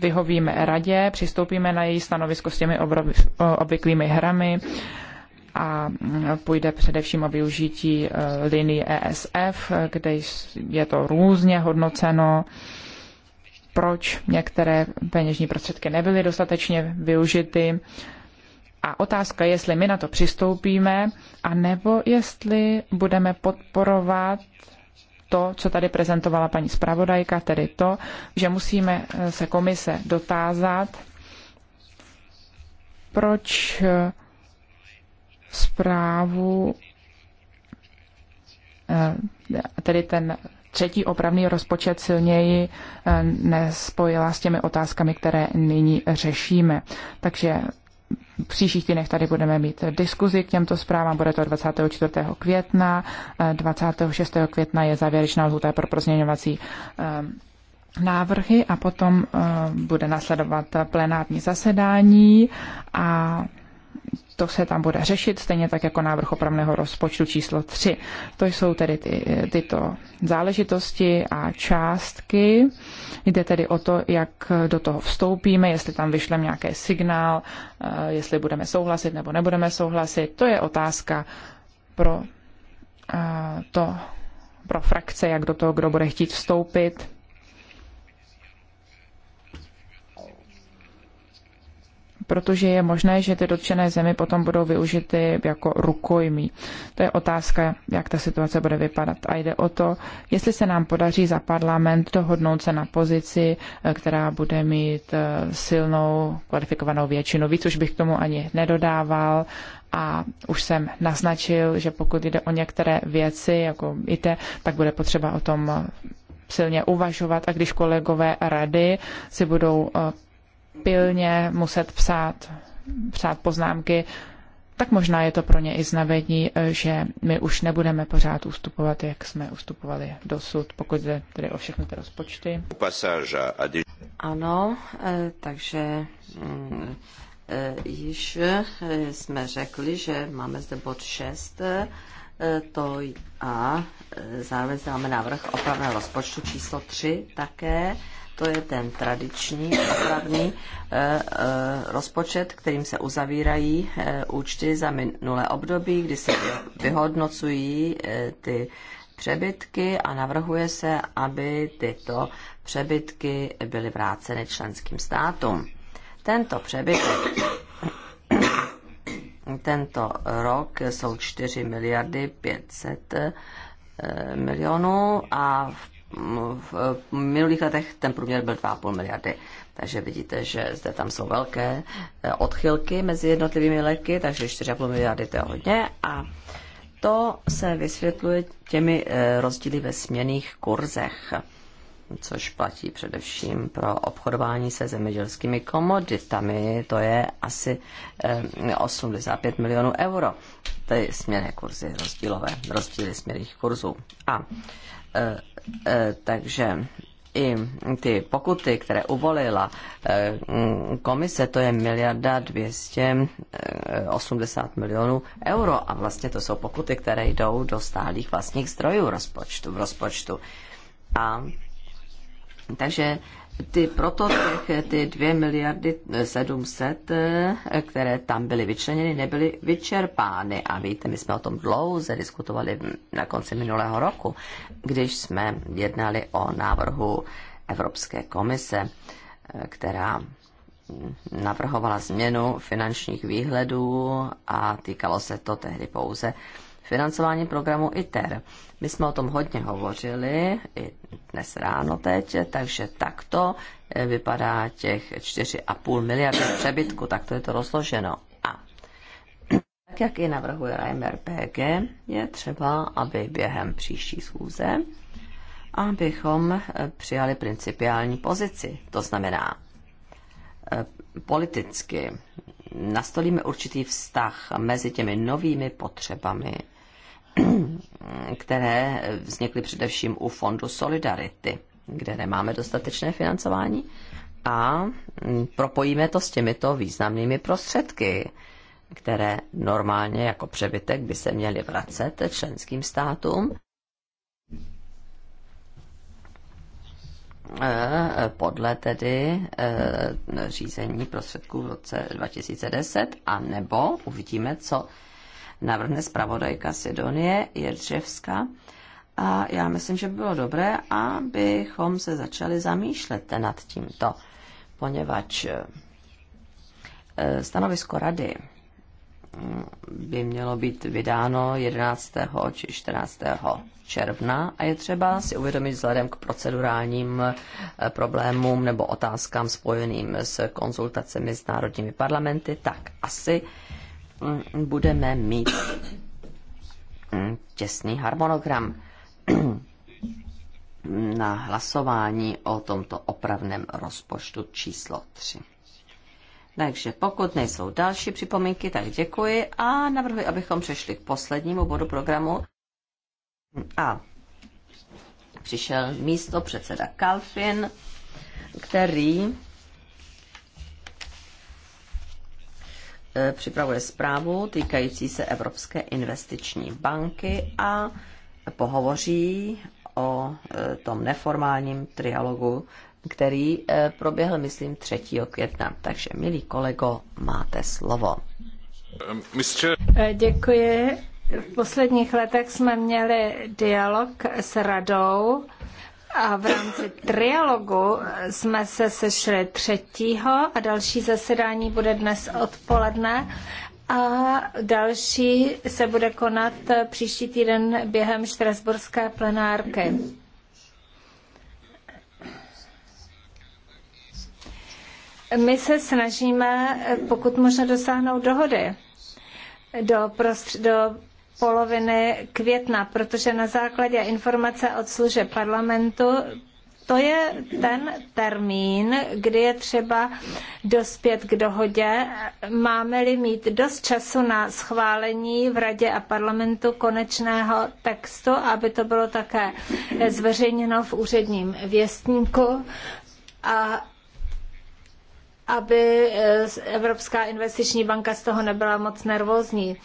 vyhovíme radě, přistoupíme na její stanovisko s těmi obvyklými hrami, a půjde především o využití eh, linii ESF, kde je to různě hodnoceno, proč některé peněžní prostředky nebyly dostatečně využity. A otázka jestli my na to přistoupíme, a nebo jestli budeme podporovat to, co tady prezentovala paní zpravodajka, tedy to, že musíme eh, se komise dotázat, proč eh, zprávu, eh, tedy ten třetí opravný rozpočet silněji eh, nespojila s těmi otázkami, které nyní řešíme. Takže v příštích týdnech tady budeme mít diskuzi k těmto zprávám, bude to 24. května, 26. Eh, května je závěrečná lhůta pro prozměňovací návrhy a potom bude nasledovat plenární zasedání a to se tam bude řešit, stejně tak jako návrh opravného rozpočtu číslo 3. To jsou tedy ty, tyto záležitosti a částky. Jde tedy o to, jak do toho vstoupíme, jestli tam vyšlem nějaký signál, eh, jestli budeme souhlasit nebo nebudeme souhlasit. To je otázka pro eh, to pro frakce, jak do toho, kdo bude chtít vstoupit. protože je možné, že ty dotčené zemi potom budou využity jako rukojmí. To je otázka, jak ta situace bude vypadat. A jde o to, jestli se nám podaří za parlament dohodnout se na pozici, eh, která bude mít eh, silnou kvalifikovanou většinu. Víc už bych k tomu ani nedodával, a už jsem naznačil, že pokud jde o některé věci, jako ITE, tak bude potřeba o tom eh, silně uvažovat a když kolegové rady si budou pilně muset psát, psát poznámky, tak možná je to pro ně i znavení, eh, že my už nebudeme pořád ustupovat, jak jsme ustupovali dosud, pokud jde tedy o všechny ty rozpočty. Ano, eh, takže mm, eh, již jsme řekli, že máme zde bod 6, to a zároveň máme návrh opravného rozpočtu číslo 3 také to je ten tradiční opravný eh, eh, rozpočet, kterým se uzavírají eh, účty za minulé období, kdy se vyhodnocují ty přebytky a navrhuje se, aby tyto přebytky byly vráceny členským státům. Tento přebytek tento rok jsou 4 miliardy 500 milionů a v v minulých letech ten průměr byl 2,5 miliardy. Takže vidíte, že zde tam jsou velké eh, odchylky mezi jednotlivými léky, takže 4,5 miliardy to je hodně. A to se vysvětluje těmi eh, rozdíly ve směných kurzech což platí především pro obchodování se zemědělskými komoditami. To je asi 85 eh, milionů euro. To je směné kurzy rozdílové, rozdíly směných kurzů. A Eh, takže i ty pokuty, které uvolila eh, komise, to je miliarda 280 eh, milionů euro a vlastně to jsou pokuty, které jdou do stálých vlastních zdrojů rozpočtu, v rozpočtu. A takže ty proto těch, ty 2 miliardy 700, které tam byly vyčleněny, nebyly vyčerpány. A víte, my jsme o tom dlouze diskutovali na konci minulého roku, když jsme jednali o návrhu Evropské komise, která navrhovala změnu finančních výhledů a týkalo se to tehdy pouze financování programu ITER. My jsme o tom hodně hovořili i dnes ráno teď, takže takto eh, vypadá těch 4,5 miliardy přebytku, takto je to rozloženo. A [clears throat] tak, jak i navrhuje Reimer PG, je třeba, aby během příští schůze abychom eh, přijali principiální pozici. To znamená, eh, politicky nastolíme určitý vztah mezi těmi novými potřebami [clears throat] které vznikly především u Fondu Solidarity, kde nemáme dostatečné financování a propojíme to s těmito významnými prostředky, které normálně jako přebytek by se měly vracet členským státům. E, podle tedy e, řízení prostředků v roce 2010 a nebo uvidíme, co navrhne zpravodajka Sidonie Jirčevská. A já myslím, že by bylo dobré, abychom se začali zamýšlet nad tímto, poněvadž eh, stanovisko rady mm, by mělo být vydáno 11. či 14. června a je třeba si uvědomit vzhledem k procedurálním eh, problémům nebo otázkám spojeným s konzultacemi s národními parlamenty, tak asi Mm, budeme mít mm, těsný harmonogram [clears throat] na hlasování o tomto opravném rozpočtu číslo 3. Takže pokud nejsou další připomínky, tak děkuji a navrhuji, abychom přešli k poslednímu bodu programu. A přišel místo předseda Kalfin, který E, připravuje zprávu týkající se Evropské investiční banky a pohovoří o e, tom neformálním trialogu, který e, proběhl, myslím, 3. května. Takže, milí kolego, máte slovo. Děkuji. V posledních letech jsme měli dialog s radou a v rámci trialogu jsme se sešli třetího a další zasedání bude dnes odpoledne a další se bude konat příští týden během štrasburské plenárky. My se snažíme pokud možno dosáhnout dohody do, prostř- do poloviny května, protože na základě informace od služeb parlamentu to je ten termín, kdy je třeba dospět k dohodě. Máme-li mít dost času na schválení v Radě a parlamentu konečného textu, aby to bylo také zveřejněno v úředním věstníku a aby eh, Evropská investiční banka z toho nebyla moc nervózní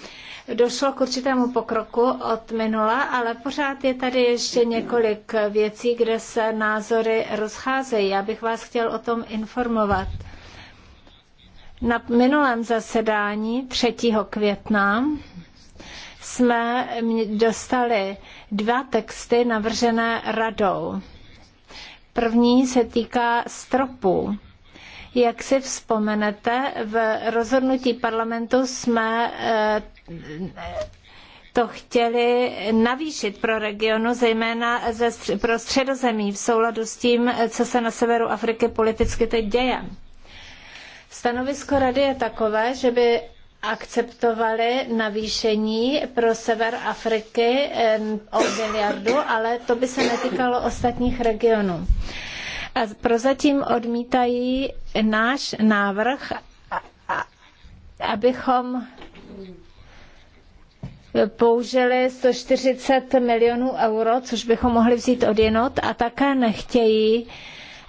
došlo k určitému pokroku od minula, ale pořád je tady ještě několik věcí, kde se názory rozcházejí. Já bych vás chtěl o tom informovat. Na minulém zasedání 3. května jsme dostali dva texty navržené radou. První se týká stropů jak si vzpomenete, v rozhodnutí parlamentu jsme eh, to chtěli navýšit pro regionu, zejména ze, pro středozemí v souladu s tím, co se na severu Afriky politicky teď děje. Stanovisko rady je takové, že by akceptovali navýšení pro sever Afriky eh, o miliardu, ale to by se netýkalo ostatních regionů prozatím odmítají náš návrh, abychom použili 140 milionů euro, což bychom mohli vzít od jinot a také nechtějí,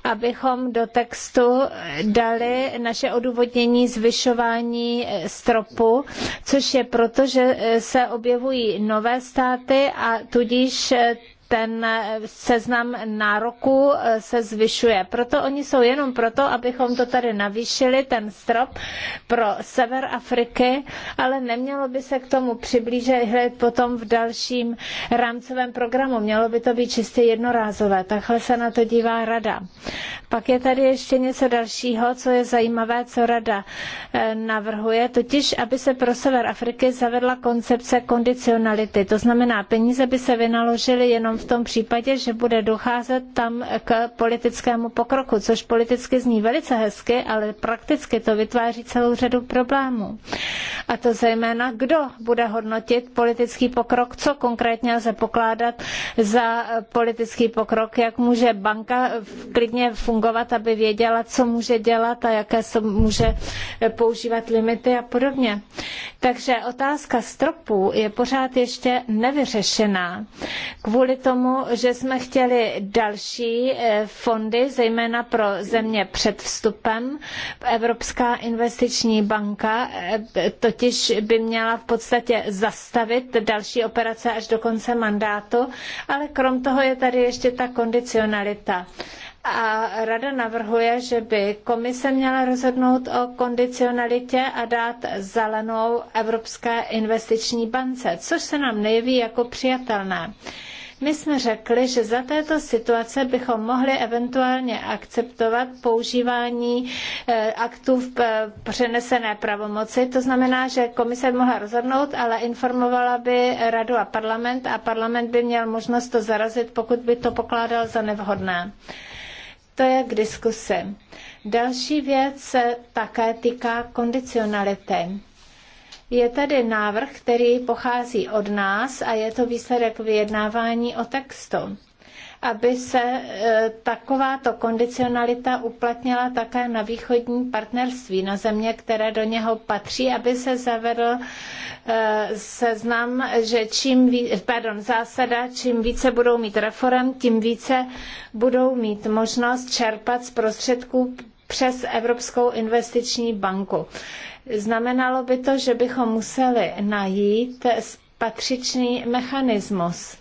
abychom do textu dali naše odůvodnění zvyšování e, stropu, což je proto, že e, se objevují nové státy a tudíž e, ten eh, seznam nároků eh, se zvyšuje. Proto oni jsou jenom proto, abychom to tady navýšili, ten strop pro sever Afriky, ale nemělo by se k tomu přiblížit potom v dalším rámcovém programu. Mělo by to být čistě jednorázové. Takhle se na to dívá rada. Pak je tady ještě něco dalšího, co je zajímavé, co rada eh, navrhuje, totiž, aby se pro sever Afriky zavedla koncepce kondicionality. To znamená, peníze by se vynaložily jenom v tom případě, že bude docházet tam k politickému pokroku, což politicky zní velice hezky, ale prakticky to vytváří celou řadu problémů. A to zejména, kdo bude hodnotit politický pokrok, co konkrétně lze pokládat za politický pokrok, jak může banka klidně fungovat, aby věděla, co může dělat a jaké se může používat limity a podobně. Takže otázka stropů je pořád ještě nevyřešená. Kvůli tomu tomu, že jsme chtěli další eh, fondy, zejména pro země před vstupem. Evropská investiční banka eh, totiž by měla v podstatě zastavit další operace až do konce mandátu, ale krom toho je tady ještě ta kondicionalita a rada navrhuje, že by komise měla rozhodnout o kondicionalitě a dát zelenou Evropské investiční bance, což se nám nejeví jako přijatelné. My jsme řekli, že za této situace bychom mohli eventuálně akceptovat používání eh, aktů v eh, přenesené pravomoci. To znamená, že komise mohla rozhodnout, ale informovala by radu a parlament a parlament by měl možnost to zarazit, pokud by to pokládal za nevhodné. To je k diskusi. Další věc se také týká kondicionality. Je tady návrh, který pochází od nás a je to výsledek vyjednávání o textu aby se e, takováto kondicionalita uplatnila také na východní partnerství, na země, které do něho patří, aby se zavedl e, seznam, že čím víc, pardon, zásada, čím více budou mít reform, tím více budou mít možnost čerpat z prostředků přes Evropskou investiční banku. Znamenalo by to, že bychom museli najít patřičný mechanismus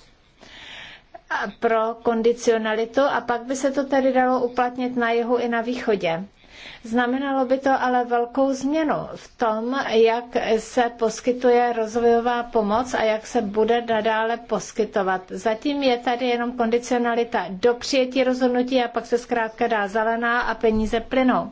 pro kondicionalitu a pak by se to tedy dalo uplatnit na jihu i na východě. Znamenalo by to ale velkou změnu v tom, jak se poskytuje rozvojová pomoc a jak se bude nadále poskytovat. Zatím je tady jenom kondicionalita do přijetí rozhodnutí a pak se zkrátka dá zelená a peníze plynou.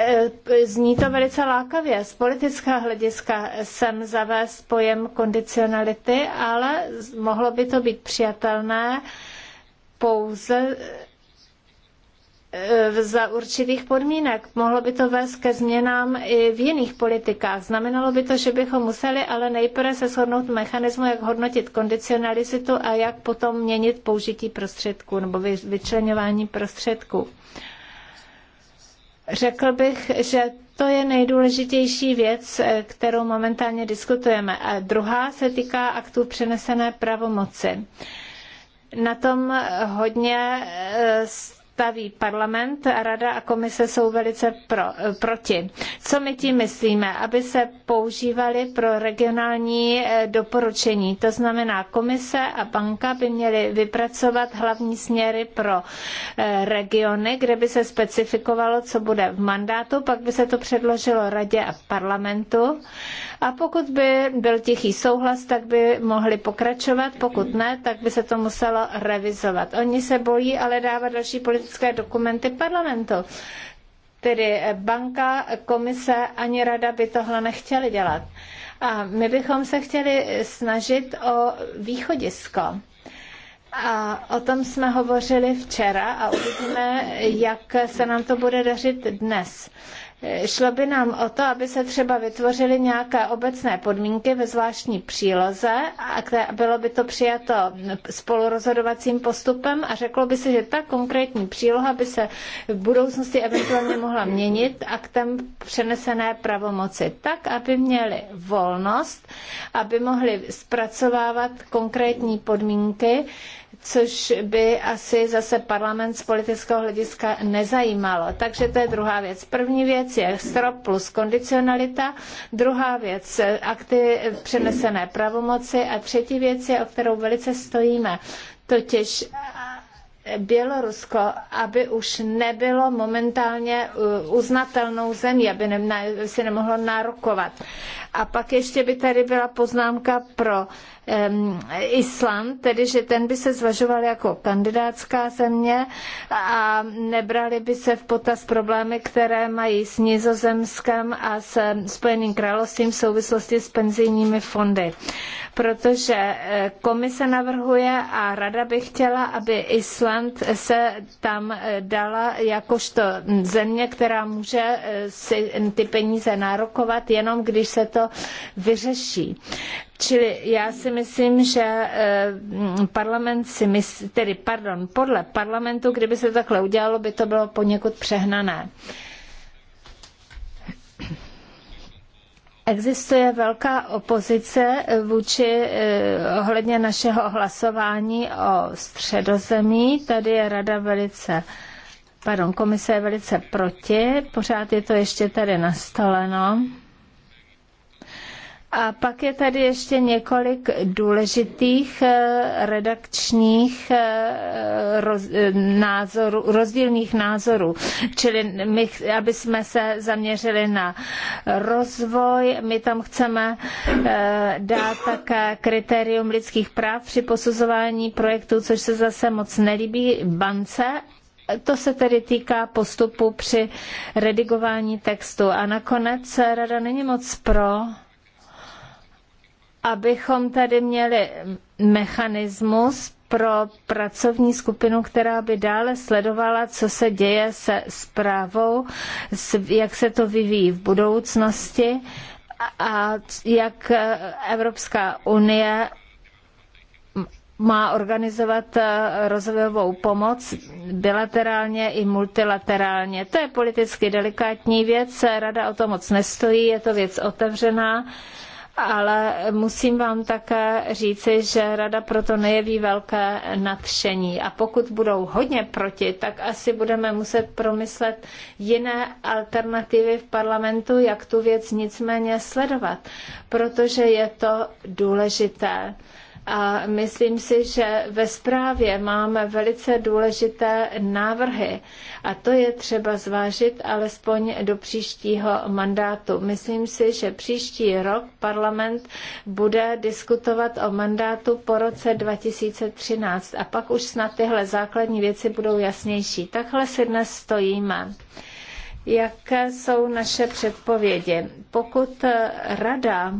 Eh, zní to velice lákavě. Z politického hlediska jsem zavést pojem kondicionality, ale mohlo by to být přijatelné pouze eh, za určitých podmínek. Mohlo by to vést ke změnám i v jiných politikách. Znamenalo by to, že bychom museli ale nejprve se shodnout mechanismu, jak hodnotit kondicionalitu a jak potom měnit použití prostředků nebo vyčlenování prostředků. Řekl bych, že to je nejdůležitější věc, kterou momentálně diskutujeme. A druhá se týká aktů přenesené pravomoci. Na tom hodně eh, staví parlament, rada a komise jsou velice pro, proti. Co my tím myslíme? Aby se používaly pro regionální eh, doporučení. To znamená, komise a banka by měly vypracovat hlavní směry pro eh, regiony, kde by se specifikovalo, co bude v mandátu, pak by se to předložilo radě a parlamentu. A pokud by byl tichý souhlas, tak by mohli pokračovat, pokud ne, tak by se to muselo revizovat. Oni se bojí ale dávat další strategické dokumenty parlamentu. Tedy banka, komise ani rada by tohle nechtěli dělat. A my bychom se chtěli snažit o východisko. A o tom jsme hovořili včera a uvidíme, jak se nám to bude dařit dnes. Šlo by nám o to, aby se třeba vytvořily nějaké obecné podmínky ve zvláštní příloze a bylo by to přijato spolurozhodovacím postupem a řeklo by se, že ta konkrétní příloha by se v budoucnosti eventuálně mohla měnit aktem přenesené pravomoci tak, aby měli volnost, aby mohli zpracovávat konkrétní podmínky, což by asi zase parlament z politického hlediska nezajímalo. Takže to je druhá věc. První věc je strop plus kondicionalita, druhá věc eh, akty přenesené pravomoci a třetí věc je, o kterou velice stojíme, totiž eh, Bělorusko, aby už nebylo momentálně eh, uznatelnou zemí, aby si nemohlo nárokovat. A pak ještě by tady byla poznámka pro Island, tedy že ten by se zvažoval jako kandidátská země a nebrali by se v potaz problémy, které mají s Nizozemskem a s Spojeným královstvím v souvislosti s penzijními fondy. Protože eh, komise navrhuje a rada by chtěla, aby Island se tam eh, dala jakožto země, která může eh, si ty peníze nárokovat, jenom když se to vyřeší. Čili já si myslím, že eh, parlament si myslí, tedy pardon, podle parlamentu, kdyby se takhle udělalo, by to bylo poněkud přehnané. Existuje velká opozice eh, vůči eh, ohledně našeho hlasování o středozemí. Tady je rada velice, pardon, komise je velice proti, pořád je to ještě tady nastoleno. A pak je tady ještě několik důležitých eh, redakčních eh, roz, eh, názorů, rozdílných názorů. Čili my, aby jsme se zaměřili na rozvoj, my tam chceme dát také kritérium lidských práv při posuzování projektů, což se zase moc nelíbí bance, to se tedy týká postupu při redigování textu. A nakonec rada není moc pro abychom tady měli mechanismus pro pracovní skupinu, která by dále sledovala, co se děje se zprávou, jak se to vyvíjí v budoucnosti a jak Evropská unie má organizovat eh, rozvojovou pomoc bilaterálně i multilaterálně. To je politicky delikátní věc, rada o to moc nestojí, je to věc otevřená ale musím vám také říci, že rada proto nejeví velké nadšení. A pokud budou hodně proti, tak asi budeme muset promyslet jiné alternativy v parlamentu, jak tu věc nicméně sledovat, protože je to důležité. A myslím si, že ve zprávě máme velice důležité návrhy a to je třeba zvážit alespoň do příštího mandátu. Myslím si, že příští rok parlament bude diskutovat o mandátu po roce 2013 a pak už snad tyhle základní věci budou jasnější. Takhle si dnes stojíme. Jaké jsou naše předpovědi? Pokud rada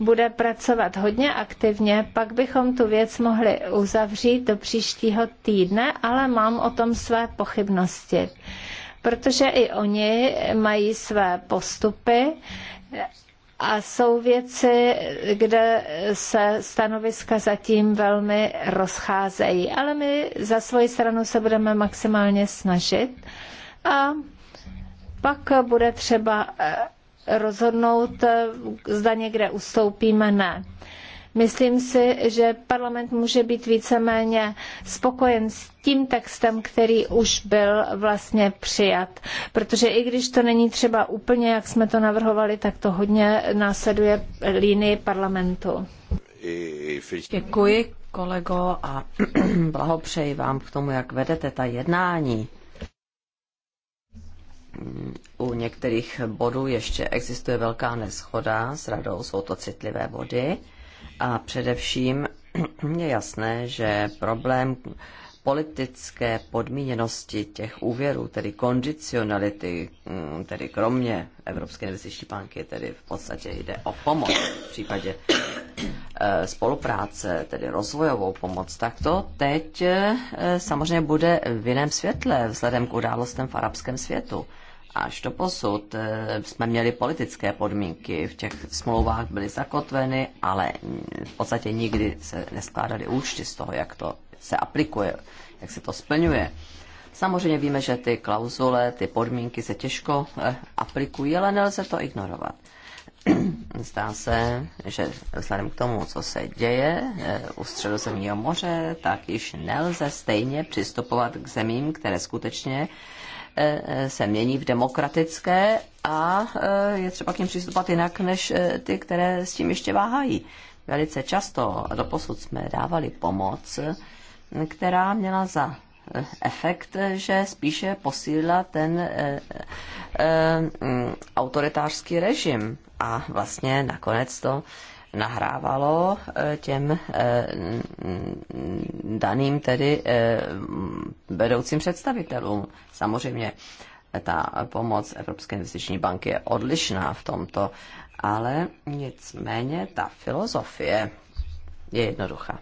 bude pracovat hodně aktivně, pak bychom tu věc mohli uzavřít do příštího týdne, ale mám o tom své pochybnosti, protože i oni mají své postupy a jsou věci, kde se stanoviska zatím velmi rozcházejí. Ale my za svoji stranu se budeme maximálně snažit a pak bude třeba rozhodnout, eh, zda někde ustoupíme, ne. Myslím si, že parlament může být víceméně spokojen s tím textem, který už byl vlastně přijat. Protože i když to není třeba úplně, jak jsme to navrhovali, tak to hodně následuje línii parlamentu. Děkuji kolego a [clears throat] blahopřeji vám k tomu, jak vedete ta jednání u některých bodů ještě existuje velká neschoda s radou, jsou to citlivé body a především [clears throat] je jasné, že problém politické podmíněnosti těch úvěrů, tedy kondicionality, mm, tedy kromě Evropské investiční banky, tedy v podstatě jde o pomoc v případě [clears throat] eh, spolupráce, tedy rozvojovou pomoc, tak to teď eh, samozřejmě bude v jiném světle vzhledem k událostem v arabském světu až do posud eh, jsme měli politické podmínky, v těch smlouvách byly zakotveny, ale v podstatě nikdy se neskládaly účty z toho, jak to se aplikuje, jak se to splňuje. Samozřejmě víme, že ty klauzule, ty podmínky se těžko eh, aplikují, ale nelze to ignorovat. [clears throat] Zdá se, že vzhledem k tomu, co se děje eh, u středozemního moře, tak již nelze stejně přistupovat k zemím, které skutečně E, se mění v demokratické a e, je třeba k ním přistupovat jinak než e, ty, které s tím ještě váhají. Velice často doposud jsme dávali pomoc, která měla za efekt, že spíše posílila ten mm, autoritářský režim. A vlastně nakonec to nahrávalo eh, těm eh, daným tedy eh, vedoucím představitelům. Samozřejmě ta pomoc Evropské investiční banky je odlišná v tomto, ale nicméně ta filozofie je jednoduchá.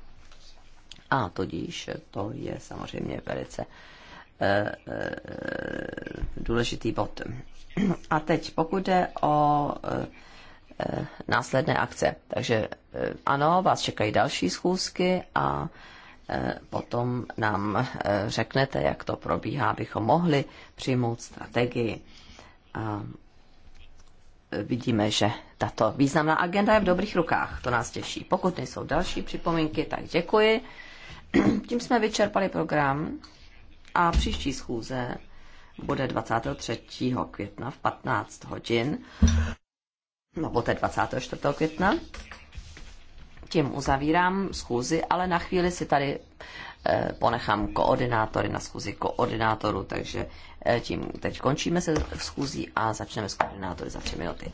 A tudíž to je samozřejmě velice důležitý bod. [clears throat] A teď, pokud jde o Eh, následné akce. Takže eh, ano, vás čekají další schůzky a eh, potom nám řeknete, jak to probíhá, abychom mohli přijmout strategii. A vidíme, že tato významná agenda je v dobrých rukách. To nás těší. Pokud nejsou další připomínky, tak děkuji. [clears throat] Tím jsme vyčerpali program a příští schůze bude 23. května v 15 hodin no poté 24. května. Tím uzavírám schůzi, ale na chvíli si tady eh, ponechám koordinátory na schůzi koordinátorů, takže eh, tím teď končíme se v schůzí a začneme s koordinátory za tři minuty.